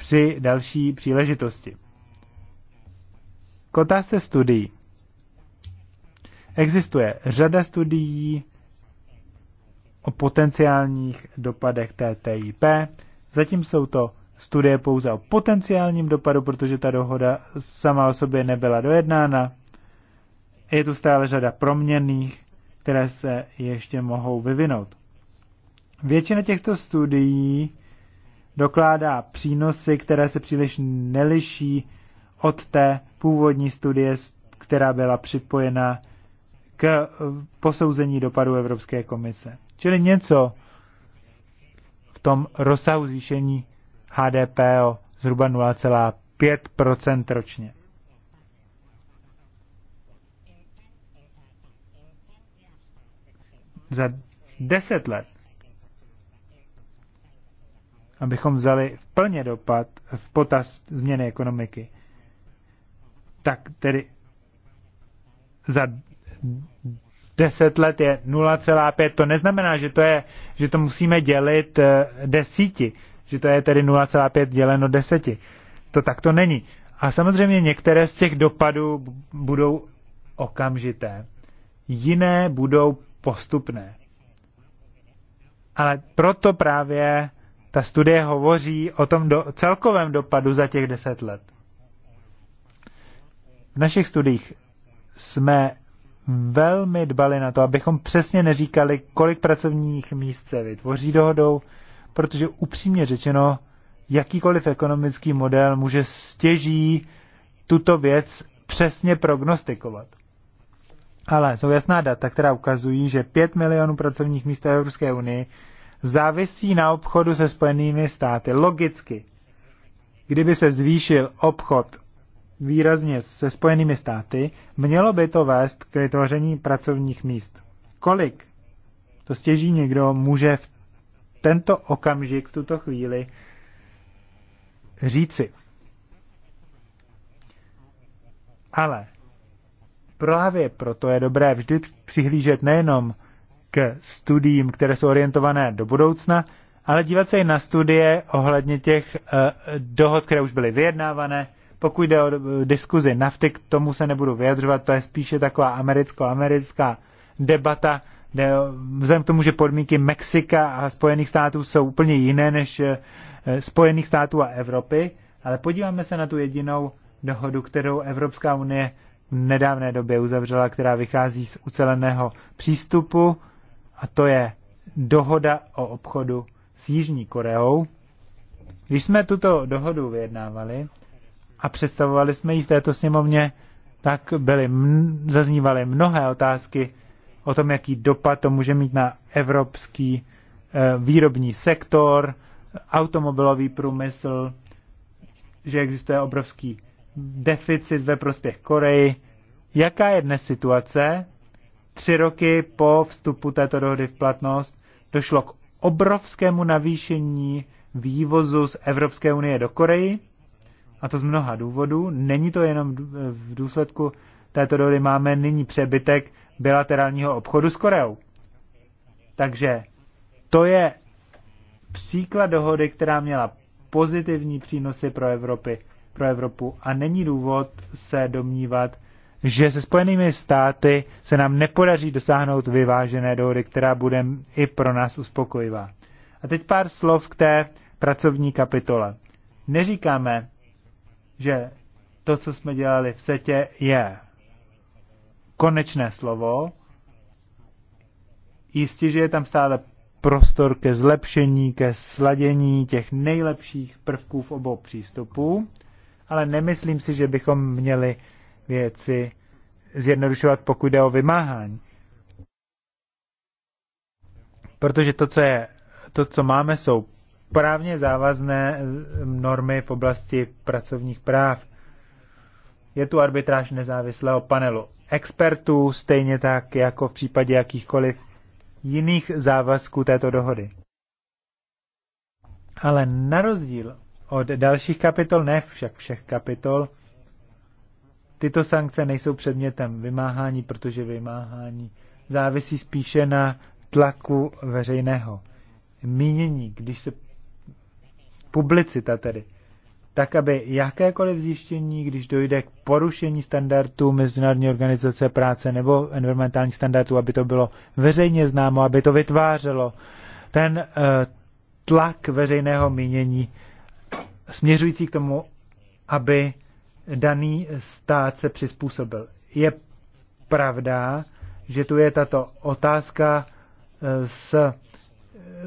při další příležitosti. Kota se studií. Existuje řada studií o potenciálních dopadech TTIP. Zatím jsou to studie pouze o potenciálním dopadu, protože ta dohoda sama o sobě nebyla dojednána. Je tu stále řada proměnných, které se ještě mohou vyvinout. Většina těchto studií dokládá přínosy, které se příliš neliší od té původní studie, která byla připojena k eh, posouzení dopadu Evropské komise. Čili něco v tom rozsahu zvýšení HDP o zhruba 0,5 ročně. Za deset let abychom vzali v plně dopad v potaz změny ekonomiky, tak tedy za 10 let je 0,5. To neznamená, že to, je, že to musíme dělit eh, desíti, že to je tedy 0,5 děleno deseti. To tak to není. A samozřejmě některé z těch dopadů budou okamžité, jiné budou postupné. Ale proto právě ta studie hovoří o tom do, celkovém dopadu za těch deset let. V našich studiích jsme velmi dbali na to, abychom přesně neříkali, kolik pracovních míst se vytvoří dohodou, protože upřímně řečeno, jakýkoliv ekonomický model může stěží tuto věc přesně prognostikovat. Ale jsou jasná data, která ukazují, že 5 milionů pracovních míst v Evropské unii závisí na obchodu se Spojenými státy. Logicky, kdyby se zvýšil obchod výrazně se Spojenými státy, mělo by to vést k vytvoření pracovních míst. Kolik to stěží někdo může v tento okamžik, v tuto chvíli říci. Ale právě proto je dobré vždy přihlížet nejenom k studiím, které jsou orientované do budoucna, ale dívat se i na studie ohledně těch eh, dohod, které už byly vyjednávané. Pokud jde o eh, diskuzi nafty, k tomu se nebudu vyjadřovat, to je spíše taková americko-americká debata, kde eh, vzhledem k tomu, že podmínky Mexika a Spojených států jsou úplně jiné než Spojených států a Evropy, ale podíváme se na tu jedinou dohodu, kterou Evropská unie v nedávné době uzavřela, která vychází z uceleného přístupu a to je dohoda o obchodu s Jižní Koreou. Když jsme tuto dohodu vyjednávali a představovali jsme ji v této sněmovně, tak byly, zaznívaly mnohé otázky o tom, jaký dopad to může mít na evropský eh, výrobní sektor, automobilový průmysl, že existuje obrovský deficit ve prospěch Koreji. Jaká je dnes situace tři roky po vstupu této dohody v platnost došlo k obrovskému navýšení vývozu z Evropské unie do Koreji, a to z mnoha důvodů. Není to jenom v důsledku této dohody, máme nyní přebytek bilaterálního obchodu s Koreou. Takže to je příklad dohody, která měla pozitivní přínosy pro, Evropy, pro Evropu a není důvod se domnívat, že se Spojenými státy se nám nepodaří dosáhnout vyvážené dohody, která bude i pro nás uspokojivá. A teď pár slov k té pracovní kapitole. Neříkáme, že to, co jsme dělali v setě, je konečné slovo. Jistě, že je tam stále prostor ke zlepšení, ke sladění těch nejlepších prvků v obou přístupů, ale nemyslím si, že bychom měli věci zjednodušovat, pokud jde o vymáhání. Protože to, co, je, to, co máme, jsou právně závazné normy v oblasti pracovních práv. Je tu arbitráž nezávislého panelu expertů, stejně tak jako v případě jakýchkoliv jiných závazků této dohody. Ale na rozdíl od dalších kapitol, ne však všech kapitol, Tyto sankce nejsou předmětem vymáhání, protože vymáhání závisí spíše na tlaku veřejného mínění, když se publicita tedy, tak aby jakékoliv zjištění, když dojde k porušení standardů Mezinárodní organizace práce nebo environmentálních standardů, aby to bylo veřejně známo, aby to vytvářelo ten uh, tlak veřejného mínění směřující k tomu, aby daný stát se přizpůsobil. Je pravda, že tu je tato otázka eh, s, eh,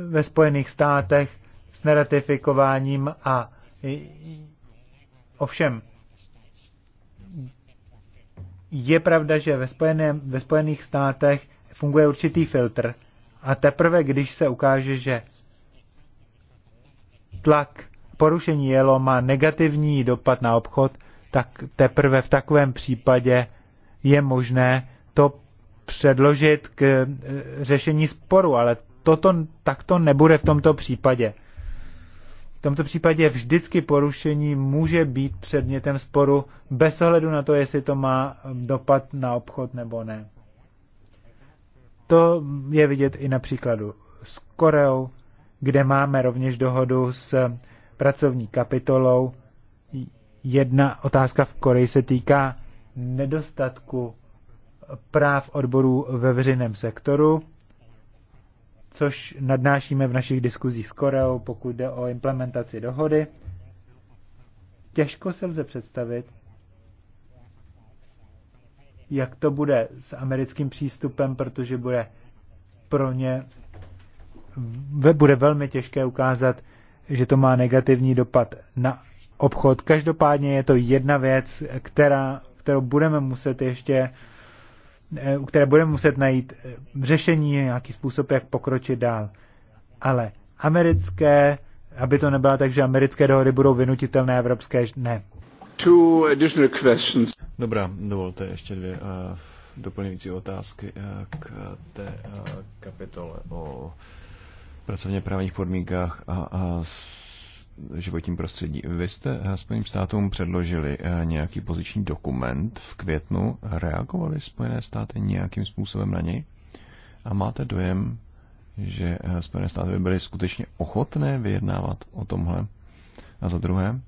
ve Spojených státech s neratifikováním a ovšem je pravda, že ve, Spojeném, ve Spojených státech funguje určitý filtr a teprve, když se ukáže, že tlak porušení jelo má negativní dopad na obchod, tak teprve v takovém případě je možné to předložit k eh, řešení sporu, ale toto takto nebude v tomto případě. V tomto případě vždycky porušení může být předmětem sporu bez ohledu na to, jestli to má dopad na obchod nebo ne. To je vidět i na příkladu s Koreou, kde máme rovněž dohodu s pracovní kapitolou, Jedna otázka v Koreji se týká nedostatku práv odborů ve veřejném sektoru, což nadnášíme v našich diskuzích s Koreou, pokud jde o implementaci dohody. Těžko se lze představit, jak to bude s americkým přístupem, protože bude pro ně bude velmi těžké ukázat, že to má negativní dopad na obchod. Každopádně je to jedna věc, která, kterou budeme muset ještě eh, u které budeme muset najít eh, řešení, nějaký způsob, jak pokročit dál. Ale americké, aby to nebylo tak, že americké dohody budou vynutitelné, evropské ne. Two additional questions. Dobrá, dovolte ještě dvě uh, doplňující otázky uh, k té uh, kapitole o pracovně právních podmínkách a, a s životním prostředí. Vy jste eh, Spojeným státům předložili eh, nějaký poziční dokument v květnu. Reagovali Spojené státy nějakým způsobem na něj? A máte dojem, že eh, Spojené státy by byly skutečně ochotné vyjednávat o tomhle? A za druhé,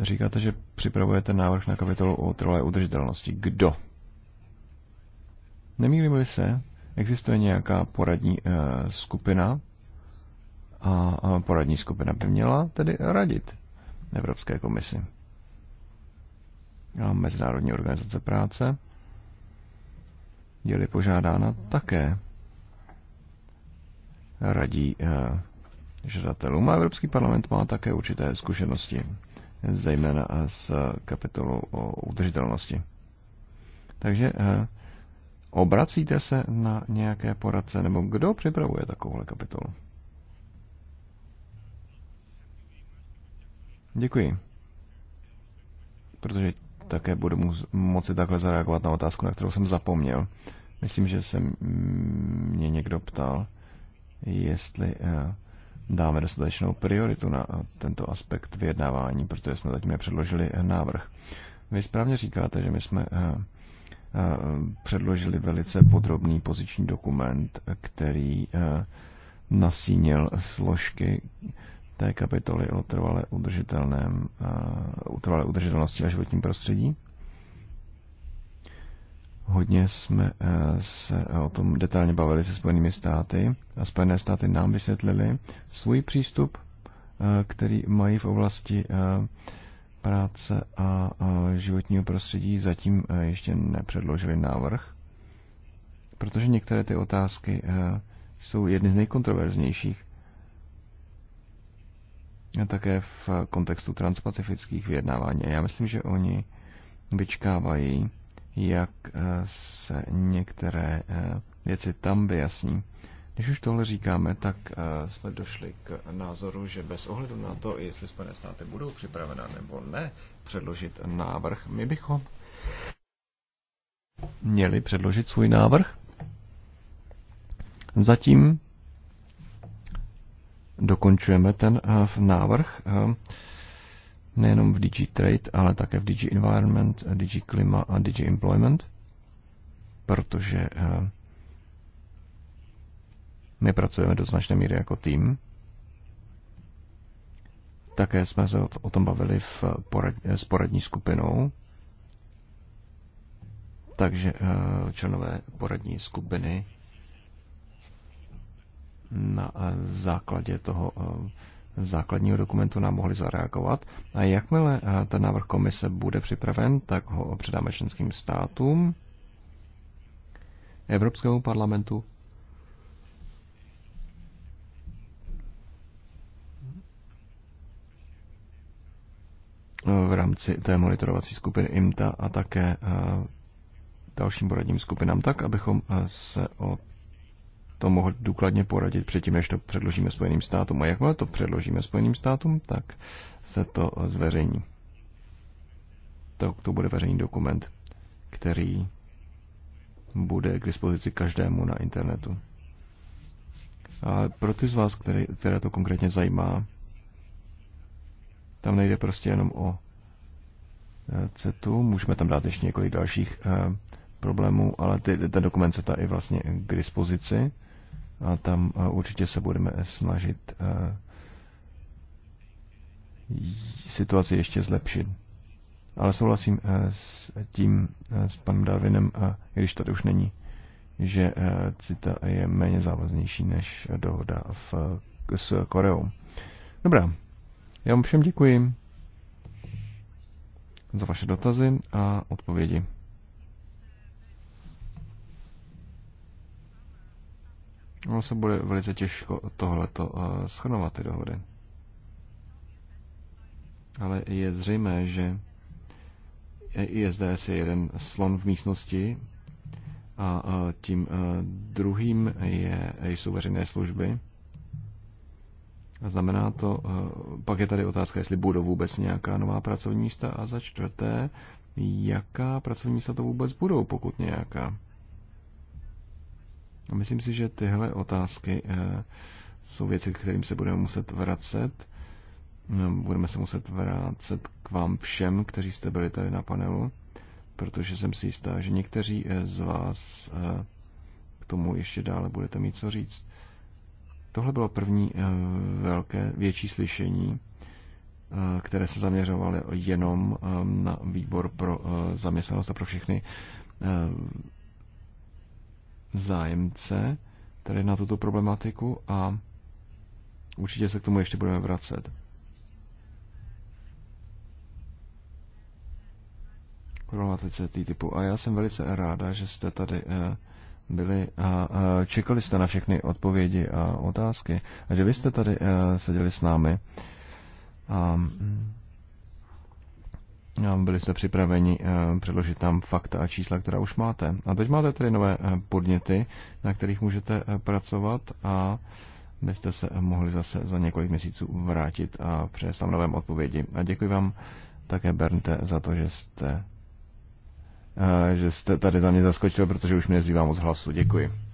říkáte, že připravujete návrh na kapitolu o trvalé udržitelnosti. Kdo? Nemýlím-li se, Existuje nějaká poradní eh, skupina a poradní skupina by měla tedy radit Evropské komisi a Mezinárodní organizace práce je-li požádána také radí eh, žadatelům. A Evropský parlament má také určité zkušenosti, zejména z kapitolu o udržitelnosti. Takže eh, Obracíte se na nějaké poradce, nebo kdo připravuje takovouhle kapitolu? Děkuji. Protože také budu moci takhle zareagovat na otázku, na kterou jsem zapomněl. Myslím, že se mě někdo ptal, jestli eh, dáme dostatečnou prioritu na eh, tento aspekt vyjednávání, protože jsme zatím nepředložili eh, návrh. Vy správně říkáte, že my jsme Eh, předložili velice podrobný poziční dokument, který eh, nasínil složky té kapitoly o trvale, udržitelném, eh, o trvalé udržitelnosti a životním prostředí. Hodně jsme se o tom detailně bavili se Spojenými státy a Spojené státy nám vysvětlili svůj přístup, který mají v oblasti práce a životního prostředí zatím e, ještě nepředložili návrh, protože některé ty otázky e, jsou jedny z nejkontroverznějších. A také v kontextu transpacifických vyjednávání. Já myslím, že oni vyčkávají, jak e, se některé věci tam vyjasní. Když už tohle říkáme, tak eh, jsme došli k názoru, že bez ohledu na to, jestli Spojené státy budou připravena nebo ne předložit návrh, my bychom měli předložit svůj návrh. Zatím dokončujeme ten eh, návrh eh, nejenom v DG Trade, ale také v DG Environment, DG Klima a DG Employment, protože my pracujeme do značné míry jako tým. Také jsme se o tom bavili v eh, porad, eh, s poradní skupinou. Takže eh, členové poradní skupiny na základě toho základního dokumentu nám mohli zareagovat. A jakmile ten návrh komise bude připraven, tak ho předáme členským státům, Evropskému parlamentu v rámci té monitorovací skupiny IMTA a také eh, dalším poradním skupinám tak, abychom eh, se o to mohli důkladně poradit předtím, než to předložíme Spojeným státům. A jakmile to předložíme Spojeným státům, tak se to eh, zveřejní. To, to bude veřejný dokument, který bude k dispozici každému na internetu. A pro ty z vás, které, které to konkrétně zajímá, tam nejde prostě jenom o eh, CETu, můžeme tam dát ještě několik dalších eh, problémů, ale ty, ten dokument CETA je vlastně k dispozici a tam eh, určitě se budeme snažit situaci ještě zlepšit. Ale souhlasím s tím, s panem Davinem, a když tady už není, že CITA je méně závaznější než dohoda v, s Koreou. Dobrá, já vám všem děkuji za vaše dotazy a odpovědi. Ono se bude velice těžko tohleto eh, schrnovat ty dohody. Ale je zřejmé, že e ISDS je jeden slon v místnosti a eh, tím eh, druhým je, jsou veřejné služby a znamená to, eh, pak je tady otázka, jestli budou vůbec nějaká nová pracovní místa a za čtvrté, jaká pracovní místa to vůbec budou, pokud nějaká. A myslím si, že tyhle otázky eh, jsou věci, k kterým se budeme muset vracet. Eh, budeme se muset vracet k vám všem, kteří jste byli tady na panelu, protože jsem si jistá, že někteří z vás k tomu ještě dále budete mít co říct. Tohle bylo první eh, velké větší slyšení, eh, které se zaměřovaly jenom ehm, na výbor pro eh, zaměstnanost a pro všechny zájemce tady na tuto problematiku a určitě se k tomu ještě budeme vracet. problematice typu. A já jsem velice ráda, že jste tady eh, byli a čekali jste na všechny odpovědi a otázky. A že vy jste tady e, seděli s námi a byli jste připraveni e, předložit tam fakta a čísla, která už máte. A teď máte tady nové e, podněty, na kterých můžete pracovat a byste se mohli zase za několik měsíců vrátit a přinést tam novém odpovědi. A děkuji vám také, Bernte, za to, že jste Eh, že jste tady za mě zaskočil, protože už mi zbývá moc hlasu. Děkuji.